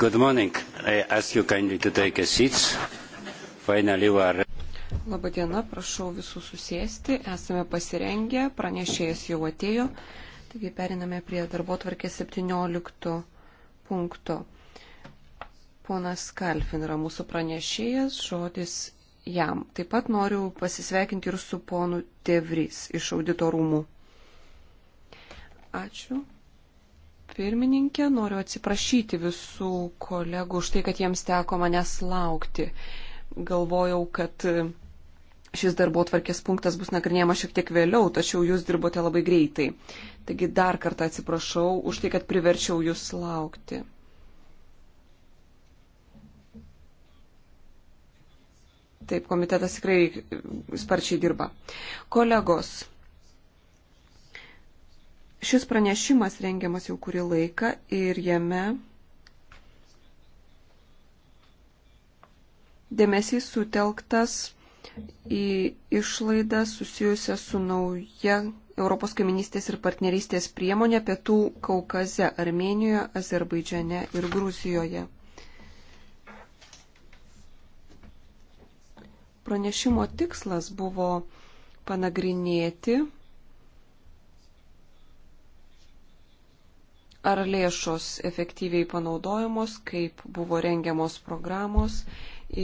Good morning. I ask you kindly to take a seat. Finally, you are. Labadiena, prašau visų susėsti. Esame pasirengę, pranešėjas jau atėjo. Taigi periname prie darbo tvarkės 17 punkto. Ponas Kalfin yra mūsų pranešėjas, žodis jam. Taip pat noriu pasisveikinti ir su ponu Tevrys iš auditorumų. Ačiū pirmininkė, noriu atsiprašyti visų kolegų už tai, kad jiems teko manęs laukti. Galvojau, kad šis darbo tvarkės punktas bus nagrinėjamas šiek tiek vėliau, tačiau jūs dirbote labai greitai. Taigi dar kartą atsiprašau už tai, kad priverčiau jūs laukti. Taip, komitetas tikrai sparčiai dirba. Kolegos, Šis pranešimas rengiamas jau kurį laiką ir jame dėmesys sutelktas į išlaidas susijusias su nauja Europos kaiminystės ir partnerystės priemonė Pietų Kaukaze, Armenijoje, Azerbaidžiane ir Gruzijoje. Pranešimo tikslas buvo panagrinėti ar lėšos efektyviai panaudojamos, kaip buvo rengiamos programos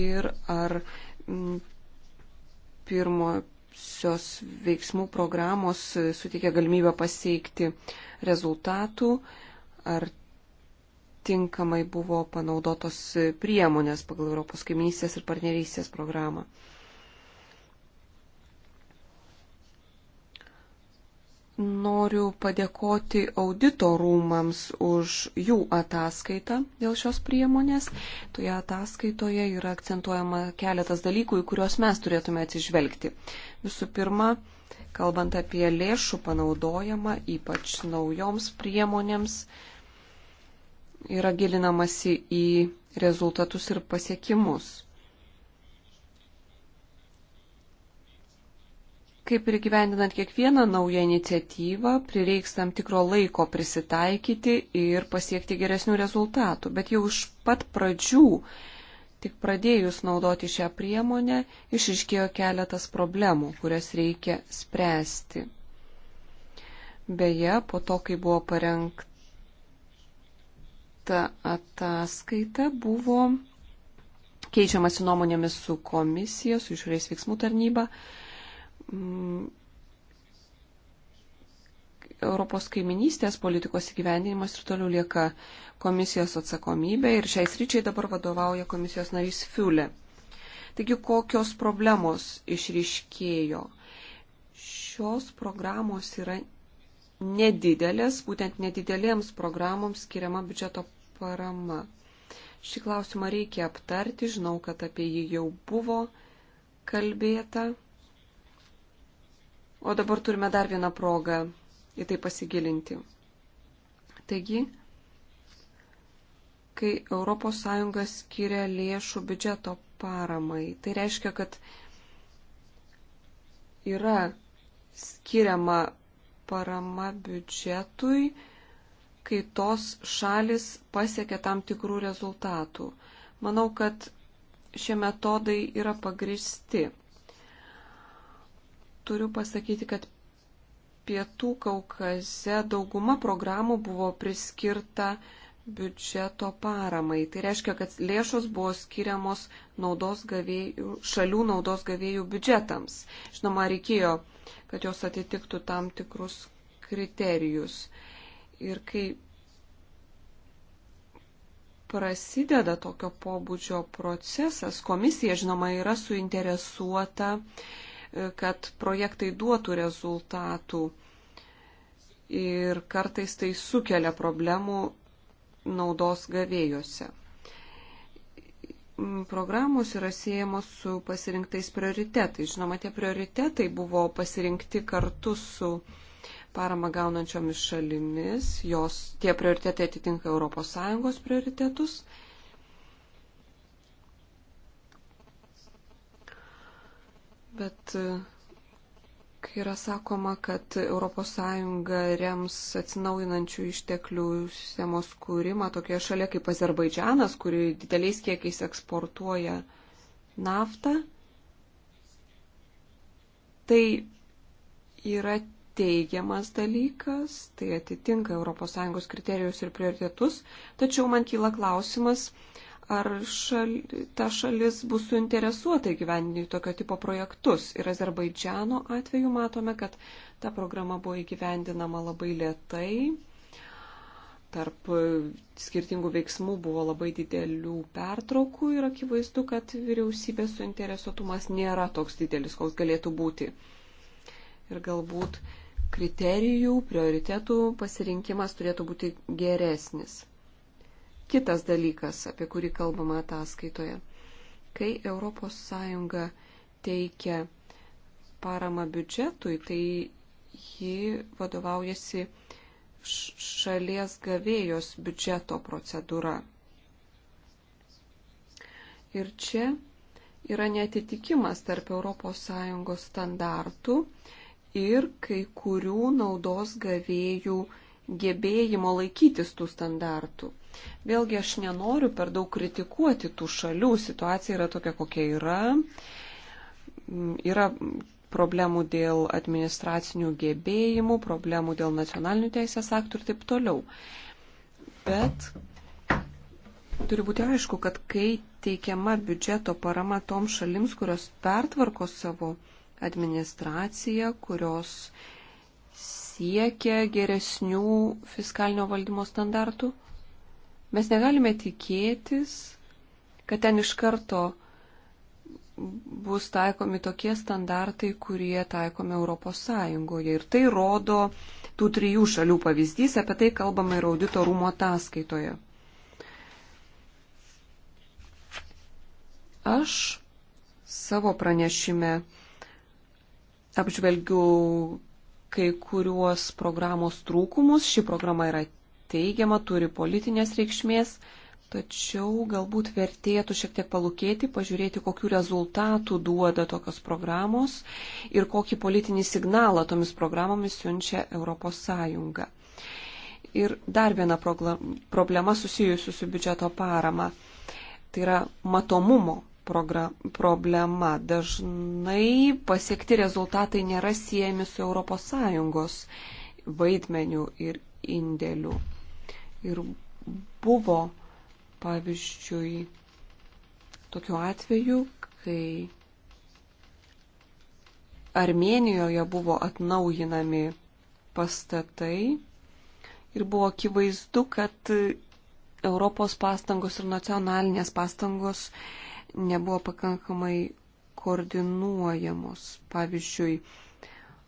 ir ar m, mm, pirmosios veiksmų programos suteikia galimybę pasiekti rezultatų, ar tinkamai buvo panaudotos priemonės pagal Europos kaiminystės ir partnerystės programą. Noriu padėkoti audito rūmams už jų ataskaitą dėl šios priemonės. Toje ataskaitoje yra akcentuojama keletas dalykų, į kuriuos mes turėtume atsižvelgti. Visų pirma, kalbant apie lėšų panaudojimą, ypač naujoms priemonėms, yra gilinamasi į rezultatus ir pasiekimus. Kaip ir gyvendinant kiekvieną naują iniciatyvą, prireiks tam tikro laiko prisitaikyti ir pasiekti geresnių rezultatų. Bet jau iš pat pradžių, tik pradėjus naudoti šią priemonę, išiškėjo keletas problemų, kurias reikia spręsti. Beje, po to, kai buvo parengta ataskaita, buvo keičiamasi nuomonėmis su komisija, su išorės veiksmų tarnyba mm, Europos kaiminystės politikos įgyvendinimas ir toliau lieka komisijos atsakomybė ir šiais ryčiai dabar vadovauja komisijos narys Fiulė. Taigi, kokios problemos išryškėjo? Šios programos yra nedidelės, būtent nedidelėms programoms skiriama biudžeto parama. Šį klausimą reikia aptarti, žinau, kad apie jį jau buvo kalbėta. O dabar turime dar vieną progą į tai pasigilinti. Taigi, kai ES skiria lėšų biudžeto paramai, tai reiškia, kad yra skiriama parama biudžetui, kai tos šalis pasiekia tam tikrų rezultatų. Manau, kad šie metodai yra pagristi turiu pasakyti, kad Pietų Kaukaze dauguma programų buvo priskirta biudžeto paramai. Tai reiškia, kad lėšos buvo skiriamos naudos gavėjų, šalių naudos gavėjų biudžetams. Žinoma, reikėjo, kad jos atitiktų tam tikrus kriterijus. Ir kai prasideda tokio pobūdžio procesas, komisija, žinoma, yra suinteresuota uh, kad projektai duotų rezultatų ir kartais tai sukelia problemų naudos gavėjose. Programos yra siejamos su pasirinktais prioritetais. Žinoma, tie prioritetai buvo pasirinkti kartu su parama gaunančiomis šalimis. Jos, tie prioritetai atitinka ES prioritetus. Bet e, kai yra sakoma, kad ES rems atsinaujinančių išteklių sistemos kūrimą tokioje šalia kaip Azerbaidžianas, kuri dideliais kiekiais eksportuoja naftą, tai yra teigiamas dalykas, tai atitinka ES kriterijus ir prioritetus, tačiau man kyla klausimas, ar šal, ta šalis bus suinteresuota įgyvendinti tokio tipo projektus. Ir Azerbaidžiano atveju matome, kad ta programa buvo įgyvendinama labai lietai. Tarp e, skirtingų veiksmų buvo labai didelių pertraukų ir akivaizdu, kad vyriausybės suinteresuotumas nėra toks didelis, koks galėtų būti. Ir galbūt kriterijų, prioritetų pasirinkimas turėtų būti geresnis kitas dalykas, apie kurį kalbama ataskaitoje. Kai ES teikia paramą biudžetui, tai ji vadovaujasi šalies gavėjos biudžeto procedūra. Ir čia yra netitikimas tarp ES standartų ir kai kurių naudos gavėjų gebėjimo laikytis tų standartų. Vėlgi aš nenoriu per daug kritikuoti tų šalių, situacija yra tokia, kokia yra. Yra problemų dėl administracinių gebėjimų, problemų dėl nacionalinių teisės aktų ir taip toliau. Bet turi būti aišku, kad kai teikiama biudžeto parama tom šalims, kurios pertvarko savo administraciją, kurios siekia geresnių fiskalinio valdymo standartų, Mes negalime tikėtis, kad ten iš karto bus taikomi tokie standartai, kurie taikomi Europos Sąjungoje. Ir tai rodo tų trijų šalių pavyzdys, apie tai kalbama ir audito rūmo ataskaitoje. Aš savo pranešime apžvelgiu kai kuriuos programos trūkumus. Ši programa yra teigiama, turi politinės reikšmės, tačiau galbūt vertėtų šiek tiek palūkėti, pažiūrėti, kokiu rezultatu duoda tokios programos ir kokį politinį signalą tomis programomis siunčia ES. Ir dar viena problema susijusi su biudžeto parama. Tai yra matomumo problema. Dažnai pasiekti rezultatai nėra siejami su ES vaidmeniu ir indėliu ir buvo, pavyzdžiui, tokiu atveju, kai Armenijoje buvo atnaujinami pastatai ir buvo akivaizdu, kad Europos pastangos ir nacionalinės pastangos nebuvo pakankamai koordinuojamos. Pavyzdžiui,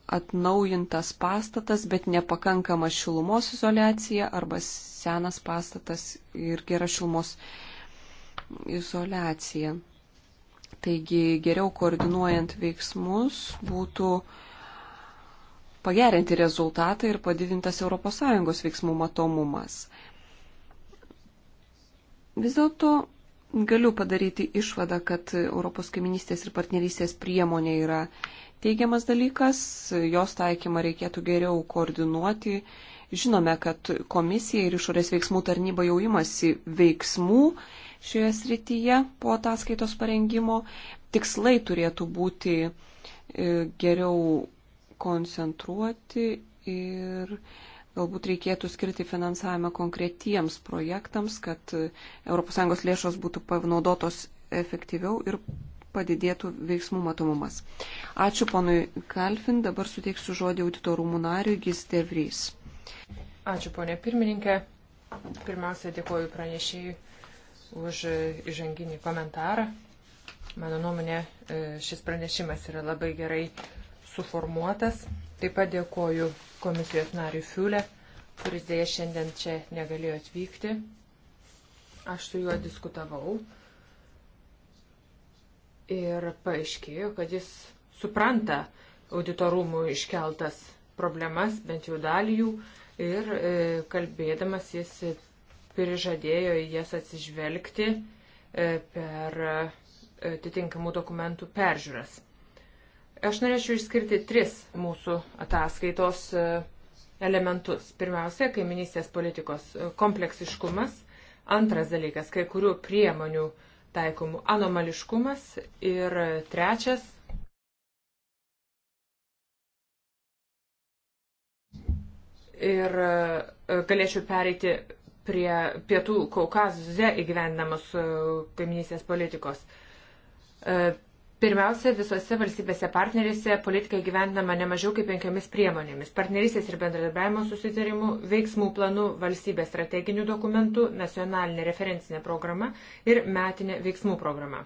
atnaujintas pastatas, bet nepakankama šilumos izolacija arba senas pastatas ir gera šilumos izolacija. Taigi geriau koordinuojant veiksmus būtų pagerinti rezultatą ir padidintas ES veiksmų matomumas. Vis dėlto galiu padaryti išvadą, kad Europos kaiminystės ir partnerystės priemonė yra teigiamas dalykas, jos taikymą reikėtų geriau koordinuoti. Žinome, kad komisija ir išorės veiksmų tarnyba jau imasi veiksmų šioje srityje po ataskaitos parengimo. Tikslai turėtų būti e, geriau koncentruoti ir galbūt reikėtų skirti finansavimą konkretiems projektams, kad ES lėšos būtų panaudotos efektyviau ir padidėtų veiksmų matomumas. Ačiū ponui Kalfin, dabar suteiksiu žodį auditorumų nariui Gis Devrys. Ačiū ponė pirmininkė. Pirmiausia, dėkoju pranešėjui už įžanginį komentarą. Mano nuomonė, e, šis pranešimas yra labai gerai suformuotas. Taip pat dėkoju komisijos nariui Fiulė, kuris dėja šiandien čia negalėjo atvykti. Aš su juo diskutavau ir paaiškėjo, kad jis supranta auditorumų iškeltas problemas, bent jau dalį jų, ir e, kalbėdamas jis prižadėjo į jas atsižvelgti e, per e, atitinkamų dokumentų peržiūras. Aš norėčiau išskirti tris mūsų ataskaitos e, elementus. Pirmiausia, kaiminystės politikos e, kompleksiškumas. Antras dalykas, kai kurių priemonių e, taikomų anomališkumas ir trečias ir e, galėčiau pereiti prie pietų Kaukazuose įgyvendinamos e, kaiminysės politikos. E, Pirmiausia, visose valstybėse partnerėse politika gyvendama ne mažiau kaip penkiamis priemonėmis - partnerystės ir bendradarbiavimo susitarimų, veiksmų planų, valstybės strateginių dokumentų, nacionalinė referencinė programa ir metinė veiksmų programa.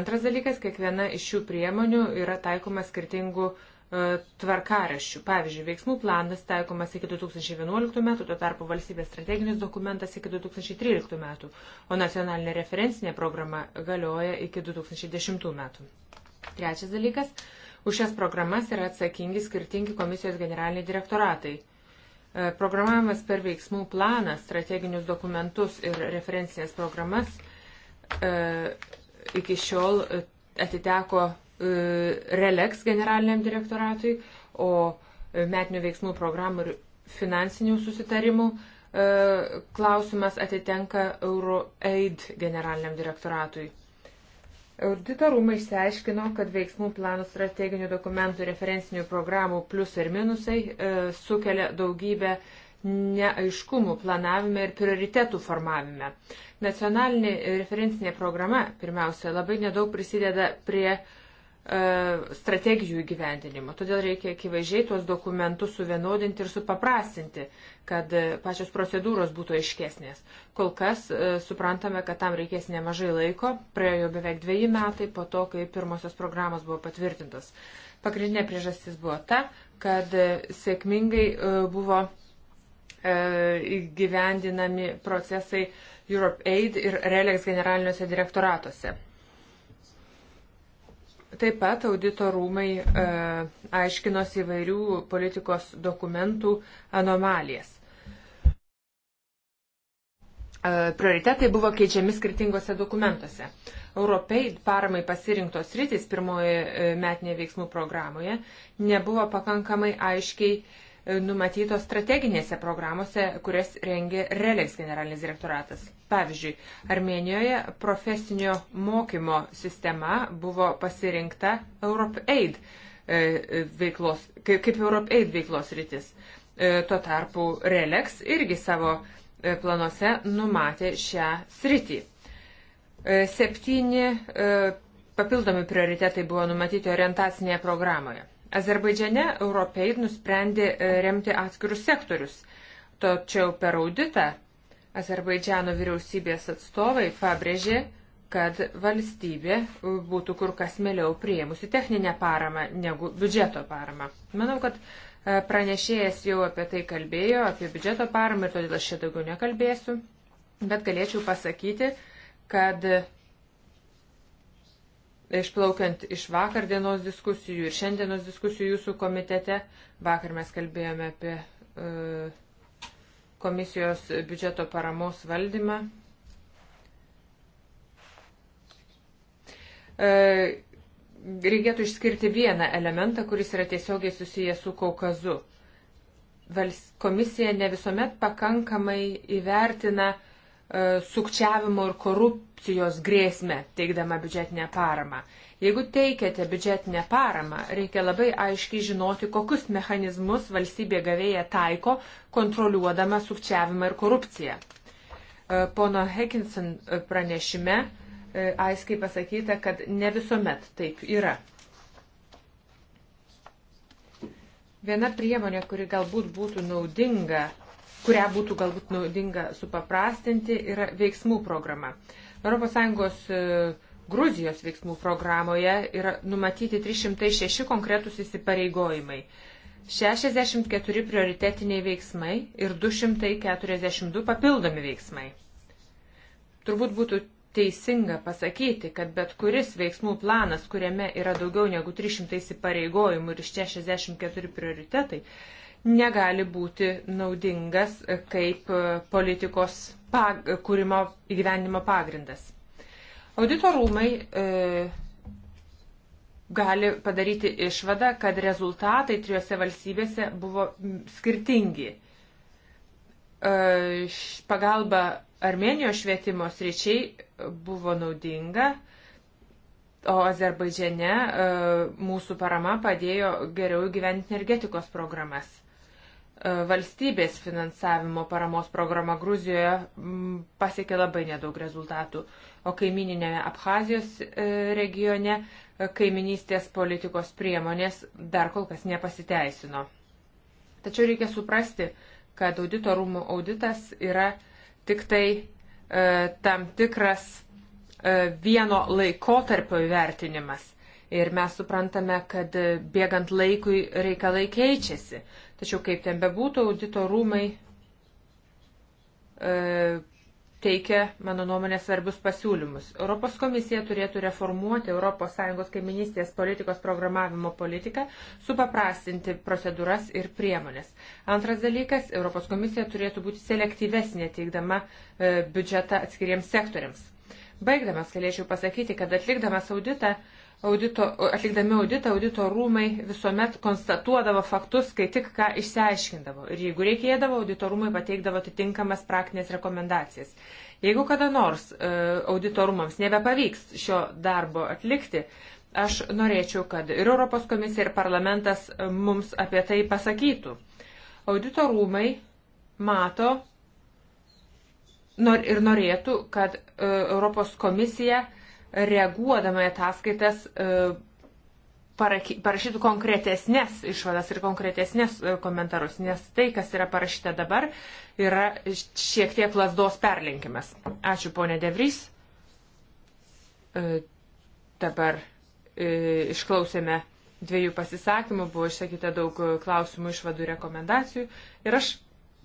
Antras dalykas - kiekviena iš šių priemonių yra taikoma skirtingų E, tvarkaraščių. Pavyzdžiui, veiksmų planas taikomas iki 2011 metų, tuo tarpu valstybės strateginis dokumentas iki 2013 metų, o nacionalinė referencinė programa galioja iki 2010 metų. Trečias dalykas. Už šias programas yra atsakingi skirtingi komisijos generaliniai direktoratai. E, programavimas per veiksmų planą, strateginius dokumentus ir referencinės programas e, iki šiol atiteko E, RELEX generaliniam direktoratui, o metinių veiksmų programų ir finansinių susitarimų e, klausimas atitenka EuroAid generaliniam direktoratui. Audito rūmai išsiaiškino, kad veiksmų planų strateginių dokumentų referencinių programų plus ir minusai e, sukelia daugybę neaiškumų planavime ir prioritetų formavime. Nacionalinė referencinė programa pirmiausia labai nedaug prisideda prie e, E, strategijų įgyvendinimo. Todėl reikia akivaizdžiai tuos dokumentus suvienodinti ir supaprastinti, kad e, pačios procedūros būtų aiškesnės. Kol kas e, suprantame, kad tam reikės nemažai laiko, praėjo beveik dviejai metai po to, kai pirmosios programos buvo patvirtintos. Pagrindinė priežastis buvo ta, kad sėkmingai buvo įgyvendinami procesai Europe Aid ir Relex generaliniuose direktoratuose. Taip pat audito rūmai e, aiškinos įvairių politikos dokumentų anomalijas. E, prioritetai buvo keičiami skirtingose dokumentuose. Europai paramai pasirinktos rytis pirmoje e, metinėje veiksmų programoje nebuvo pakankamai aiškiai e, E, numatytos strateginėse programuose, kurias rengia Relex generalinis direktoratas. Pavyzdžiui, Armenijoje profesinio mokymo sistema buvo pasirinkta EuropeAid e, e, veiklos, kaip EuropeAid veiklos rytis. Tuo tarpu Relex irgi savo planuose numatė šią sritį. Septyni papildomi prioritetai buvo numatyti orientacinėje programoje. Azerbaidžiane Europei nusprendė e, remti atskirus sektorius. Tačiau per auditą Azerbaidžiano vyriausybės atstovai pabrėžė, kad valstybė e, būtų kur kas mėliau prieimusi techninę paramą negu biudžeto paramą. Manau, kad e, pranešėjas jau apie tai kalbėjo, apie biudžeto paramą ir todėl aš čia daugiau nekalbėsiu, bet galėčiau pasakyti, kad Išplaukiant iš vakardienos diskusijų ir šiandienos diskusijų jūsų komitete, vakar mes kalbėjome apie e, komisijos biudžeto paramos valdymą. E, reikėtų išskirti vieną elementą, kuris yra tiesiogiai susijęs su Kaukazu. Komisija ne visuomet pakankamai įvertina uh, E, sukčiavimo ir korupcijos grėsmę, teikdama biudžetinę paramą. Jeigu teikiate biudžetinę paramą, reikia labai aiškiai žinoti, kokius mechanizmus valstybė gavėja taiko, kontroliuodama sukčiavimą ir korupciją. E, pono Hekinson pranešime e, aiškiai pasakyta, kad ne visuomet taip yra. Viena priemonė, kuri galbūt būtų naudinga kurią būtų galbūt naudinga supaprastinti, yra veiksmų programa. ES e, Gruzijos veiksmų programoje yra numatyti 306 konkretus įsipareigojimai. 64 prioritetiniai veiksmai ir 242 papildomi veiksmai. Turbūt būtų teisinga pasakyti, kad bet kuris veiksmų planas, kuriame yra daugiau negu 300 įsipareigojimų ir 64 prioritetai, negali būti naudingas kaip politikos pag kūrimo įgyvendimo pagrindas. Auditorumai e, gali padaryti išvadą, kad rezultatai trijose valstybėse buvo skirtingi. E, pagalba Armenijos švietimo sričiai buvo naudinga, o Azerbaidžiane e, mūsų parama padėjo geriau gyventi energetikos programas. E, valstybės finansavimo paramos programa Gruzijoje pasiekė labai nedaug rezultatų, o kaimininėme Abhazijos e, regione e, kaiminystės politikos priemonės dar kol kas nepasiteisino. Tačiau reikia suprasti, kad audito rūmų auditas yra tik tai e, tam tikras e, vieno laikotarpio įvertinimas. Ir mes suprantame, kad bėgant laikui reikalai keičiasi. Tačiau kaip ten bebūtų, audito rūmai e, teikia, mano nuomonė, svarbius pasiūlymus. Europos komisija turėtų reformuoti ES kaiminystės politikos programavimo politiką, supaprastinti procedūras ir priemonės. Antras dalykas, Europos komisija turėtų būti selektyvesnė teikdama e, biudžetą atskiriems sektoriams. Baigdamas galėčiau pasakyti, kad atlikdamas auditą audito, atlikdami auditą, audito rūmai visuomet konstatuodavo faktus, kai tik ką išsiaiškindavo. Ir jeigu reikėdavo, audito rūmai pateikdavo atitinkamas praktinės rekomendacijas. Jeigu kada nors e, audito rūmams nebepavyks šio darbo atlikti, aš norėčiau, kad ir Europos komisija, ir parlamentas e, mums apie tai pasakytų. Audito rūmai mato nor, ir norėtų, kad e, Europos komisija uh, reaguodama į ataskaitas e, parašytų konkretesnės išvadas ir konkretesnės e, komentarus, nes tai, kas yra parašyta dabar, yra šiek tiek lasdos perlinkimas. Ačiū, ponė Devrys. E, dabar išklausėme dviejų pasisakymų, buvo išsakyta daug klausimų, išvadų, rekomendacijų ir aš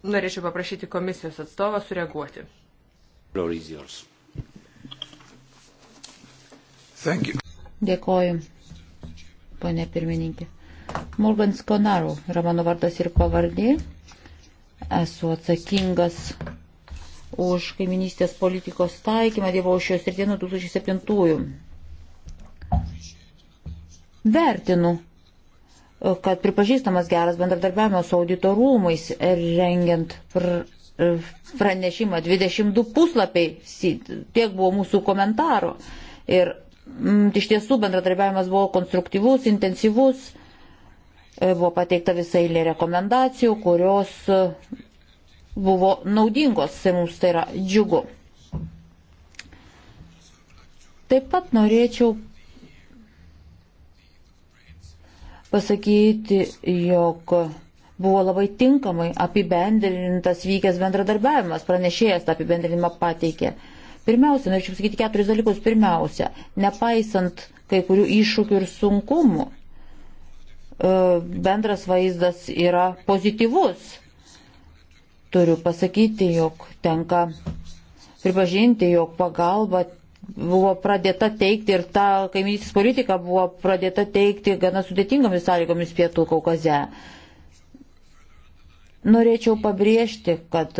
norėčiau paprašyti komisijos atstovą sureaguoti. Floor is yours. Dėkoju, ponė pirmininkė. Morgan Skonaro yra mano vardas ir pavardė. Esu atsakingas už kaiminystės politikos taikymą, dirbau šios ir dienų 2007-ųjų. Vertinu, kad pripažįstamas geras bendradarbiavimas su audito rūmais rengiant pr pranešimą 22 puslapiai, tiek buvo mūsų komentaro. Ir Mm, iš tiesų bendradarbiavimas buvo konstruktyvus, intensyvus, e, buvo pateikta visai lė rekomendacijų, kurios e, buvo naudingos, tai mums tai yra džiugu. Taip pat norėčiau pasakyti, jog buvo labai tinkamai apibendrintas vykęs bendradarbiavimas, pranešėjas tą apibendrinimą pateikė. Pirmiausia, norėčiau pasakyti keturis dalykus. Pirmiausia, nepaisant kai kurių iššūkių ir sunkumų, e, bendras vaizdas yra pozityvus. Turiu pasakyti, jog tenka pripažinti, jog pagalba buvo pradėta teikti ir ta kaiminysis politika buvo pradėta teikti gana sudėtingomis sąlygomis pietų Kaukaze. Norėčiau pabrėžti, kad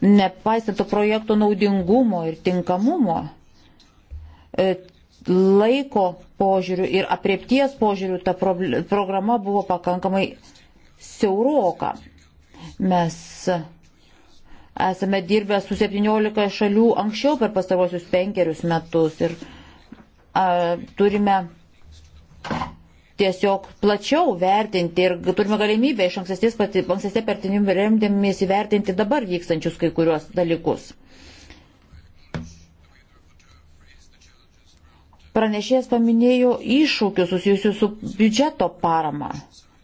nepaisant to projekto naudingumo ir tinkamumo, e, laiko požiūrių ir apriepties požiūrių ta programa buvo pakankamai siauroka. Mes esame dirbę su 17 šalių anksčiau per pastarosius penkerius metus ir a, turime tiesiog plačiau vertinti ir turime galimybę iš ankstesnės pertinimų remdėmės įvertinti dabar vykstančius kai kuriuos dalykus. Pranešėjas paminėjo iššūkius susijusius su biudžeto parama.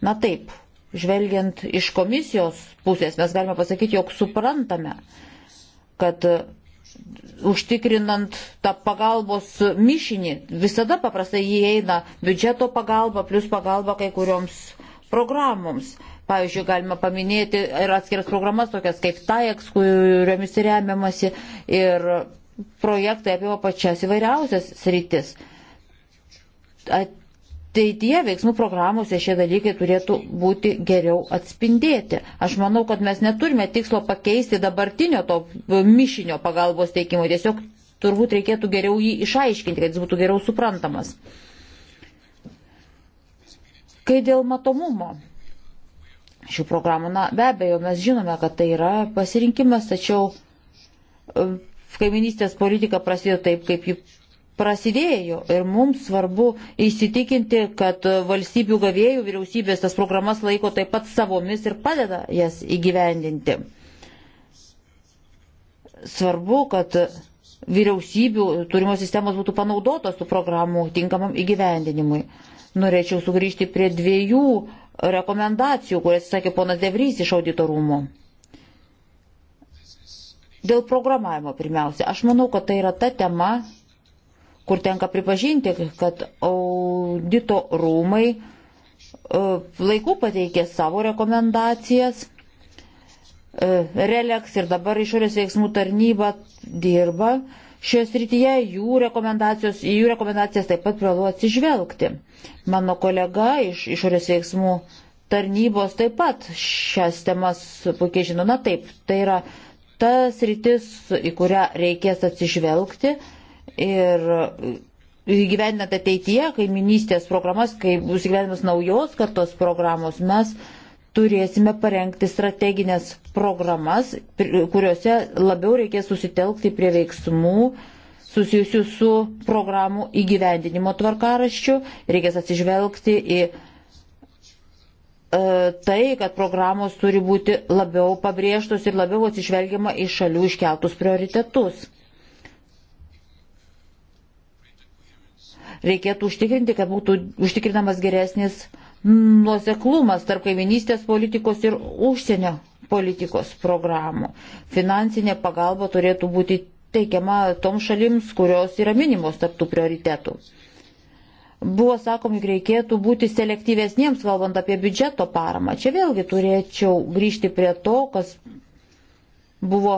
Na taip, žvelgiant iš komisijos pusės mes galime pasakyti, jog suprantame, kad užtikrinant tą pagalbos mišinį. Visada paprastai įeina biudžeto pagalba plus pagalba kai kurioms programoms. Pavyzdžiui, galima paminėti ir atskiras programas, tokias kaip TAEX, kuriomis remiamasi, ir projektai apie pačias įvairiausias sritis. At ateityje tai veiksmų programuose šie dalykai turėtų būti geriau atspindėti. Aš manau, kad mes neturime tikslo pakeisti dabartinio to mišinio pagalbos teikimo, tiesiog turbūt reikėtų geriau jį išaiškinti, kad jis būtų geriau suprantamas. Kai dėl matomumo šių programų, na be abejo, mes žinome, kad tai yra pasirinkimas, tačiau e, kaiminystės politika prasidėjo taip, kaip ji prasidėjo ir mums svarbu įsitikinti, kad valstybių gavėjų vyriausybės tas programas laiko taip pat savomis ir padeda jas įgyvendinti. Svarbu, kad vyriausybių turimos sistemos būtų panaudotos tų programų tinkamam įgyvendinimui. Norėčiau sugrįžti prie dviejų rekomendacijų, kurias sakė ponas Devrys iš auditorumo. Dėl programavimo pirmiausia, aš manau, kad tai yra ta tema, kur tenka pripažinti, kad audito rūmai e, laiku pateikė savo rekomendacijas. E, Releks ir dabar išorės veiksmų tarnyba dirba šioje srityje, jų, jų rekomendacijas taip pat privalu atsižvelgti. Mano kolega iš išorės veiksmų tarnybos taip pat šias temas puikiai žino. Na taip, tai yra tas rytis, į kurią reikės atsižvelgti ir įgyvendinant ateityje kaiminystės programas, kai bus įgyvendinamas naujos kartos programos, mes turėsime parengti strateginės programas, kuriuose labiau reikės susitelkti prie veiksmų susijusių su programų įgyvendinimo tvarkaraščiu, reikės atsižvelgti į e, tai, kad programos turi būti labiau pabrėžtos ir labiau atsižvelgiama į šalių iškeltus prioritetus. Reikėtų užtikrinti, kad būtų užtikrinamas geresnis nuoseklumas tarp kaiminystės politikos ir užsienio politikos programų. Finansinė pagalba turėtų būti teikiama tom šalims, kurios yra minimos tarptų prioritetų. Buvo sakomi, reikėtų būti selektyvesniems, kalbant apie biudžeto paramą. Čia vėlgi turėčiau grįžti prie to, kas buvo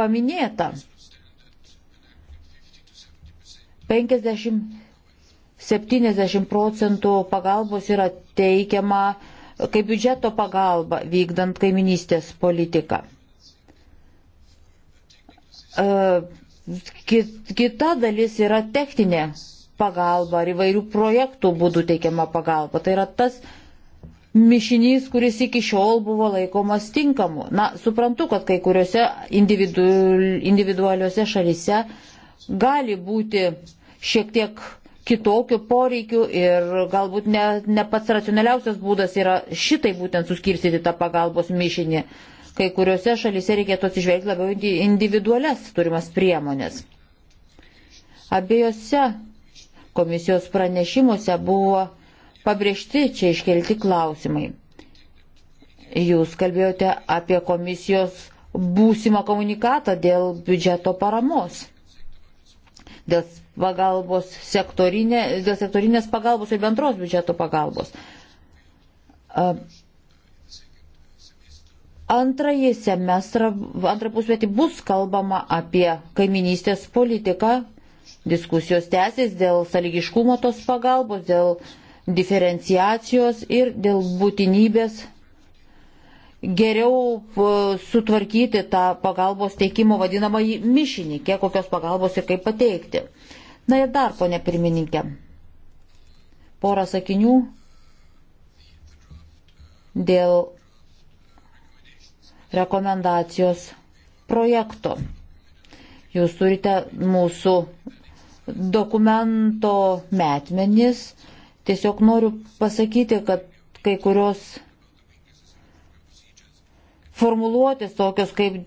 paminėta. 50 70 procentų pagalbos yra teikiama kaip biudžeto pagalba vykdant kaiminystės politiką. E, kita dalis yra techninė pagalba ar įvairių projektų būdų teikiama pagalba. Tai yra tas mišinys, kuris iki šiol buvo laikomas tinkamu. Na, suprantu, kad kai kuriuose individu, individualiuose šalyse gali būti šiek tiek kitokių poreikių ir galbūt ne, ne pats racionaliausias būdas yra šitai būtent suskirstyti tą pagalbos mišinį. Kai kuriuose šalyse reikėtų atsižvelgti labiau individualias turimas priemonės. Abiejose komisijos pranešimuose buvo pabrėžti čia iškelti klausimai. Jūs kalbėjote apie komisijos būsimą komunikatą dėl biudžeto paramos, dėl pagalbos, sektorinė, dėl sektorinės pagalbos ir bendros biudžeto pagalbos. Antrąjį semestrą, antrą pusmetį bus kalbama apie kaiminystės politiką, diskusijos tęsis dėl saligiškumo tos pagalbos, dėl diferenciacijos ir dėl būtinybės geriau e, sutvarkyti tą pagalbos teikimo vadinamąjį mišinį, kiek kokios pagalbos ir kaip pateikti. Na ir dar, ponė pirmininkė, porą sakinių dėl rekomendacijos projekto. Jūs turite mūsų dokumento metmenis. Tiesiog noriu pasakyti, kad kai kurios formuluotės tokios kaip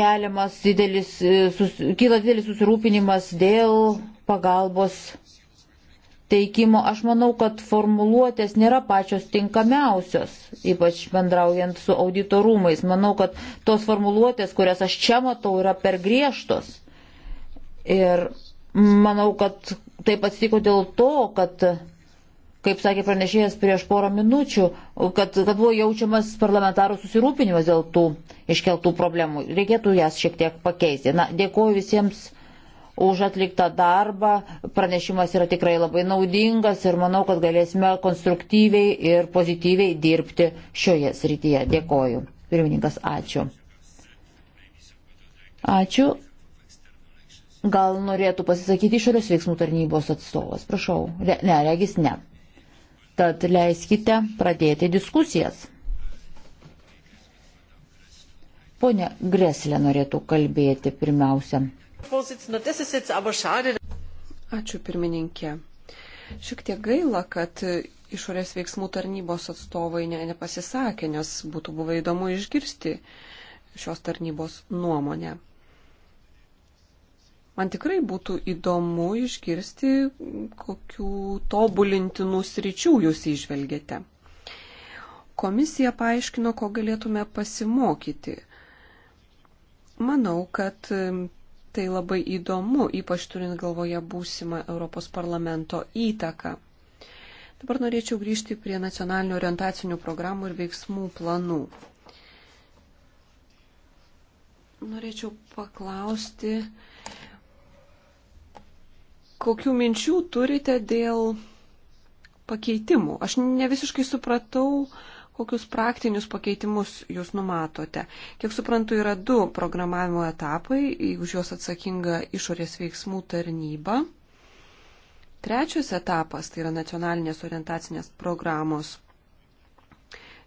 keliamas didelis, sus, kyla didelis susirūpinimas dėl pagalbos teikimo, aš manau, kad formuluotės nėra pačios tinkamiausios, ypač bendraujant su auditorumais. Manau, kad tos formuluotės, kurias aš čia matau, yra per griežtos. Ir manau, kad taip atsitiko dėl to, kad, kaip sakė pranešėjas prieš porą minučių, kad, kad buvo jaučiamas parlamentarų susirūpinimas dėl tų iškeltų problemų. Reikėtų jas šiek tiek pakeisti. Na, dėkuoju visiems už atliktą darbą. Pranešimas yra tikrai labai naudingas ir manau, kad galėsime konstruktyviai ir pozityviai dirbti šioje srityje. Dėkoju. Pirmininkas, ačiū. Ačiū. Gal norėtų pasisakyti išorės veiksmų tarnybos atstovas. Prašau. Re, ne, regis ne. Tad leiskite pradėti diskusijas. Pone Greslė norėtų kalbėti pirmiausia. Ačiū pirmininkė. Šiek tiek gaila, kad išorės veiksmų tarnybos atstovai ne, nepasisakė, nes būtų buvę įdomu išgirsti šios tarnybos nuomonę. Man tikrai būtų įdomu išgirsti, kokių tobulintinų sričių jūs išvelgėte. Komisija paaiškino, ko galėtume pasimokyti. Manau, kad Tai labai įdomu, ypač turint galvoje būsimą Europos parlamento įtaką. Dabar norėčiau grįžti prie nacionalinių orientacinių programų ir veiksmų planų. Norėčiau paklausti, kokių minčių turite dėl pakeitimų. Aš ne visiškai supratau, uh, kokius praktinius pakeitimus jūs numatote. Kiek suprantu, yra du programavimo etapai, už juos atsakinga išorės veiksmų tarnyba. Trečias etapas tai yra nacionalinės orientacinės programos.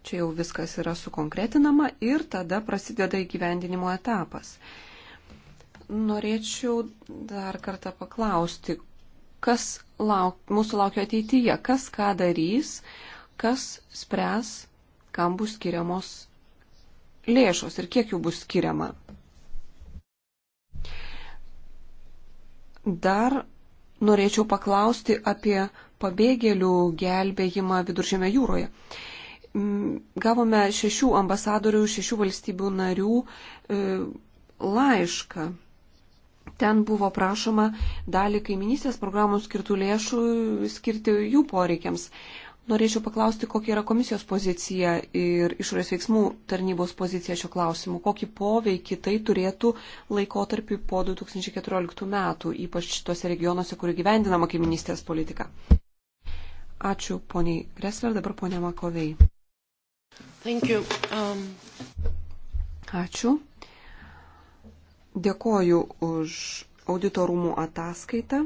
Čia jau viskas yra sukonkretinama ir tada prasideda įgyvendinimo etapas. Norėčiau dar kartą paklausti, kas lauk, mūsų laukia ateityje, kas ką darys, kas spręs kam bus skiriamos lėšos ir kiek jų bus skiriama. Dar norėčiau paklausti apie pabėgėlių gelbėjimą viduržėme jūroje. Mm, gavome šešių ambasadorių, šešių valstybių narių e, laišką. Ten buvo prašoma dalį kaiminystės programų skirtų lėšų skirti jų poreikiams. Norėčiau paklausti, kokia yra komisijos pozicija ir išorės veiksmų tarnybos pozicija šio klausimu. Kokį poveikį tai turėtų laikotarpį po 2014 metų, ypač tose regionuose, kur gyvendinama kaiminystės politika. Ačiū poniai Gresler, dabar ponia Makovei. Um... Ačiū. Dėkoju už auditorumų ataskaitą.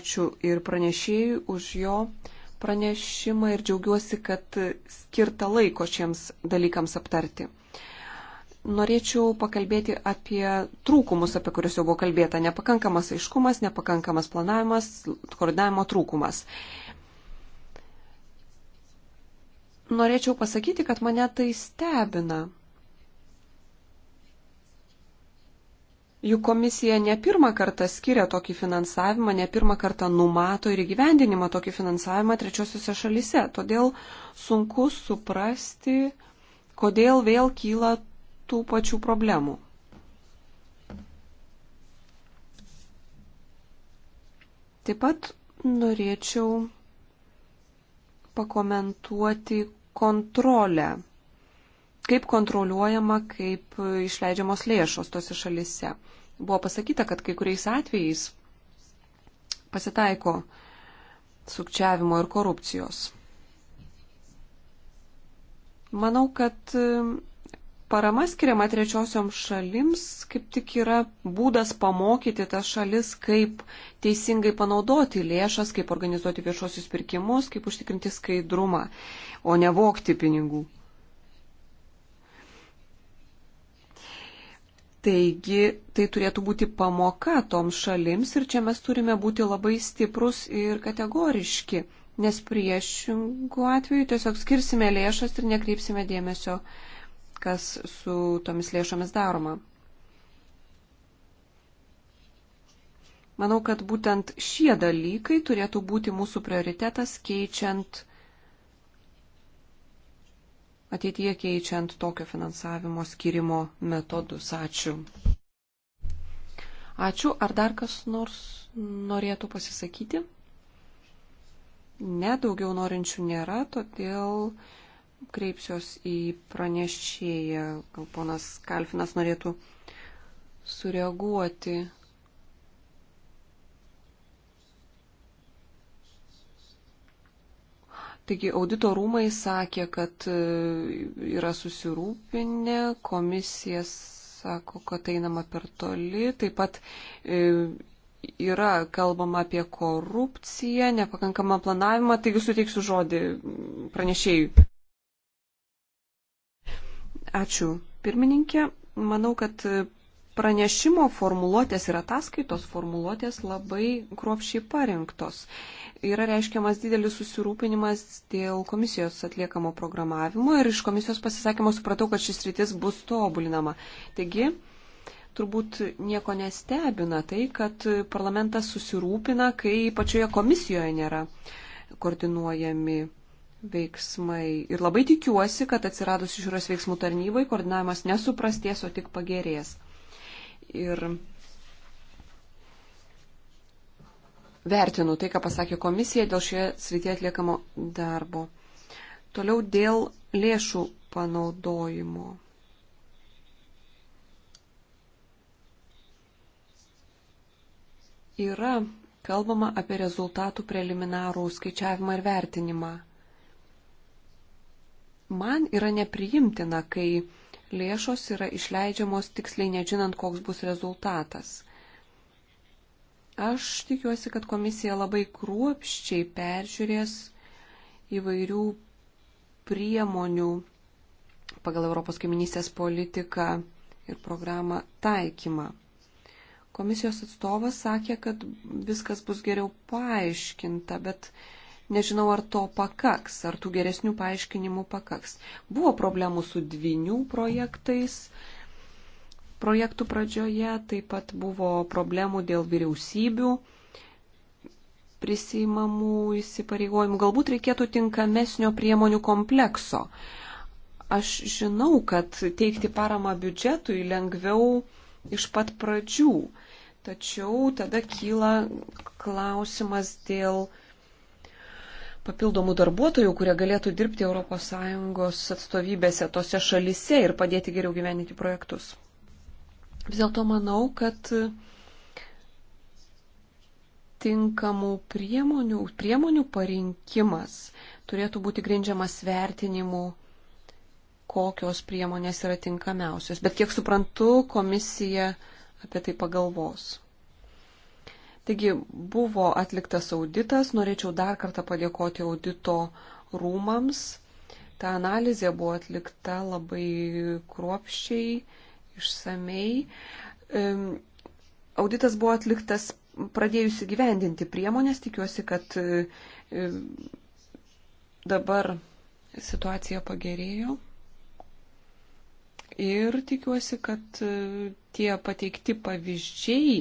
Ačiū ir pranešėjui už jo pranešimą ir džiaugiuosi, kad skirta laiko šiems dalykams aptarti. Norėčiau pakalbėti apie trūkumus, apie kuriuos jau buvo kalbėta. Nepakankamas aiškumas, nepakankamas planavimas, koordinavimo trūkumas. Norėčiau pasakyti, kad mane tai stebina. Juk komisija ne pirmą kartą skiria tokį finansavimą, ne pirmą kartą numato ir įgyvendinimą tokį finansavimą trečiosiuose šalise. Todėl sunku suprasti, kodėl vėl kyla tų pačių problemų. Taip pat norėčiau pakomentuoti kontrolę kaip kontroliuojama, kaip išleidžiamos lėšos tose šalise. Buvo pasakyta, kad kai kuriais atvejais pasitaiko sukčiavimo ir korupcijos. Manau, kad um, parama skiriama trečiosiom šalims kaip tik yra būdas pamokyti tas šalis, kaip teisingai panaudoti lėšas, kaip organizuoti viešuosius pirkimus, kaip užtikrinti skaidrumą, o ne vokti pinigų. Taigi tai turėtų būti pamoka toms šalims ir čia mes turime būti labai stiprus ir kategoriški, nes priešingų atveju tiesiog skirsime lėšas ir nekreipsime dėmesio, kas su tomis lėšomis daroma. Manau, kad būtent šie dalykai turėtų būti mūsų prioritetas keičiant ateityje keičiant tokio finansavimo skirimo metodus. Ačiū. Ačiū. Ar dar kas nors norėtų pasisakyti? Ne, daugiau norinčių nėra, todėl kreipsiuos į pranešėją. Gal ponas Kalfinas norėtų sureaguoti Taigi audito rūmai sakė, kad e, yra susirūpinę, komisija sako, kad einama per toli, taip pat e, yra kalbama apie korupciją, nepakankamą planavimą, taigi suteiksiu žodį pranešėjui. Ačiū, pirmininkė. Manau, kad pranešimo formuluotės ir ataskaitos formuluotės labai kruopšiai parinktos yra reiškiamas didelis susirūpinimas dėl komisijos atliekamo programavimo ir iš komisijos pasisakymo supratau, kad šis rytis bus tobulinama. Taigi, turbūt nieko nestebina tai, kad parlamentas susirūpina, kai pačioje komisijoje nėra koordinuojami veiksmai. Ir labai tikiuosi, kad atsiradus išorės veiksmų tarnybai koordinavimas nesuprastės, o tik pagerės. Ir vertinu tai, ką pasakė komisija dėl šioje srityje atliekamo darbo. Toliau dėl lėšų panaudojimo. Yra kalbama apie rezultatų preliminarų skaičiavimą ir vertinimą. Man yra nepriimtina, kai lėšos yra išleidžiamos tiksliai nežinant, koks bus rezultatas. Aš tikiuosi, kad komisija labai kruopščiai peržiūrės įvairių priemonių pagal Europos kaiminystės politiką ir programą taikymą. Komisijos atstovas sakė, kad viskas bus geriau paaiškinta, bet nežinau, ar to pakaks, ar tų geresnių paaiškinimų pakaks. Buvo problemų su dvinių projektais. Mm projektų pradžioje, taip pat buvo problemų dėl vyriausybių prisimamų įsipareigojimų. Galbūt reikėtų tinkamesnio priemonių komplekso. Aš žinau, kad teikti paramą biudžetui lengviau iš pat pradžių, tačiau tada kyla klausimas dėl papildomų darbuotojų, kurie galėtų dirbti ES atstovybėse tose šalise ir padėti geriau gyveninti projektus. Vis dėlto manau, kad tinkamų priemonių, priemonių parinkimas turėtų būti grindžiamas vertinimu, kokios priemonės yra tinkamiausios. Bet kiek suprantu, komisija apie tai pagalvos. Taigi buvo atliktas auditas, norėčiau dar kartą padėkoti audito rūmams. Ta analizė buvo atlikta labai kruopščiai, išsamei. Auditas buvo atliktas pradėjusi gyvendinti priemonės, tikiuosi, kad dabar situacija pagerėjo. Ir tikiuosi, kad e, tie pateikti pavyzdžiai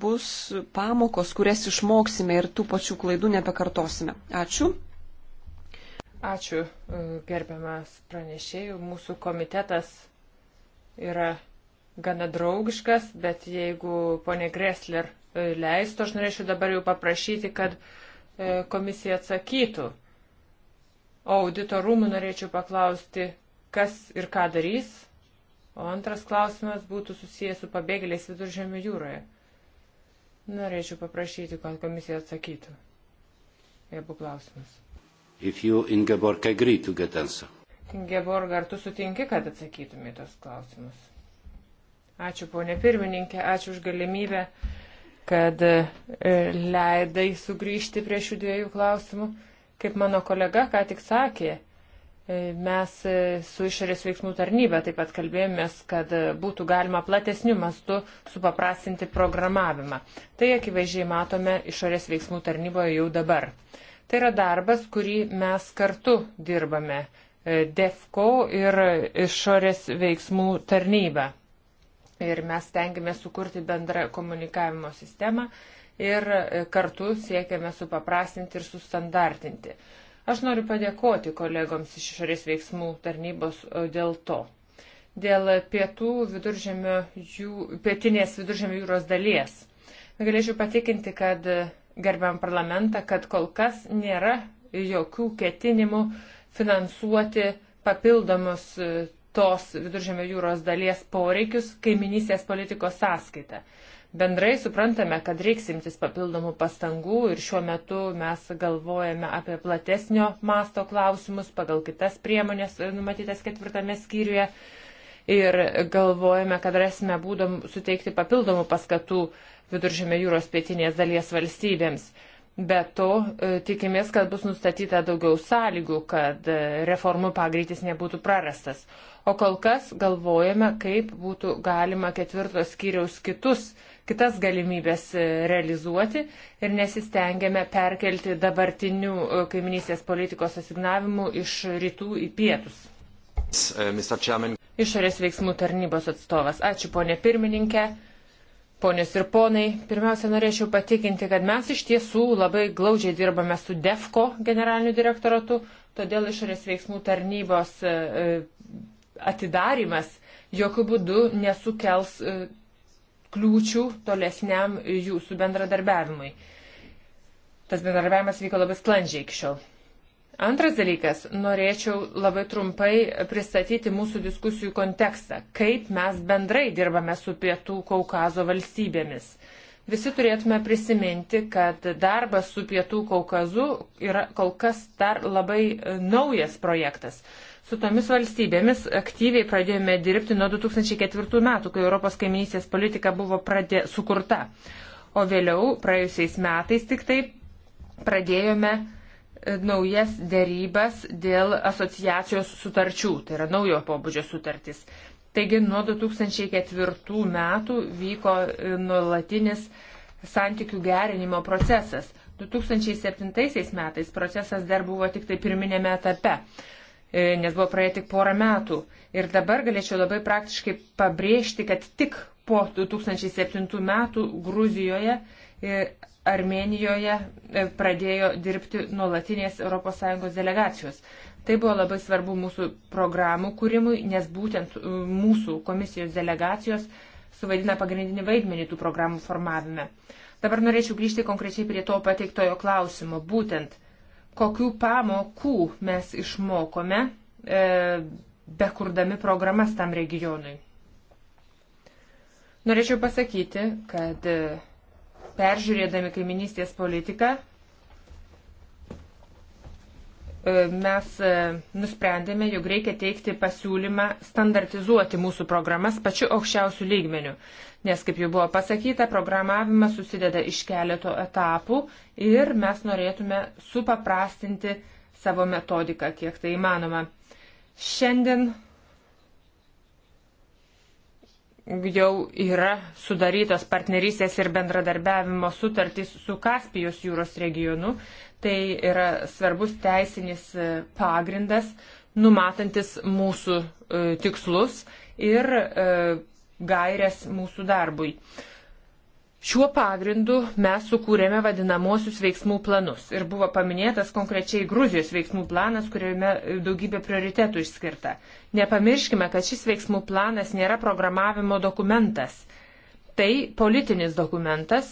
bus pamokos, kurias išmoksime ir tų pačių klaidų nebekartosime. Ačiū. Ačiū, e, gerbiamas pranešėjų. Mūsų komitetas yra gana draugiškas, bet jeigu ponė Gressler e, leistų, aš norėčiau dabar jau paprašyti, kad e, komisija atsakytų. O audito rūmų norėčiau paklausti, kas ir ką darys. O antras klausimas būtų susijęs su pabėgėliais viduržėmio jūroje. Norėčiau paprašyti, kad komisija atsakytų į abu klausimus. If you, Ingeborg, agree to get answer. Geborg, ar tu sutinki, kad atsakytumai tos klausimus? Ačiū, ponė pirmininkė, ačiū už galimybę, kad e, leidai sugrįžti prie šių dviejų klausimų. Kaip mano kolega ką tik sakė, e, mes e, su išorės veiksmų tarnybe taip pat kalbėjomės, kad būtų galima platesnių mastų supaprastinti programavimą. Tai akivaizdžiai matome išorės veiksmų tarnyboje jau dabar. Tai yra darbas, kurį mes kartu dirbame DEFCO ir išorės veiksmų tarnybą. Ir mes tengiamės sukurti bendrą komunikavimo sistemą ir kartu siekiame supaprastinti ir sustandartinti. Aš noriu padėkoti kolegoms iš išorės veiksmų tarnybos e, dėl to. Dėl pietų viduržėmio jų, pietinės viduržėmio jūros dalies. Galėčiau patikinti, kad e, gerbiam parlamentą, kad kol kas nėra jokių ketinimų uh, finansuoti papildomus e, tos viduržėmio jūros dalies poreikius kaiminysės politikos sąskaita. Bendrai suprantame, kad reiks imtis papildomų pastangų ir šiuo metu mes galvojame apie platesnio masto klausimus pagal kitas priemonės e, numatytas ketvirtame skyriuje ir galvojame, kad rasime būdom suteikti papildomų paskatų viduržėmio jūros pietinės dalies valstybėms. Be to, e, tikimės, kad bus nustatyta daugiau sąlygų, kad e, reformų pagreitis nebūtų prarastas. O kol kas galvojame, kaip būtų galima ketvirtos skyriaus kitus, kitas galimybės e, realizuoti ir nesistengiame perkelti dabartinių kaiminysės politikos asignavimų iš rytų į pietus. Uh, Išorės veiksmų tarnybos atstovas. Ačiū, ponė pirmininkė. Ponios ir ponai, pirmiausia, norėčiau patikinti, kad mes iš tiesų labai glaudžiai dirbame su DEFCO generaliniu direktoratu, todėl išorės veiksmų tarnybos e, e, atidarimas jokių būdų nesukels e, kliūčių tolesniam jūsų bendradarbiavimui. Tas bendradarbiavimas vyko labai sklandžiai iki šiol. Antras dalykas, norėčiau labai trumpai pristatyti mūsų diskusijų kontekstą, kaip mes bendrai dirbame su Pietų Kaukazo valstybėmis. Visi turėtume prisiminti, kad darbas su Pietų Kaukazu yra kol kas dar labai e, naujas projektas. Su tomis valstybėmis aktyviai pradėjome dirbti nuo 2004 metų, kai Europos kaiminystės politika buvo pradė, sukurta. O vėliau, praėjusiais metais tik taip, pradėjome naujas dėrybas dėl asociacijos sutarčių, tai yra naujo pobūdžio sutartis. Taigi nuo 2004 metų vyko e, nuolatinis santykių gerinimo procesas. 2007 metais procesas dar buvo tik tai pirminėme etape, e, nes buvo praėję tik porą metų. Ir dabar galėčiau labai praktiškai pabrėžti, kad tik po 2007 metų Gruzijoje e, Armenijoje e, pradėjo dirbti nuolatinės ES delegacijos. Tai buvo labai svarbu mūsų programų kūrimui, nes būtent e, mūsų komisijos delegacijos suvaidina pagrindinį vaidmenį tų programų formavime. Dabar norėčiau grįžti konkrečiai prie to pateiktojo klausimo. Būtent, kokių pamokų mes išmokome, e, bekurdami programas tam regionui. Norėčiau pasakyti, kad e, peržiūrėdami kaiminystės politiką, e, mes e, nusprendėme, jog reikia teikti pasiūlymą standartizuoti mūsų programas pačiu aukščiausiu lygmeniu, nes, kaip jau buvo pasakyta, programavimas susideda iš keleto etapų ir mes norėtume supaprastinti savo metodiką, kiek tai įmanoma. Šiandien jau yra sudarytos partnerystės ir bendradarbiavimo sutartys su Kaspijos jūros regionu. Tai yra svarbus teisinis e, pagrindas, numatantis mūsų e, tikslus ir e, gairias mūsų darbui. Šiuo pagrindu mes sukūrėme vadinamosius veiksmų planus ir buvo paminėtas konkrečiai Gruzijos veiksmų planas, kuriame daugybė prioritetų išskirta. Nepamirškime, kad šis veiksmų planas nėra programavimo dokumentas. Tai politinis dokumentas,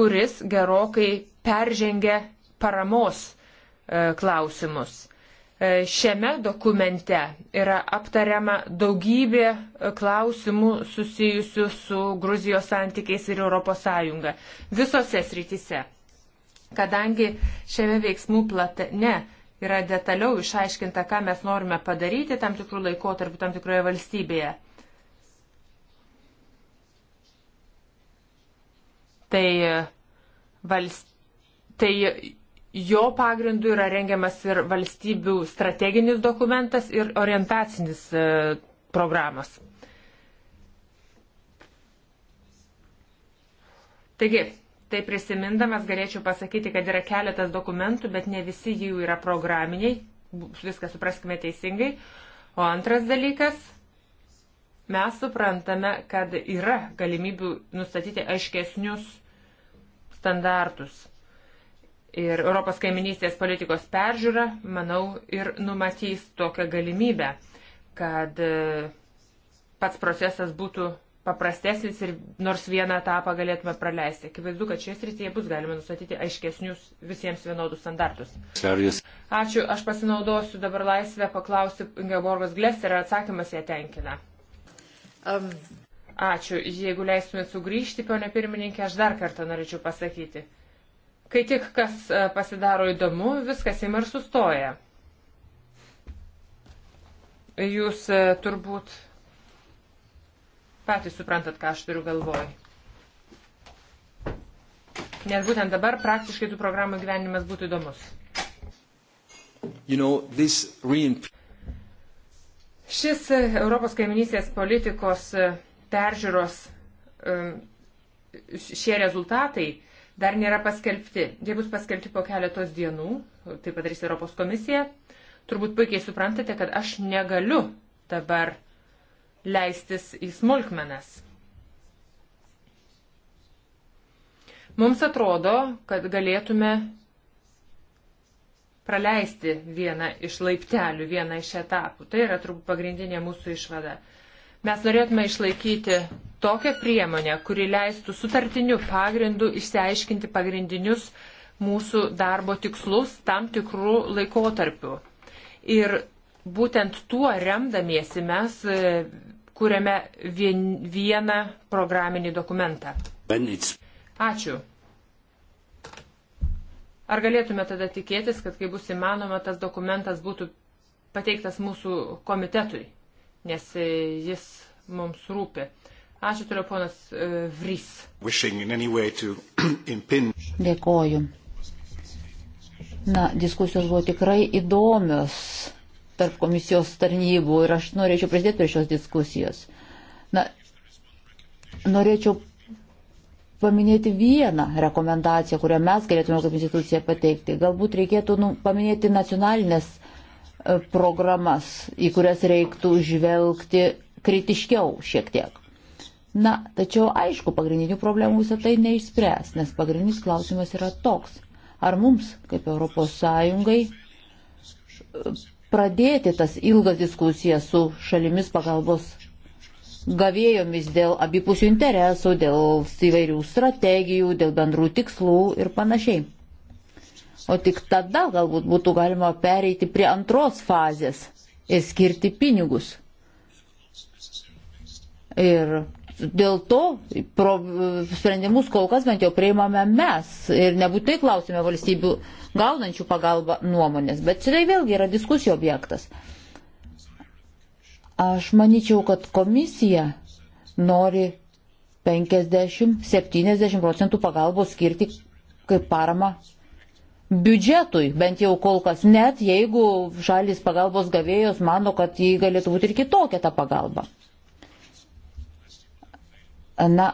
kuris gerokai peržengia paramos e, klausimus. E, šiame dokumente yra aptariama daugybė e, klausimų susijusių su Gruzijos santykiais ir ES visose srityse. Kadangi šiame veiksmų platane yra detaliau išaiškinta, ką mes norime padaryti tam tikrų laikotarpių tam tikroje valstybėje, tai, e, valst... tai Jo pagrindu yra rengiamas ir valstybių strateginis dokumentas ir orientacinis e, programas. Taigi, tai prisimindamas galėčiau pasakyti, kad yra keletas dokumentų, bet ne visi jų yra programiniai, viską supraskime teisingai. O antras dalykas, mes suprantame, kad yra galimybių nustatyti aiškesnius standartus ir Europos kaiminystės politikos peržiūra, manau, ir numatys tokią galimybę, kad e, pats procesas būtų paprastesnis ir nors vieną etapą galėtume praleisti. Akivaizdu, kad šioje srityje bus galima nustatyti aiškesnius visiems vienodus standartus. Ačiū, aš pasinaudosiu dabar laisvę paklausti Ingeborgos Glester, ar atsakymas ją tenkina. Um. Ačiū, jeigu leistumėt sugrįžti, ponė pirmininkė, aš dar kartą norėčiau pasakyti, Kai tik kas e, pasidaro įdomu, viskas ima ir sustoja. Jūs e, turbūt patys suprantat, ką aš turiu galvoj. Nes būtent dabar praktiškai tų programų gyvenimas būtų įdomus. You know, this... Šis e, Europos kaiminysės politikos peržiūros šie rezultatai dar nėra paskelbti. Jie bus paskelbti po keletos dienų, tai padarys Europos komisija. Turbūt puikiai suprantate, kad aš negaliu dabar leistis į smulkmenas. Mums atrodo, kad galėtume praleisti vieną iš laiptelių, vieną iš etapų. Tai yra turbūt pagrindinė mūsų išvada. Mes norėtume išlaikyti tokią priemonę, kuri leistų sutartiniu pagrindu išsiaiškinti pagrindinius mūsų darbo tikslus tam tikrų laikotarpių. Ir būtent tuo remdamiesi mes e, kuriame vien, vieną programinį dokumentą. Ačiū. Ar galėtume tada tikėtis, kad kai bus įmanoma, tas dokumentas būtų pateiktas mūsų komitetui? nes e, jis mums rūpi. Ačiū turiu ponas uh, e, Vrys. Dėkoju. Na, diskusijos buvo tikrai įdomios tarp komisijos tarnybų ir aš norėčiau prisidėti prie šios diskusijos. Na, norėčiau paminėti vieną rekomendaciją, kurią mes galėtume kaip institucija pateikti. Galbūt reikėtų nu, paminėti nacionalinės programas, į kurias reiktų žvelgti kritiškiau šiek tiek. Na, tačiau aišku, pagrindinių problemų visą tai neišspręs, nes pagrindinis klausimas yra toks. Ar mums, kaip ES, pradėti tas ilgas diskusijas su šalimis pagalbos gavėjomis dėl abipusių interesų, dėl įvairių strategijų, dėl bendrų tikslų ir panašiai o tik tada galbūt būtų galima pereiti prie antros fazės ir skirti pinigus. Ir dėl to pro, sprendimus kol kas bent jau priimame mes ir nebūtinai klausime valstybių gaunančių pagalbą nuomonės, bet šitai vėlgi yra diskusijų objektas. Aš manyčiau, kad komisija nori 50-70 procentų pagalbos skirti kaip parama biudžetui, bent jau kol kas, net jeigu šalis pagalbos gavėjos mano, kad jį galėtų būti ir kitokia ta pagalba. Na,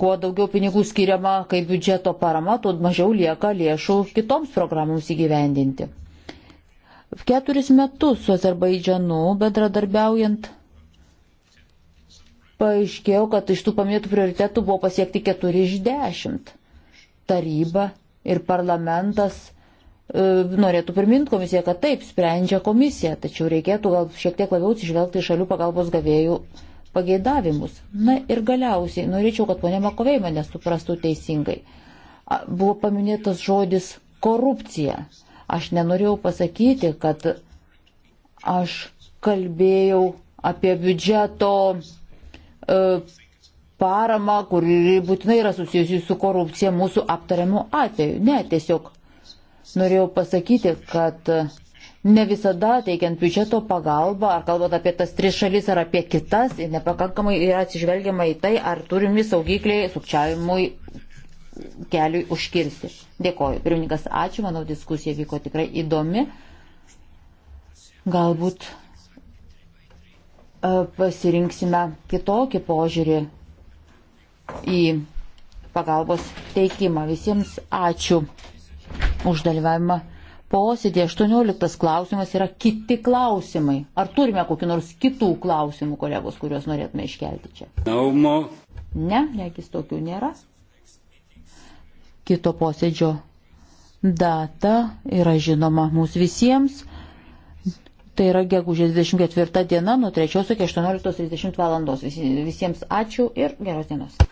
kuo daugiau pinigų skiriama kaip biudžeto parama, tuo mažiau lieka lėšų kitoms programoms įgyvendinti. Keturis metus su Azerbaidžianu bendradarbiaujant paaiškėjo, kad iš tų paminėtų prioritetų buvo pasiekti keturi iš dešimt. Taryba ir parlamentas e, norėtų priminti komisiją, kad taip sprendžia komisija, tačiau reikėtų gal šiek tiek labiau atsižvelgti į šalių pagalbos gavėjų pageidavimus. Na ir galiausiai norėčiau, kad ponė Makovei mane suprastų teisingai. A, buvo paminėtas žodis korupcija. Aš nenorėjau pasakyti, kad aš kalbėjau apie biudžeto e, paramą, kuri būtinai yra susijusi su korupcija mūsų aptariamu atveju. Ne, tiesiog norėjau pasakyti, kad ne visada teikiant biudžeto pagalbą, ar kalbant apie tas tris šalis ar apie kitas, nepakankamai yra atsižvelgiama į tai, ar turimi saugikliai sukčiavimui keliui užkirsti. Dėkoju. Pirmininkas, ačiū, manau, diskusija vyko tikrai įdomi. Galbūt e, pasirinksime kitokį požiūrį į pagalbos teikimą. Visiems ačiū už dalyvavimą. Posėdė 18 klausimas yra kiti klausimai. Ar turime kokį nors kitų klausimų, kolegos, kuriuos norėtume iškelti čia? Naumo. Ne, nekis tokių nėra. Kito posėdžio data yra žinoma mūsų visiems. Tai yra gegužės 24 diena nuo 3 iki 18.30 valandos. Visiems ačiū ir geros dienos.